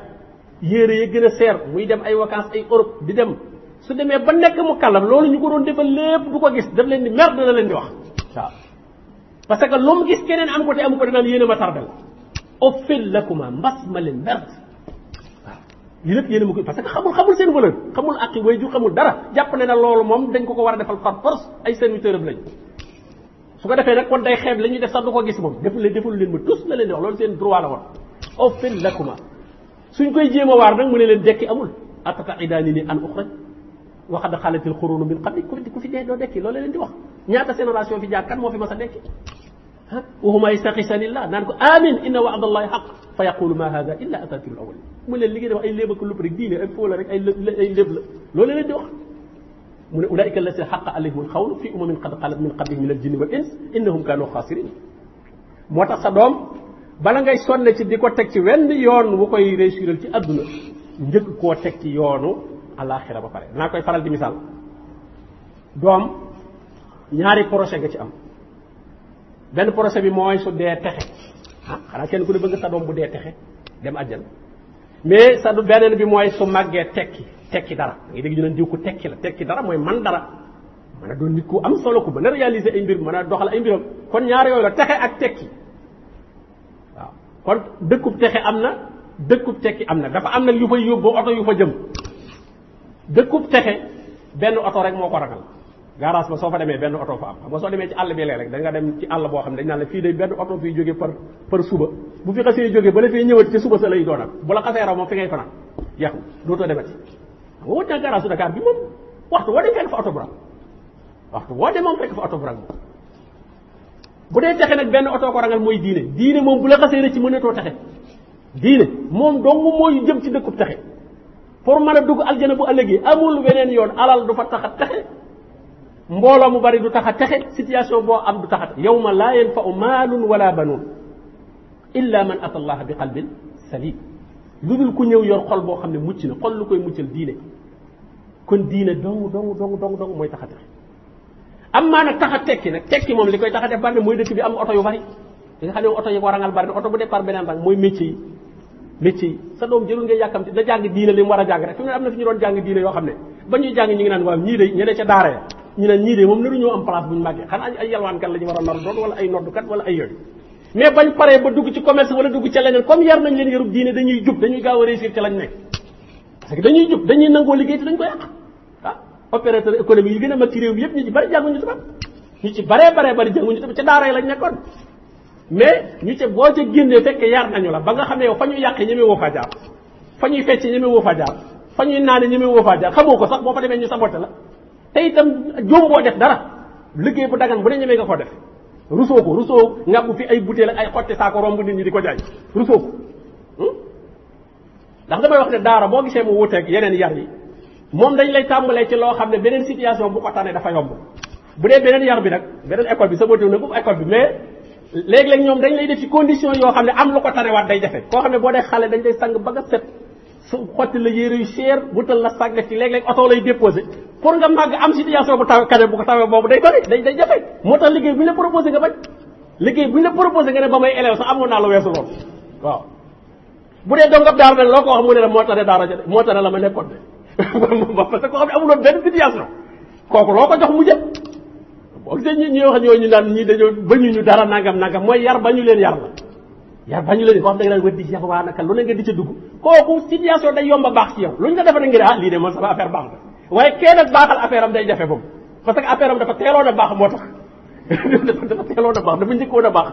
Speaker 1: yére ya gën a seer muy dem ay vacances ay Europe di dem su demee ba nekk mu kàllam loolu ñu ko doon defal lépp du ko gis daf leen di mer dana leen di wax waaw parce que lu mu gis keneen am ko te amu ko danaan yéen a ma tardal uffin lakuma mbas ma leen merde li lépp yéen a ma ko parce que xamul xamul seen valeur xamul àqi way jur xamul dara jàpp ne na loolu moom dañ ko ko war a defal par force ay serviteur am su ko defee nag kon day xeeb la ñuy def sa du ko gis moom def leen deful leen ma tous la leen di wax loolu seen droit la woon offil lakuma suñ koy jéem a waar nag mu ne leen dekki amul atata idaani ni an uxraj waxad xalatil xurunu min qabli ku fi dee doo dekki loolu leen di wax ñaata seen relation fi jaar waxuma yastaxisanillah naan ko amin inna waadallahi xaq fa yaqulu ma hada illa asatirul awalin mu leen li ngeen wax ay léeb ak lupp rek diine la rek ay ay léeb mu ne ulaika allazina xaqa alayhim alxawlu fi umamin qad xalat min qablihim min aljinni wal ins innahum kanu xaasirin moo tax sa doom bala ngay sonne ci di ko teg ci wenn yoon wu koy réussiral ci adduna njëkk koo teg ci yoonu alaxira ba pare naa koy faral di misaal doom ñaari projet nga ci am benn procès bi mooy su dee texe ah xanaa kenn ku ne bëgg sa doom bu dee texe dem àjjana mais sa beneen bi mooy su màggee tekki tekki dara ngi dégg ñu naan diw ku tekki la tekki dara mooy man dara mën a doon nit ku am solo ku mën a réaliser ay mbir mën a doxal ay mbiram kon ñaar yooyu la texe ak tekki waaw kon dëkkub texe am na dëkkub tekki am na dafa am nag yu fay yóbbu oto yu fa jëm dëkkub texe benn oto rek moo ko ragal garage ba soo fa demee benn oto fa am xam nga soo demee ci àll bi léeg-léeg da nga dem ci àll boo xam ne dañ naan la fii de benn oto fii jóge par par suba bu fi xasee jóge ba la fee ñëwati ca suba sa lay doonal bu la xasee raw moom fi ngay fanaan yàqu dootoo demati nga wut naa garage bi moom waxtu woo dem oto bu rang waxtu woo dem moom fekk oto bu rang bu dee texe nag benn oto ko rangal mooy diine diine moom bu la xasee rek ci mënatoo texe diine moom dong mooy jëm ci dëkkub texe pour mën a dugg aljana bu ëllëgee amul weneen yoon alal du fa tax a texe mbooloo mu bari du tax a texe situation boo am du tax a texe yawma laa yanfa'u maalun wala banuun illa man ata allaha bi qalbin salim lu dul ku ñëw yor xol boo xam ne mucc na xol lu koy muccal diine kon diine dong dong dong dong dong mooy tax a texe am maa nag tax a tekki nag tekki moom li koy tax a def bari na mooy dëkk bi am oto yu bari li nga xam ne oto yi ko warangal bari na oto bu départ beneen bari mooy métier yi métier yi sa doom jërul ngay yàkkamti da jàng am ne ba jàng ñu ngi naan waaw ñii de ñeneen ñu ne ñii de moom naru ñoo am place bu ñu màggee xanaa ay yalwaankat la ñu war a nar doon wala ay noddukat wala ay yooyu mais bañ paree ba dugg ci commerce wala dugg ca leneen comme yar nañ leen yarub diine dañuy jub dañuy gaaw a réussir ca lañ nekk parce que dañuy jub dañuy nangoo liggéey te dañ ko yàq ah opérateur économique yi gën a mag ci réew mi yëpp ñu ci bari jànguñu tubaab ñu ci baree baree bari jànguñu tubaab ca daara yi lañ nekkoon mais ñu ca boo ca génnee fekk yar nañu la ba nga xam ne yow fa ñuy yàq ñeme woo faa jaar ñuy fecc ñeme woo faa jaar ñuy naane ñeme woo faa jaar ko sax boo fa demee ñu saboté la te itam jomboo def dara liggéey bu dagan bu ne ñemee nga ko def rusoo ko rusoo ngàbbu fi ay butéel ay xotti saako romb nit ñi di ko jaay rusoo ko hmm? ndax damay wax ne daara boo gisee mu wuteeg yeneen yar yi moom dañ lay tàmbalee ci loo xam ne beneen situation bu ko tànnee dafa yomb bu dee beneen yar bi nag beneen école bi sa botiw na bu école bi mais léeg-léeg ñoom dañ lay def ci condition yoo xam ne am lu ko tanewaat day defe koo xam ne boo dee xale dañ lay sang ba nga set xotti la yére yu cher wutal la sàgg ci léeg-léeg oto lay déposé pour nga màgg am situation bu taw kañ bu ko tawee boobu day bëri day day jafe moo tax liggéey bu ñu la proposé nga bañ liggéey bu ñu la proposé nga ne ba may ko wax mu ne la moo tane daara moo tane la ma nekkoon de parce que koo xam ne kooku loo ko jox mu jëm boo gisee ñi ñuy wax ñooñu naan ñii dañoo bañuñu dara nangam nangam mooy yar ba ñu leen yar la yaa bañu la di ko xam da nga daan wër di jeex waa naka lu ne nga di ca dugg kooku situation day yomb a baax ci yow lu ñu la defa na ngir ah lii de moom sama affaire baax na waaye kenn nag baaxal affaire am day jafe boobu parce que affaire am dafa teeloon a baax moo tax dafa teeloon a baax dafa njëkkoon a baax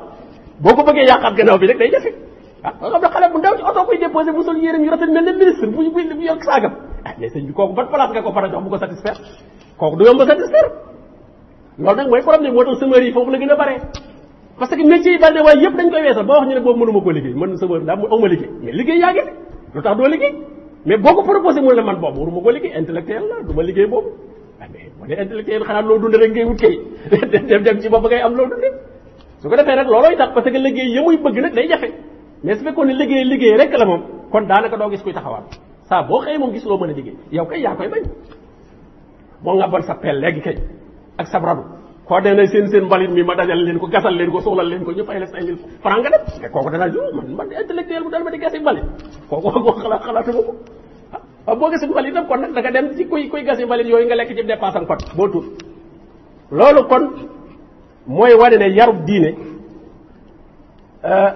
Speaker 1: boo ko bëggee yàqaat gannaaw bi rek day jafe ah xam na xale bu ndaw ci oto koy déposé mu sol yéreem yu rafet mel ne ministre bu bu bu yor saagam ah mais sëñ bi kooku ban place nga ko fara jox bu ko satisfaire kooku du yomb a satisfaire loolu nag mooy problème moo tax semeur yi foofu la gën a bare parce que métier yi bari na waaye yëpp dañ koy weesal boo wax ñu ne boobu mënuma koo liggéey man sama daa aw ma liggéey mais liggéey yaa ngi lu tax doo liggéey mais boo ko proposé mu ne la man boobu waruma koo liggéey intellectuel la du ma liggéey boobu waaye mais boo dee loolooy tax parce que liggéey ya muy bëgg nag day jafe mais su fekkoon ne liggéey liggéey rek la moom kon daanaka doo gis kuy taxawaal saa boo xëyee moom gis loo mën yow kay moo nga bon sa peel léegi kay ak sa xootee na seen seen mbalit mi ma dajal leen ko gasal leen ko suxlal leen ko ñu fay la cinq mille francs nga dem parce que kooku danaa jur man man intellectuel bu dal ma di gasi mbalit kooku kooku xalaat xalaatuma ah, ah, boo gasi mbalit kon nag da dem ci kuy kuy gasi mbalit yooyu nga lekk ci dépense ak fat boo tuut loolu kon mooy wane ne yarub diine euh,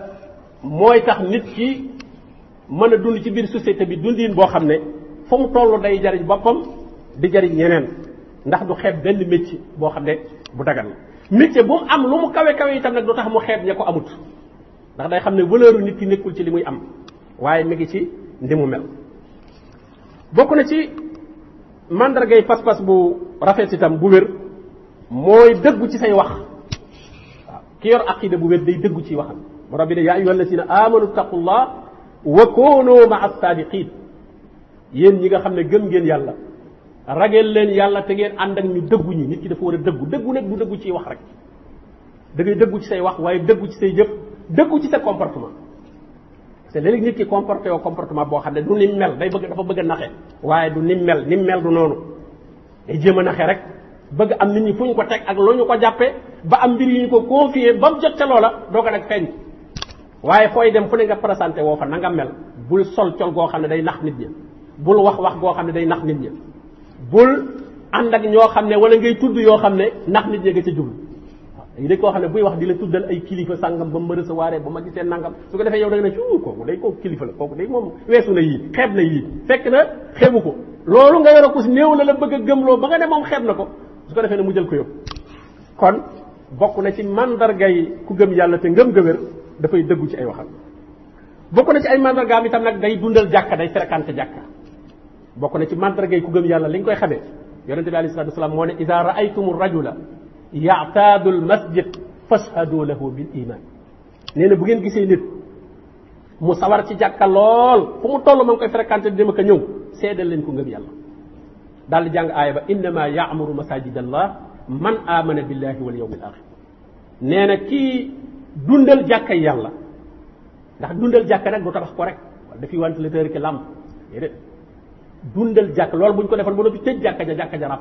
Speaker 1: mooy tax nit ki mën a dund ci biir société bi dundin boo xam ne foo mu toll day jariñ boppam di jariñ ñeneen ndax du xeeb benn métier boo xam ne bu dagan métier bu mu am lu mu kawe kawe itam nag du tax mu xeet ña ko amut ndax day xam ne valeur nit ki nekkul ci li muy am waaye mi ngi ci ndi mu mel bokk na ci mandargay pas-pas bu rafet itam bu wér mooy dëggu ci say wax ki yor aqida bu wér day dëggu ci waxam borom bi ne yaa ayyuha allazina amanu taqullah wa kunu ma'a sadiqin yéen ñi nga xam ne gëm ngeen yàlla ragal leen yàlla te ngeen ànd ak ñu dëggu ñi nit ki dafa war a dëggu dëggu nag du dëggu ciy wax rek da ngay dëggu ci say wax waaye dëggu ci say jëf dëggu ci sa comportement c'est léeg-léeg nit ki comporté woo boo xam ne du ni mel day bëgg dafa bëgg a naxe du ni mel ni mel du noonu jéem a naxe rek bëgg am nit ñi fu ñu ko teg ak lu ñu ko jàppee ba am mbir yu ñu ko koo confié ba mu jot ca loola doo ko nag feeñ waaye fooy dem fu ne nga présenté woo fa nanga mel bul sol col goo xam ne day nax nit ñi bul wax wax goo xam ne day nax nit ñi bul ànd ak ñoo xam ne wala ngay tudd yoo xam ne ndax nit yëg ca jublu waaw léegi koo xam ne buy wax di la tuddal ay kilifa sàngam ba ma recevoir ba ma gisee nangam su ko defee yow da nga ne ci kooku day kooku kilifa la kooku day moom weesu na yii na yii ko loolu nga yor a kus la bëgg a gëmloo ba nga ne moom na ko su ko defee ne mu jël ko yóbbu kon bokk na ci mandargay ku gëm yàlla te ngëm gëwér dafay dëggu ci ay waxam bokk na ci ay mandargaam itam nag day dundal jàkka day fréquenté jàkka bokk na ci mandargay ku gëm yàlla li nga koy xamee yonente bi alayhi salatu wasalaam moo ne ida raaytumu rajula yaataadu al masjid fashadu lahu bil iman nee na bu ngeen gisee nit mu sawar ci jàkka lool fu mu toll ma ngi koy fréquenté di dem ak a ñëw seedal leen ko ngëm yàlla daal di jàng aaya ba innama yaamuru masajid allah man amana billahi wal yawmil axir nee na kii dundal jàkka yàlla ndax dundal jàkka rek du tabax ko rek wala dafiy wante la tërike làmp dundal jàkk loolu bu ñu ko defal ba noppi tëj jàkka ja jàkka ja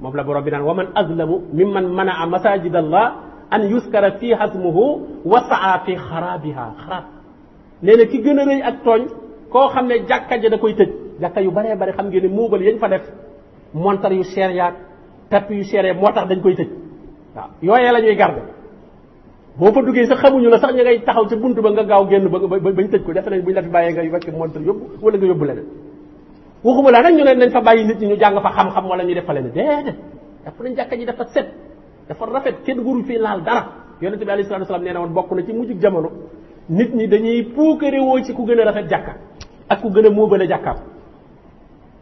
Speaker 1: moom la borom bi naan wa man azlamu mimman manaa masajid allah an yuskara fii hasmuhu wa saa fi xaraabiha xaraab nee na ki gën a rëy ak tooñ koo xam ne jàkka ja da koy tëj jàkka yu baree bari xam ngeen ne muubal yañ fa def montar yu cher yaag tapp yu cher moo tax dañ koy tëj waaw yooyee la ñuy garde boo fa duggee sax xamuñu la sax ñu ngay taxaw ci buntu ba nga gaaw génn ba bañ tëj ko defe nañ buñ la fi bàyyee nga wàcc wala nga yóbbu leneen waxuma la nag ñu ne nañ fa bàyyi nit ñi ñu jàng fa xam-xam wala ñu def fa leen déedéet dafa nañ jàkka ji dafa set dafa rafet kenn warul fii laal dara yonente bi alayhi salatu wasallam nee na woon bokk na ci mujjug jamono nit ñi dañuy woo ci ku gën a rafet jàkka ak ku gën a moobale jàkkaam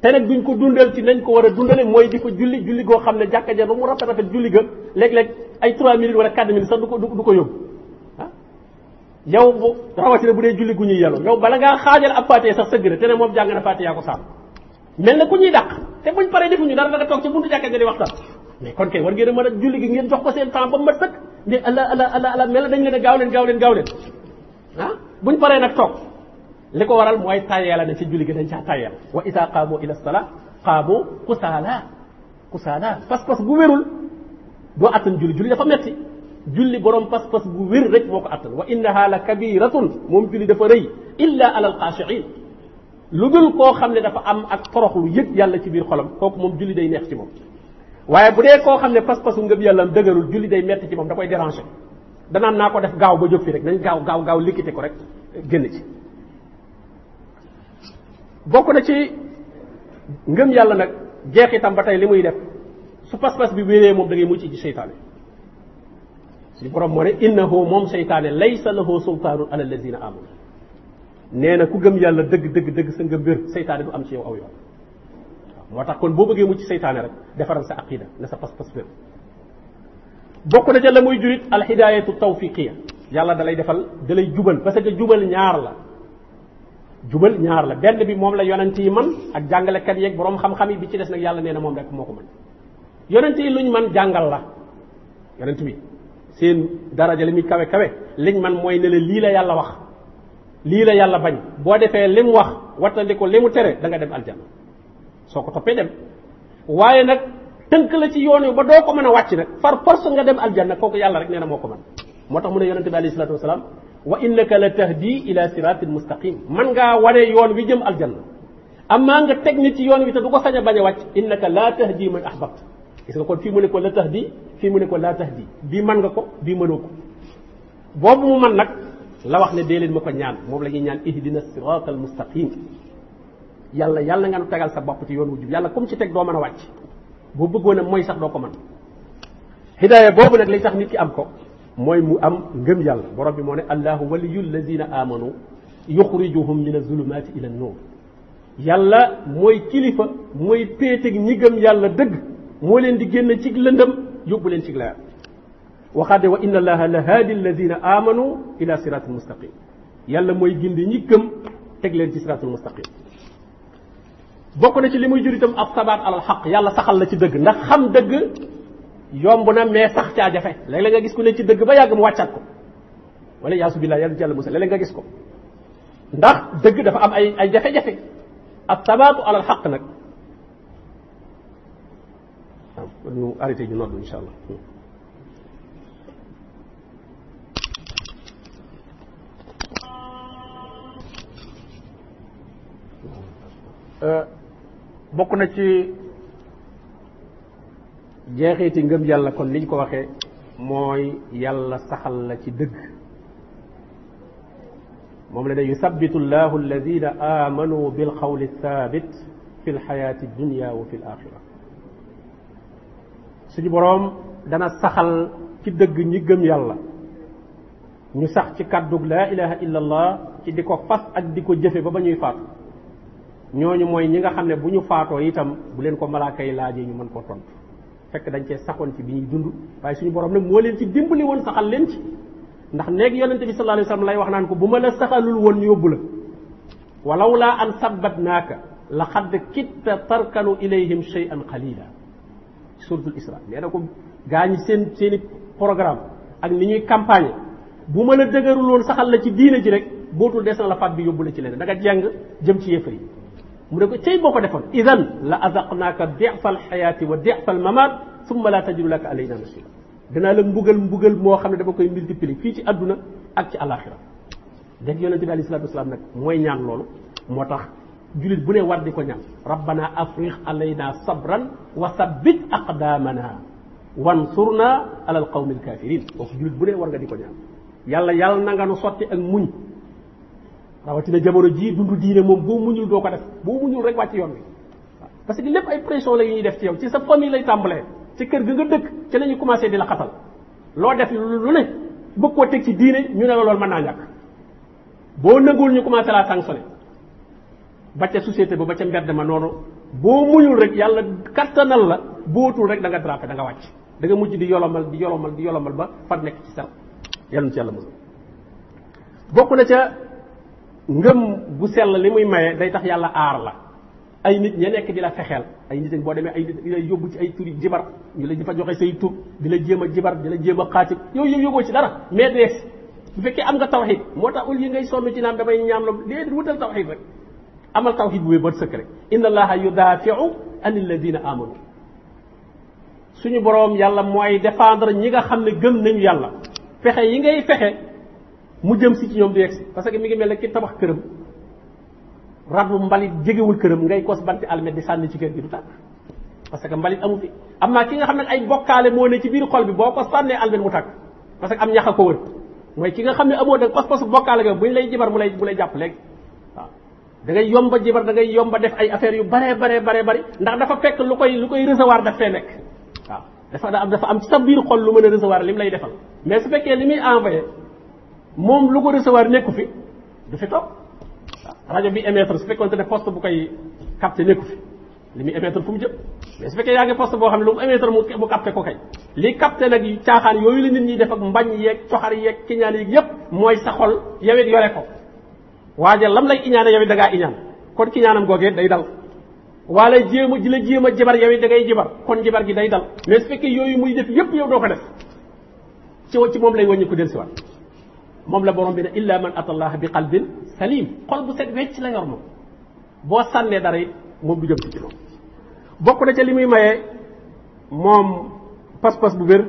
Speaker 1: te nag duñ ko dundal ci nañ ko war a dundale mooy di ko julli julli goo xam ne jàkka ja ba mu rafet rafet julli ga léeg-léeg ay 3 minutes wala 4 minutes sax du ko du ko yóbbu ah bu rawatina bu dee julli gu ñuy bala ngaa xaajal ab fatiha moom jàng na fatiha yaa ko mel na ku ñuy dàq te buñ paree defuñu dara dara toog ci buntu jàkka ja di waxtaan mais kon kay war ngeen a mën a julli gi ngeen jox ko seen temps ba mat sëkk ne mel na dañ la a gaaw leen gaaw leen gaaw leen ah buñ paree nag toog li ko waral mooy tayela ne ci julli gi dañ caa tayel wa isa qaamu ila sala qaamu kusaala kusaala pas-pas bu wérul doo attan julli julli dafa metti julli borom pas-pas bu wér rek moo ko attan wa innaha la kabiratun moom julli dafa rëy illa ala alxaashiin lu dul koo xam ne dafa am ak toroxlu yëg yàlla ci biir xolam kooku moom julli day neex ci moom waaye bu dee koo xam ne pas-pasu ngëm yàlla dëgërul julli day metti ci moom da koy déranger danaan naa ko def gaaw ba jóg fi rek nañ gaaw gaaw gaaw likkite ko rek génn ci bokk na ci ngëm yàlla nag jeexitam ba tey li muy def su pas-pas bi wéree moom da ngay mucc ci seytaane suñu borom moo ne innahu moom seytaane laysa lahu sultaanun ala alladina amanu nee na ku gëm yàlla dëgg dëgg dëgg sa nga mbir seytaane du am ci yow aw yoon moo tax kon boo bëggee mu ci seytaane rek defaral sa aqida na sa pas-pas wér bokk na ca la muy jurit alhidayatu tawfiqiya yàlla dalay defal da lay jubal parce que jubal ñaar la jubal ñaar la benn bi moom la yonent yi man ak jàngalekat yeeg boroom xam-xam yi bi ci des nag yàlla nee na moom rek moo ko mën yonent yi luñ man jàngal la yonent bi seen daraja li muy kawe kawe liñ man mooy ne la la yàlla wax lii la yàlla bañ boo defee li mu wax ko li mu tere da nga dem aljana soo ko toppee dem waaye nag tënk la ci yoon wi ba doo ko mën a wàcc nag far force nga dem aljanna kooku yàlla rek nee na moo ko mën moo tax mu ne yonente bi alayhi salatu wasalaam wa innaka la tahdi ila siratin mustaqim man ngaa yoon wi jëm aljanna amaa nga teg nit ci yoon wi te du ko sañ a bañ a wàcc innaka la tahdi man ahbabta gis nga kon fii mu ne ko la tahdi fii mu ne ko la tahdi bii man nga ko bii mënoo ko boobu mu mën nag la wax ne dee leen ma ko ñaan moom la ñuy ñaan ihdina sirat al mustaqim yàlla yàlla nga nu tegal sa bopp ci yoon wu jub yàlla comme ci teg doo mën a wàcc boo bëggoon a mooy sax doo ko mën hidaaya boobu nag li tax nit ki am ko mooy mu am ngëm yàlla borom bi moo ne allahu waliyu lazina amanu yuxrijuhum min azulumati ila nuur yàlla mooy kilifa mooy péeteg ñi gëm yàlla dëgg moo leen di génn ci lëndëm yóbbu leen ci leer waxaat wa inna allaha la haadi alladina amanu ila siratul mustaqim yàlla mooy gindi ñi gëm teg leen ci siratul mustaqim bokk na ci li muy jur itam ab sabaat alal xaq yàlla saxal la ci dëgg ndax xam dëgg yomb na mais sax caa jafe léeg-léeg nga gis ku ne ci dëgg ba yàgg mu wàccaat ko wala yaasu billah yàlla ci yàlla musa léeg-léeg nga gis ko ndax dëgg dafa am ay ay jafe-jafe ab sabaatu alal xaq nag waaw nu arrêté ñu noddu insha allah Euh, bokk na ci jeexeeti ngëm yàlla kon liñ ko waxee mooy yàlla saxal la ci dëgg moom la ne yusabbitu llahu alladina amanu bil qawli thabit fi lxayaati wa fi l axira suñu boroom dana saxal ci dëgg ñi gëm yàlla ñu sax ci kàddug la ilaha illa allah ci di ko fas ak di ko jëfe ba ba ñuy faatu ñu mooy ñi nga xam ne bu ñu faatoo itam bu leen ko malaaka yi laajee ñu mën koo tontu fekk dañ cee saxoon ci bi ñuy dund waaye suñu borom nag moo leen ci dimbali woon saxal leen ci ndax néeg yonente bi sallallahu alayhi wasallam lay wax naan ko bu ma la saxalul woon yóbbu la walaw laa an sabbatnaaka laqad kitta tarkanu ilayhim shay'an qalila suratul isra nee na ko gaañ seen seeni programme ak ni ñuy campagne bu ma la dëgërul woon saxal la ci diina ji rek bootul des na la faat bi yóbbu la ci leneen da jàng jëm ci yéefar yi mu ne ko cey boo ko defoon idan la azaqnaaka difa alxayaati wa difa almamaat summa la tajidu laka alayna nasira danaa la mbugal mbugal moo xam ne dama koy multiplier fii ci àdduna ak ci alaxira dégg yonente bi alei salatu wasalaam nag mooy ñaan loolu moo tax julit bu ne war di ko ñaan rabbana afriq alayna sabran wa sabbit aqdamana wansurna ala alqawmi alkafirin kooku julit bu ne war nga di ko ñaan yàlla yàlla na nga nu sotti ak muñ rawatina jamono jii dundu diine moom boo muñul doo ko def boo muñul rek wàcc yoon bi parce que lépp ay pression la ñuy def ci yow ci sa famille lay tàmbalee ci kër ga nga dëkk ci la ñu commencé di la xatal loo def lu ne bëgg koo teg ci diine ñu ne la loolu mën naa ñàkk boo nëgul ñu commencé la sanctionné ba ca société ba ba ca mbedd ma noonu boo muñul rek yàlla kattanal la bootul rek danga nga danga wàcc da nga mujj di yolomal di yolomal di yolomal ba far nekk ci sel yàlla na ci yàlla mos bokk ngëm bu sell li muy maye day tax yàlla aar la ay nit ña nekk di la fexeel ay nit boo demee ay nit di la yóbbu ci ay turi jibar ñu la di fa joxe say tur di la jéem a jibar di la jéem a xaatib yow yow yóbboo ci dara mais bu fekkee am nga tawxid moo tax ul yi ngay sonn ci naan damay ñaam la déedéet wutal tawxid rek amal tawxid bu wéy ba sëkk rek inna allaha yudaafiu an alladina amanu suñu boroom yàlla mooy défendre ñi nga xam ne gëm nañu yàlla fexe yi ngay fexe mu jëm si ci ñoom du yegsi parce que mi ngi mel ne ki tabax këram rabu mbalit jegewul këram ngay kos banti almet di sànni ci kër gi du tàkk parce que mbalit amu fi am naa ki nga xam ne ay bokkaale moo ne ci biir xol bi boo ko sànnee almet mu tàkk parce que am ñax a ko wër mooy ki nga xam ne amoo nag pas-pasu bokkaale ga buñ lay jibar mu lay mu lay jàpp léegi waaw da ngay yomba jibar da ngay yomba def ay affaires yu bare bare bare bari ndax dafa fekk lu koy lu koy recevoir daf fee nekk waaw dafa dafa am ci sa biir xol lu mën a recevoir li mu lay defal mais su fekkee li muy envoyé moom lu ko recevoir nekku fi du fi toog rajo bi émettre su fekkoon ne poste bu koy capté nekku fi li muy mu jëm mais su fekkee yaa ngi poste boo xam ne lu mu émettre mu capté ko kay li capté nag caaxaan yooyu la nit ñi def ak mbañ yeeg coxar yeeg kiñaan yeeg yëpp mooy sa xol yawet yore ko waaja lam lay iñaane yawit da ngaa iñaan kon kiñaanam googee day dal wala jéem a ji la jéem a jibar yawit da ngay jibar kon jabar gi day dal mais su fekkee yooyu muy def yëpp yow doo ko def ci ci moom lay wàññi ko dellusiwaat moom la borom bi ne illa man atallaha bi qalbin salim xol bu set wecc la yor moom boo sànnee dara it moom du jëm ci moom bokk na ca li muy maye moom pas-pas bu wér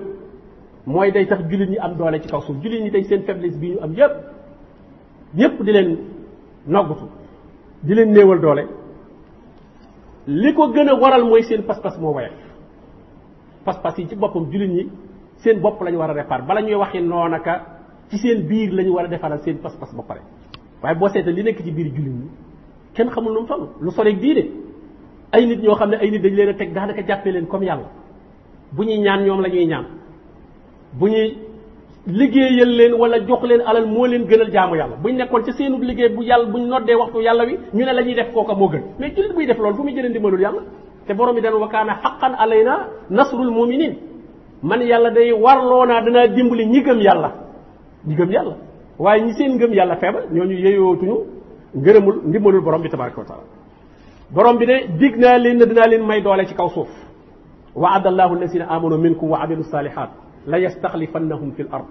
Speaker 1: mooy day tax jullit ñi am doole ci kaw suuf jullit ñi day seen faiblesse bi ñu am yëpp ñépp di leen noggutu di leen néewal doole li ko gën a waral mooy seen pas-pas moo woyof pas-pas yi ci boppam jullit yi seen bopp lañu ñu war a réparer bala ñuy waxi noonaka ci seen biir la ñu war a defaral seen pas-pas ba pare waaye boo seetee li nekk ci biir jullit ñi kenn xamul lu mu toll lu soleeg diine ay nit ñoo xam ne ay nit dañ leen a teg daanaka jàppee leen comme yàlla bu ñu ñaan ñoom la ñuy ñaan bu ñuy liggéeyal leen wala jox leen alal moo leen gënal jaamu yàlla buñ nekkoon ci seenub liggéey bu yàlla buñ noddee waxtu yàlla wi ñu ne lañuy def kooka moo gën mais jullit buy def loolu fu muy jëlee ndimbalul yàlla te borom bi dana wa kaana xaqan alayna nasrul muminin man yàlla day warloo naa danaa dimbali ñi gëm yàlla ñi gëm yàlla waaye ñi seen ngëm yàlla feebar ñooñu yeyootuñu ngërëmul ndimbalul borom bi tabaraka wa taala borom bi ne dig naa leen ne dinaa leen may doole ci kaw suuf wa adda allahu alladina amanu minkum wa amilu salihat la yastaxlifannahum fi l ard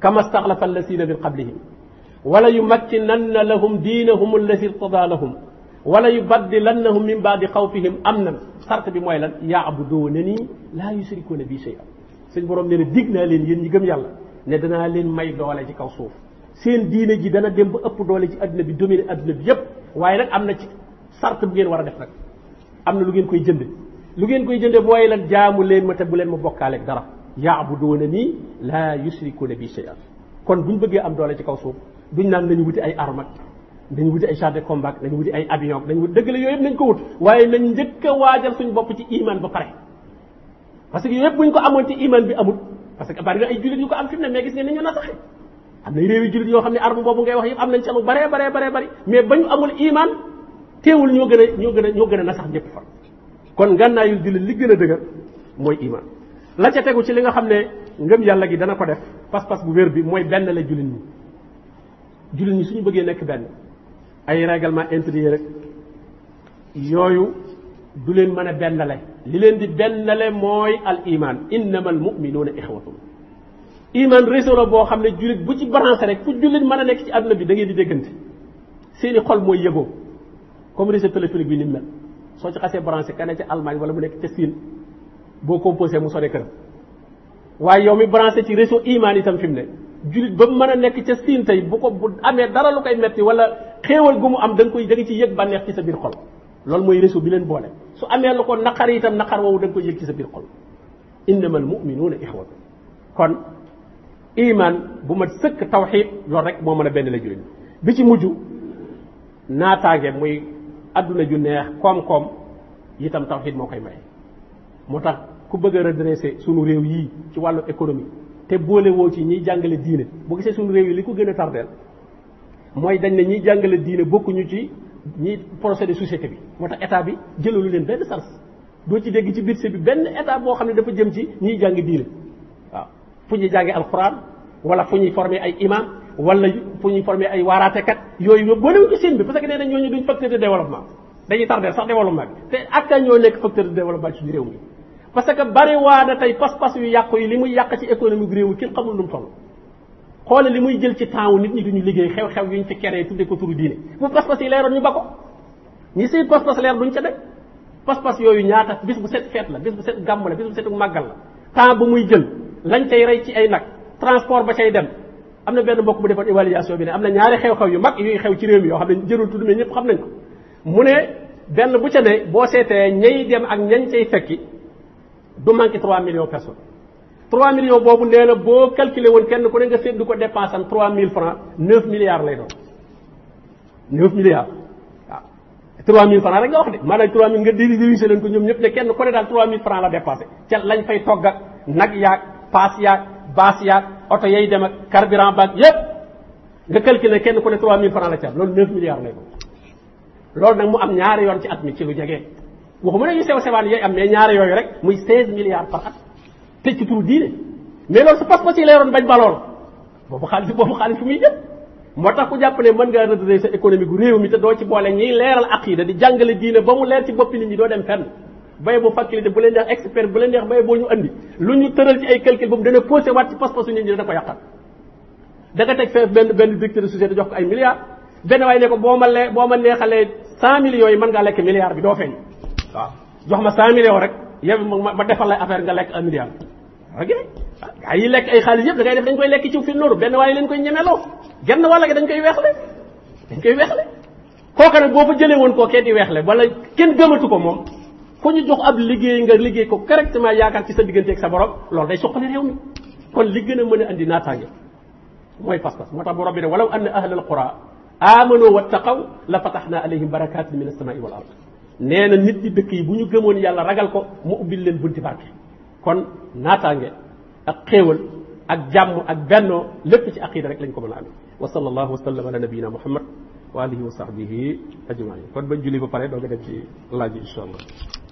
Speaker 1: kama staxlafa alladina min qablihim wala yumakkinanna lahum diinahum alladi irtada lahum wala yubaddilannahum min baadi xawfihim amnan sart bi mooy lan yaabuduuna nii laa yusrikuuna bi shay'an suñ borom nee na dig naa leen yéen ñi gëm yàlla ne danaa leen may doole ci kaw suuf seen diine ji dana dem ba ëpp doole ci adduna bi dominer adduna bi yépp waaye nag am na ci sart bu ngeen war a def nag am na lu ngeen koy jënd lu ngeen koy jënde booy lan jaamu leen ma te bu leen ma bokkaale ak dara yaabuduuna nii laa yusrikuuna bi shay'an kon buñ bëggee am doole ci kaw suuf duñ naan nañu wuti ay armes dañu wuti ay char de combat dañu wuti ay avion dañu wuti dëgg la yooyu yëpp nañ ko wut waaye nañ njëkk a waajal suñu bopp ci iman ba pare parce que yooyu yëpp buñ ko amoon ci iman bi amul parce que bari na ay jullit yu ko am fi mu ne mais gis ngeen ni ñu nasaxe am nañ réew yi jullit yoo xam ne arme boobu ngay wax yëpp am nañ ci lu baree baree baree bari mais ba ñu amul iman teewul ñoo gën a ñoo gën a ñoo gën a nasax ñëpp far kon gànnaayu jullit li gën a dëgër mooy iman la ca tegu ci li nga xam ne ngëm yàlla gi dana ko def pas-pas bu wér bi mooy benn la jullit ñi jullit ñi suñu bëggee nekk benn ay règlement intérieur rek yooyu du leen mën a bennale li leen di bennale mooy al iman innama al muminuuna ixwatun iman réseau la boo xam ne jullit bu ci branché rek fu jullit mën a nekk ci àdduna bi da ngeen di déggante seeni xol mooy yëgoo comme réseau téléphonique bi ni mel soo ci xasee branché ka ne ca Allemagne wala mu nekk ca Siin boo composé mu sore këram waaye yow mi branché ci réseau iman itam fi mu ne jullit ba mu mën a nekk ca Siin tey bu ko bu amee dara lu koy metti wala xéewal gu mu am da koy da ci yëg bànneex ci sa biir xol loolu mooy réseau bi leen boole su amee lu ko naqar itam naqar woowu da nga ko yëg ci sa biir xol innamal muminuuna ixwatu kon iman bu ma sëkk tawxid loolu rek moo mën a benn la jullit bi ci mujj naataange muy àdduna ju neex koom-koom itam tawxid moo koy maye moo tax ku bëgg a redresser sunu réew yii ci wàllu économie te boole woo ci ñiy jàngale diine bu gisee sunu réew yi li ko gën a tardeel mooy dañ ne ñiy jàngale diine bokkuñu ci ñiy de société bi moo tax état bi jëlalu leen benn sars doo ci dégg ci budget bi benn état boo xam ne dafa jëm ci ñiy jàng diine waaw fu ñuy jàngee alxuraan wala fu ñuy formé ay imam wala fu ñuy formé ay waaraatekat yooyu yëpp boolewuñ ko seen bi parce que nee nañ ñooñu duñ facteur de développement dañuy tardé sax développement te ak ñoo nekk facteur de développement ci réew mi parce que bari waa na tey pas-pas yu yàqu yi li muy yàq ci économie réew mi kenn xamul xoole li muy jël ci temps wu nit ñi duñu liggéey xew-xew yuñ fi keree tudde ko turu diine bu pas-pas yi leeroon ñu ba ko ñi seen pas-pas leer duñ ca de pas-pas yooyu ñaata bis bu set feet la bis bu set gàmm la bis bu set màggal la temps bu muy jël lañ cay rey ci ay nag transport ba cay dem am na benn mbokk bu defoon évaluation bi ne am na ñaari xew-xew yu mag yuy xew ci réew mi yoo xam ne jërul tudd mais ñëpp xam nañ ko mu ne benn bu ca ne boo seetee ñay dem ak ñañ cay fekki du manqué 3 millions personnes 3 millions boobu nee na boo calculé woon kenn ku nga séddu ko dépense am 3000 francs 9 milliards lay doon 9 milliards waaw 3000 francs rek nga wax de maanaam 3000 nga dirisé leen ko ñoom ñëpp ne kenn ku ne daal 3000 francs la dépensé ca lañ fay togg ak nag yaag paas yaag baas yay dem ak carburant baag yépp nga calculé kenn ku ne 3000 francs la ci am loolu 9 milliards lay doon loolu nag mu am ñaari yoon ci at mi ci lu jege waxuma ne yu sew sewaan yooyu am mais ñaari yooyu rek muy 16 milliards par at. te ci turu diine mais loolu su pas-pas yi la yoroon bañ ba lool boobu xaalis boobu xaalis fu muy jëm moo tax ku jàpp ne mën ngaa redresser sa économie gu réew mi te doo ci boole ñiy leeral aqida di jàngale diine ba mu leer ci boppi nit ñi doo dem fenn baye boo faculté bu leen neex expert bu leen neex baye boo ñu indi lu ñu tëral ci ay calcul boobu dana posé waat ci pas-pasu nit ñi dana ko yàqal da teg fee benn benn directeur de société jox ko ay milliards benn waaye ne ko ma lee boo neexalee cent millions yi mën ngaa lekk bi doo feeñ waaw jox ma cent millions rek yow ma ma defal affaire nga lekk milliard ok gaa yi lekk ay xaalis yëpp dangay def dañ koy lekk ci fi nooru benn waaye leen koy ñemeloo genn wàll gi dañ koy weexle dañ koy weexle kooka nag boo fa jëlee woon koo kenn di weex weexle wala kenn gëmatu ko moom ku ñu jox ab liggéey nga liggéey ko correctement yaakaar ci sa diggante ak sa borom loolu day suqali réew mi kon li gën a mën a andi naataange mooy pas-pas moo tax bu rabbi ne walaw anna ahlal qura al wattaqaw la fataxna alayhim barakatin min asamaai wal ard nee ñi dëkk bu ñu gëmoon yàlla ragal ko mu ubbil leen bunti barke kon naataange ak xéewal ak jàmm ak bennoo lépp ci aqida rek lañ ko mën a amee wa sallallahu wa sallam ala nabiyina muhammad wa alihi wa sahbihi ajmain kon bañ julli ba pare doo nga dem ci laaj yi incha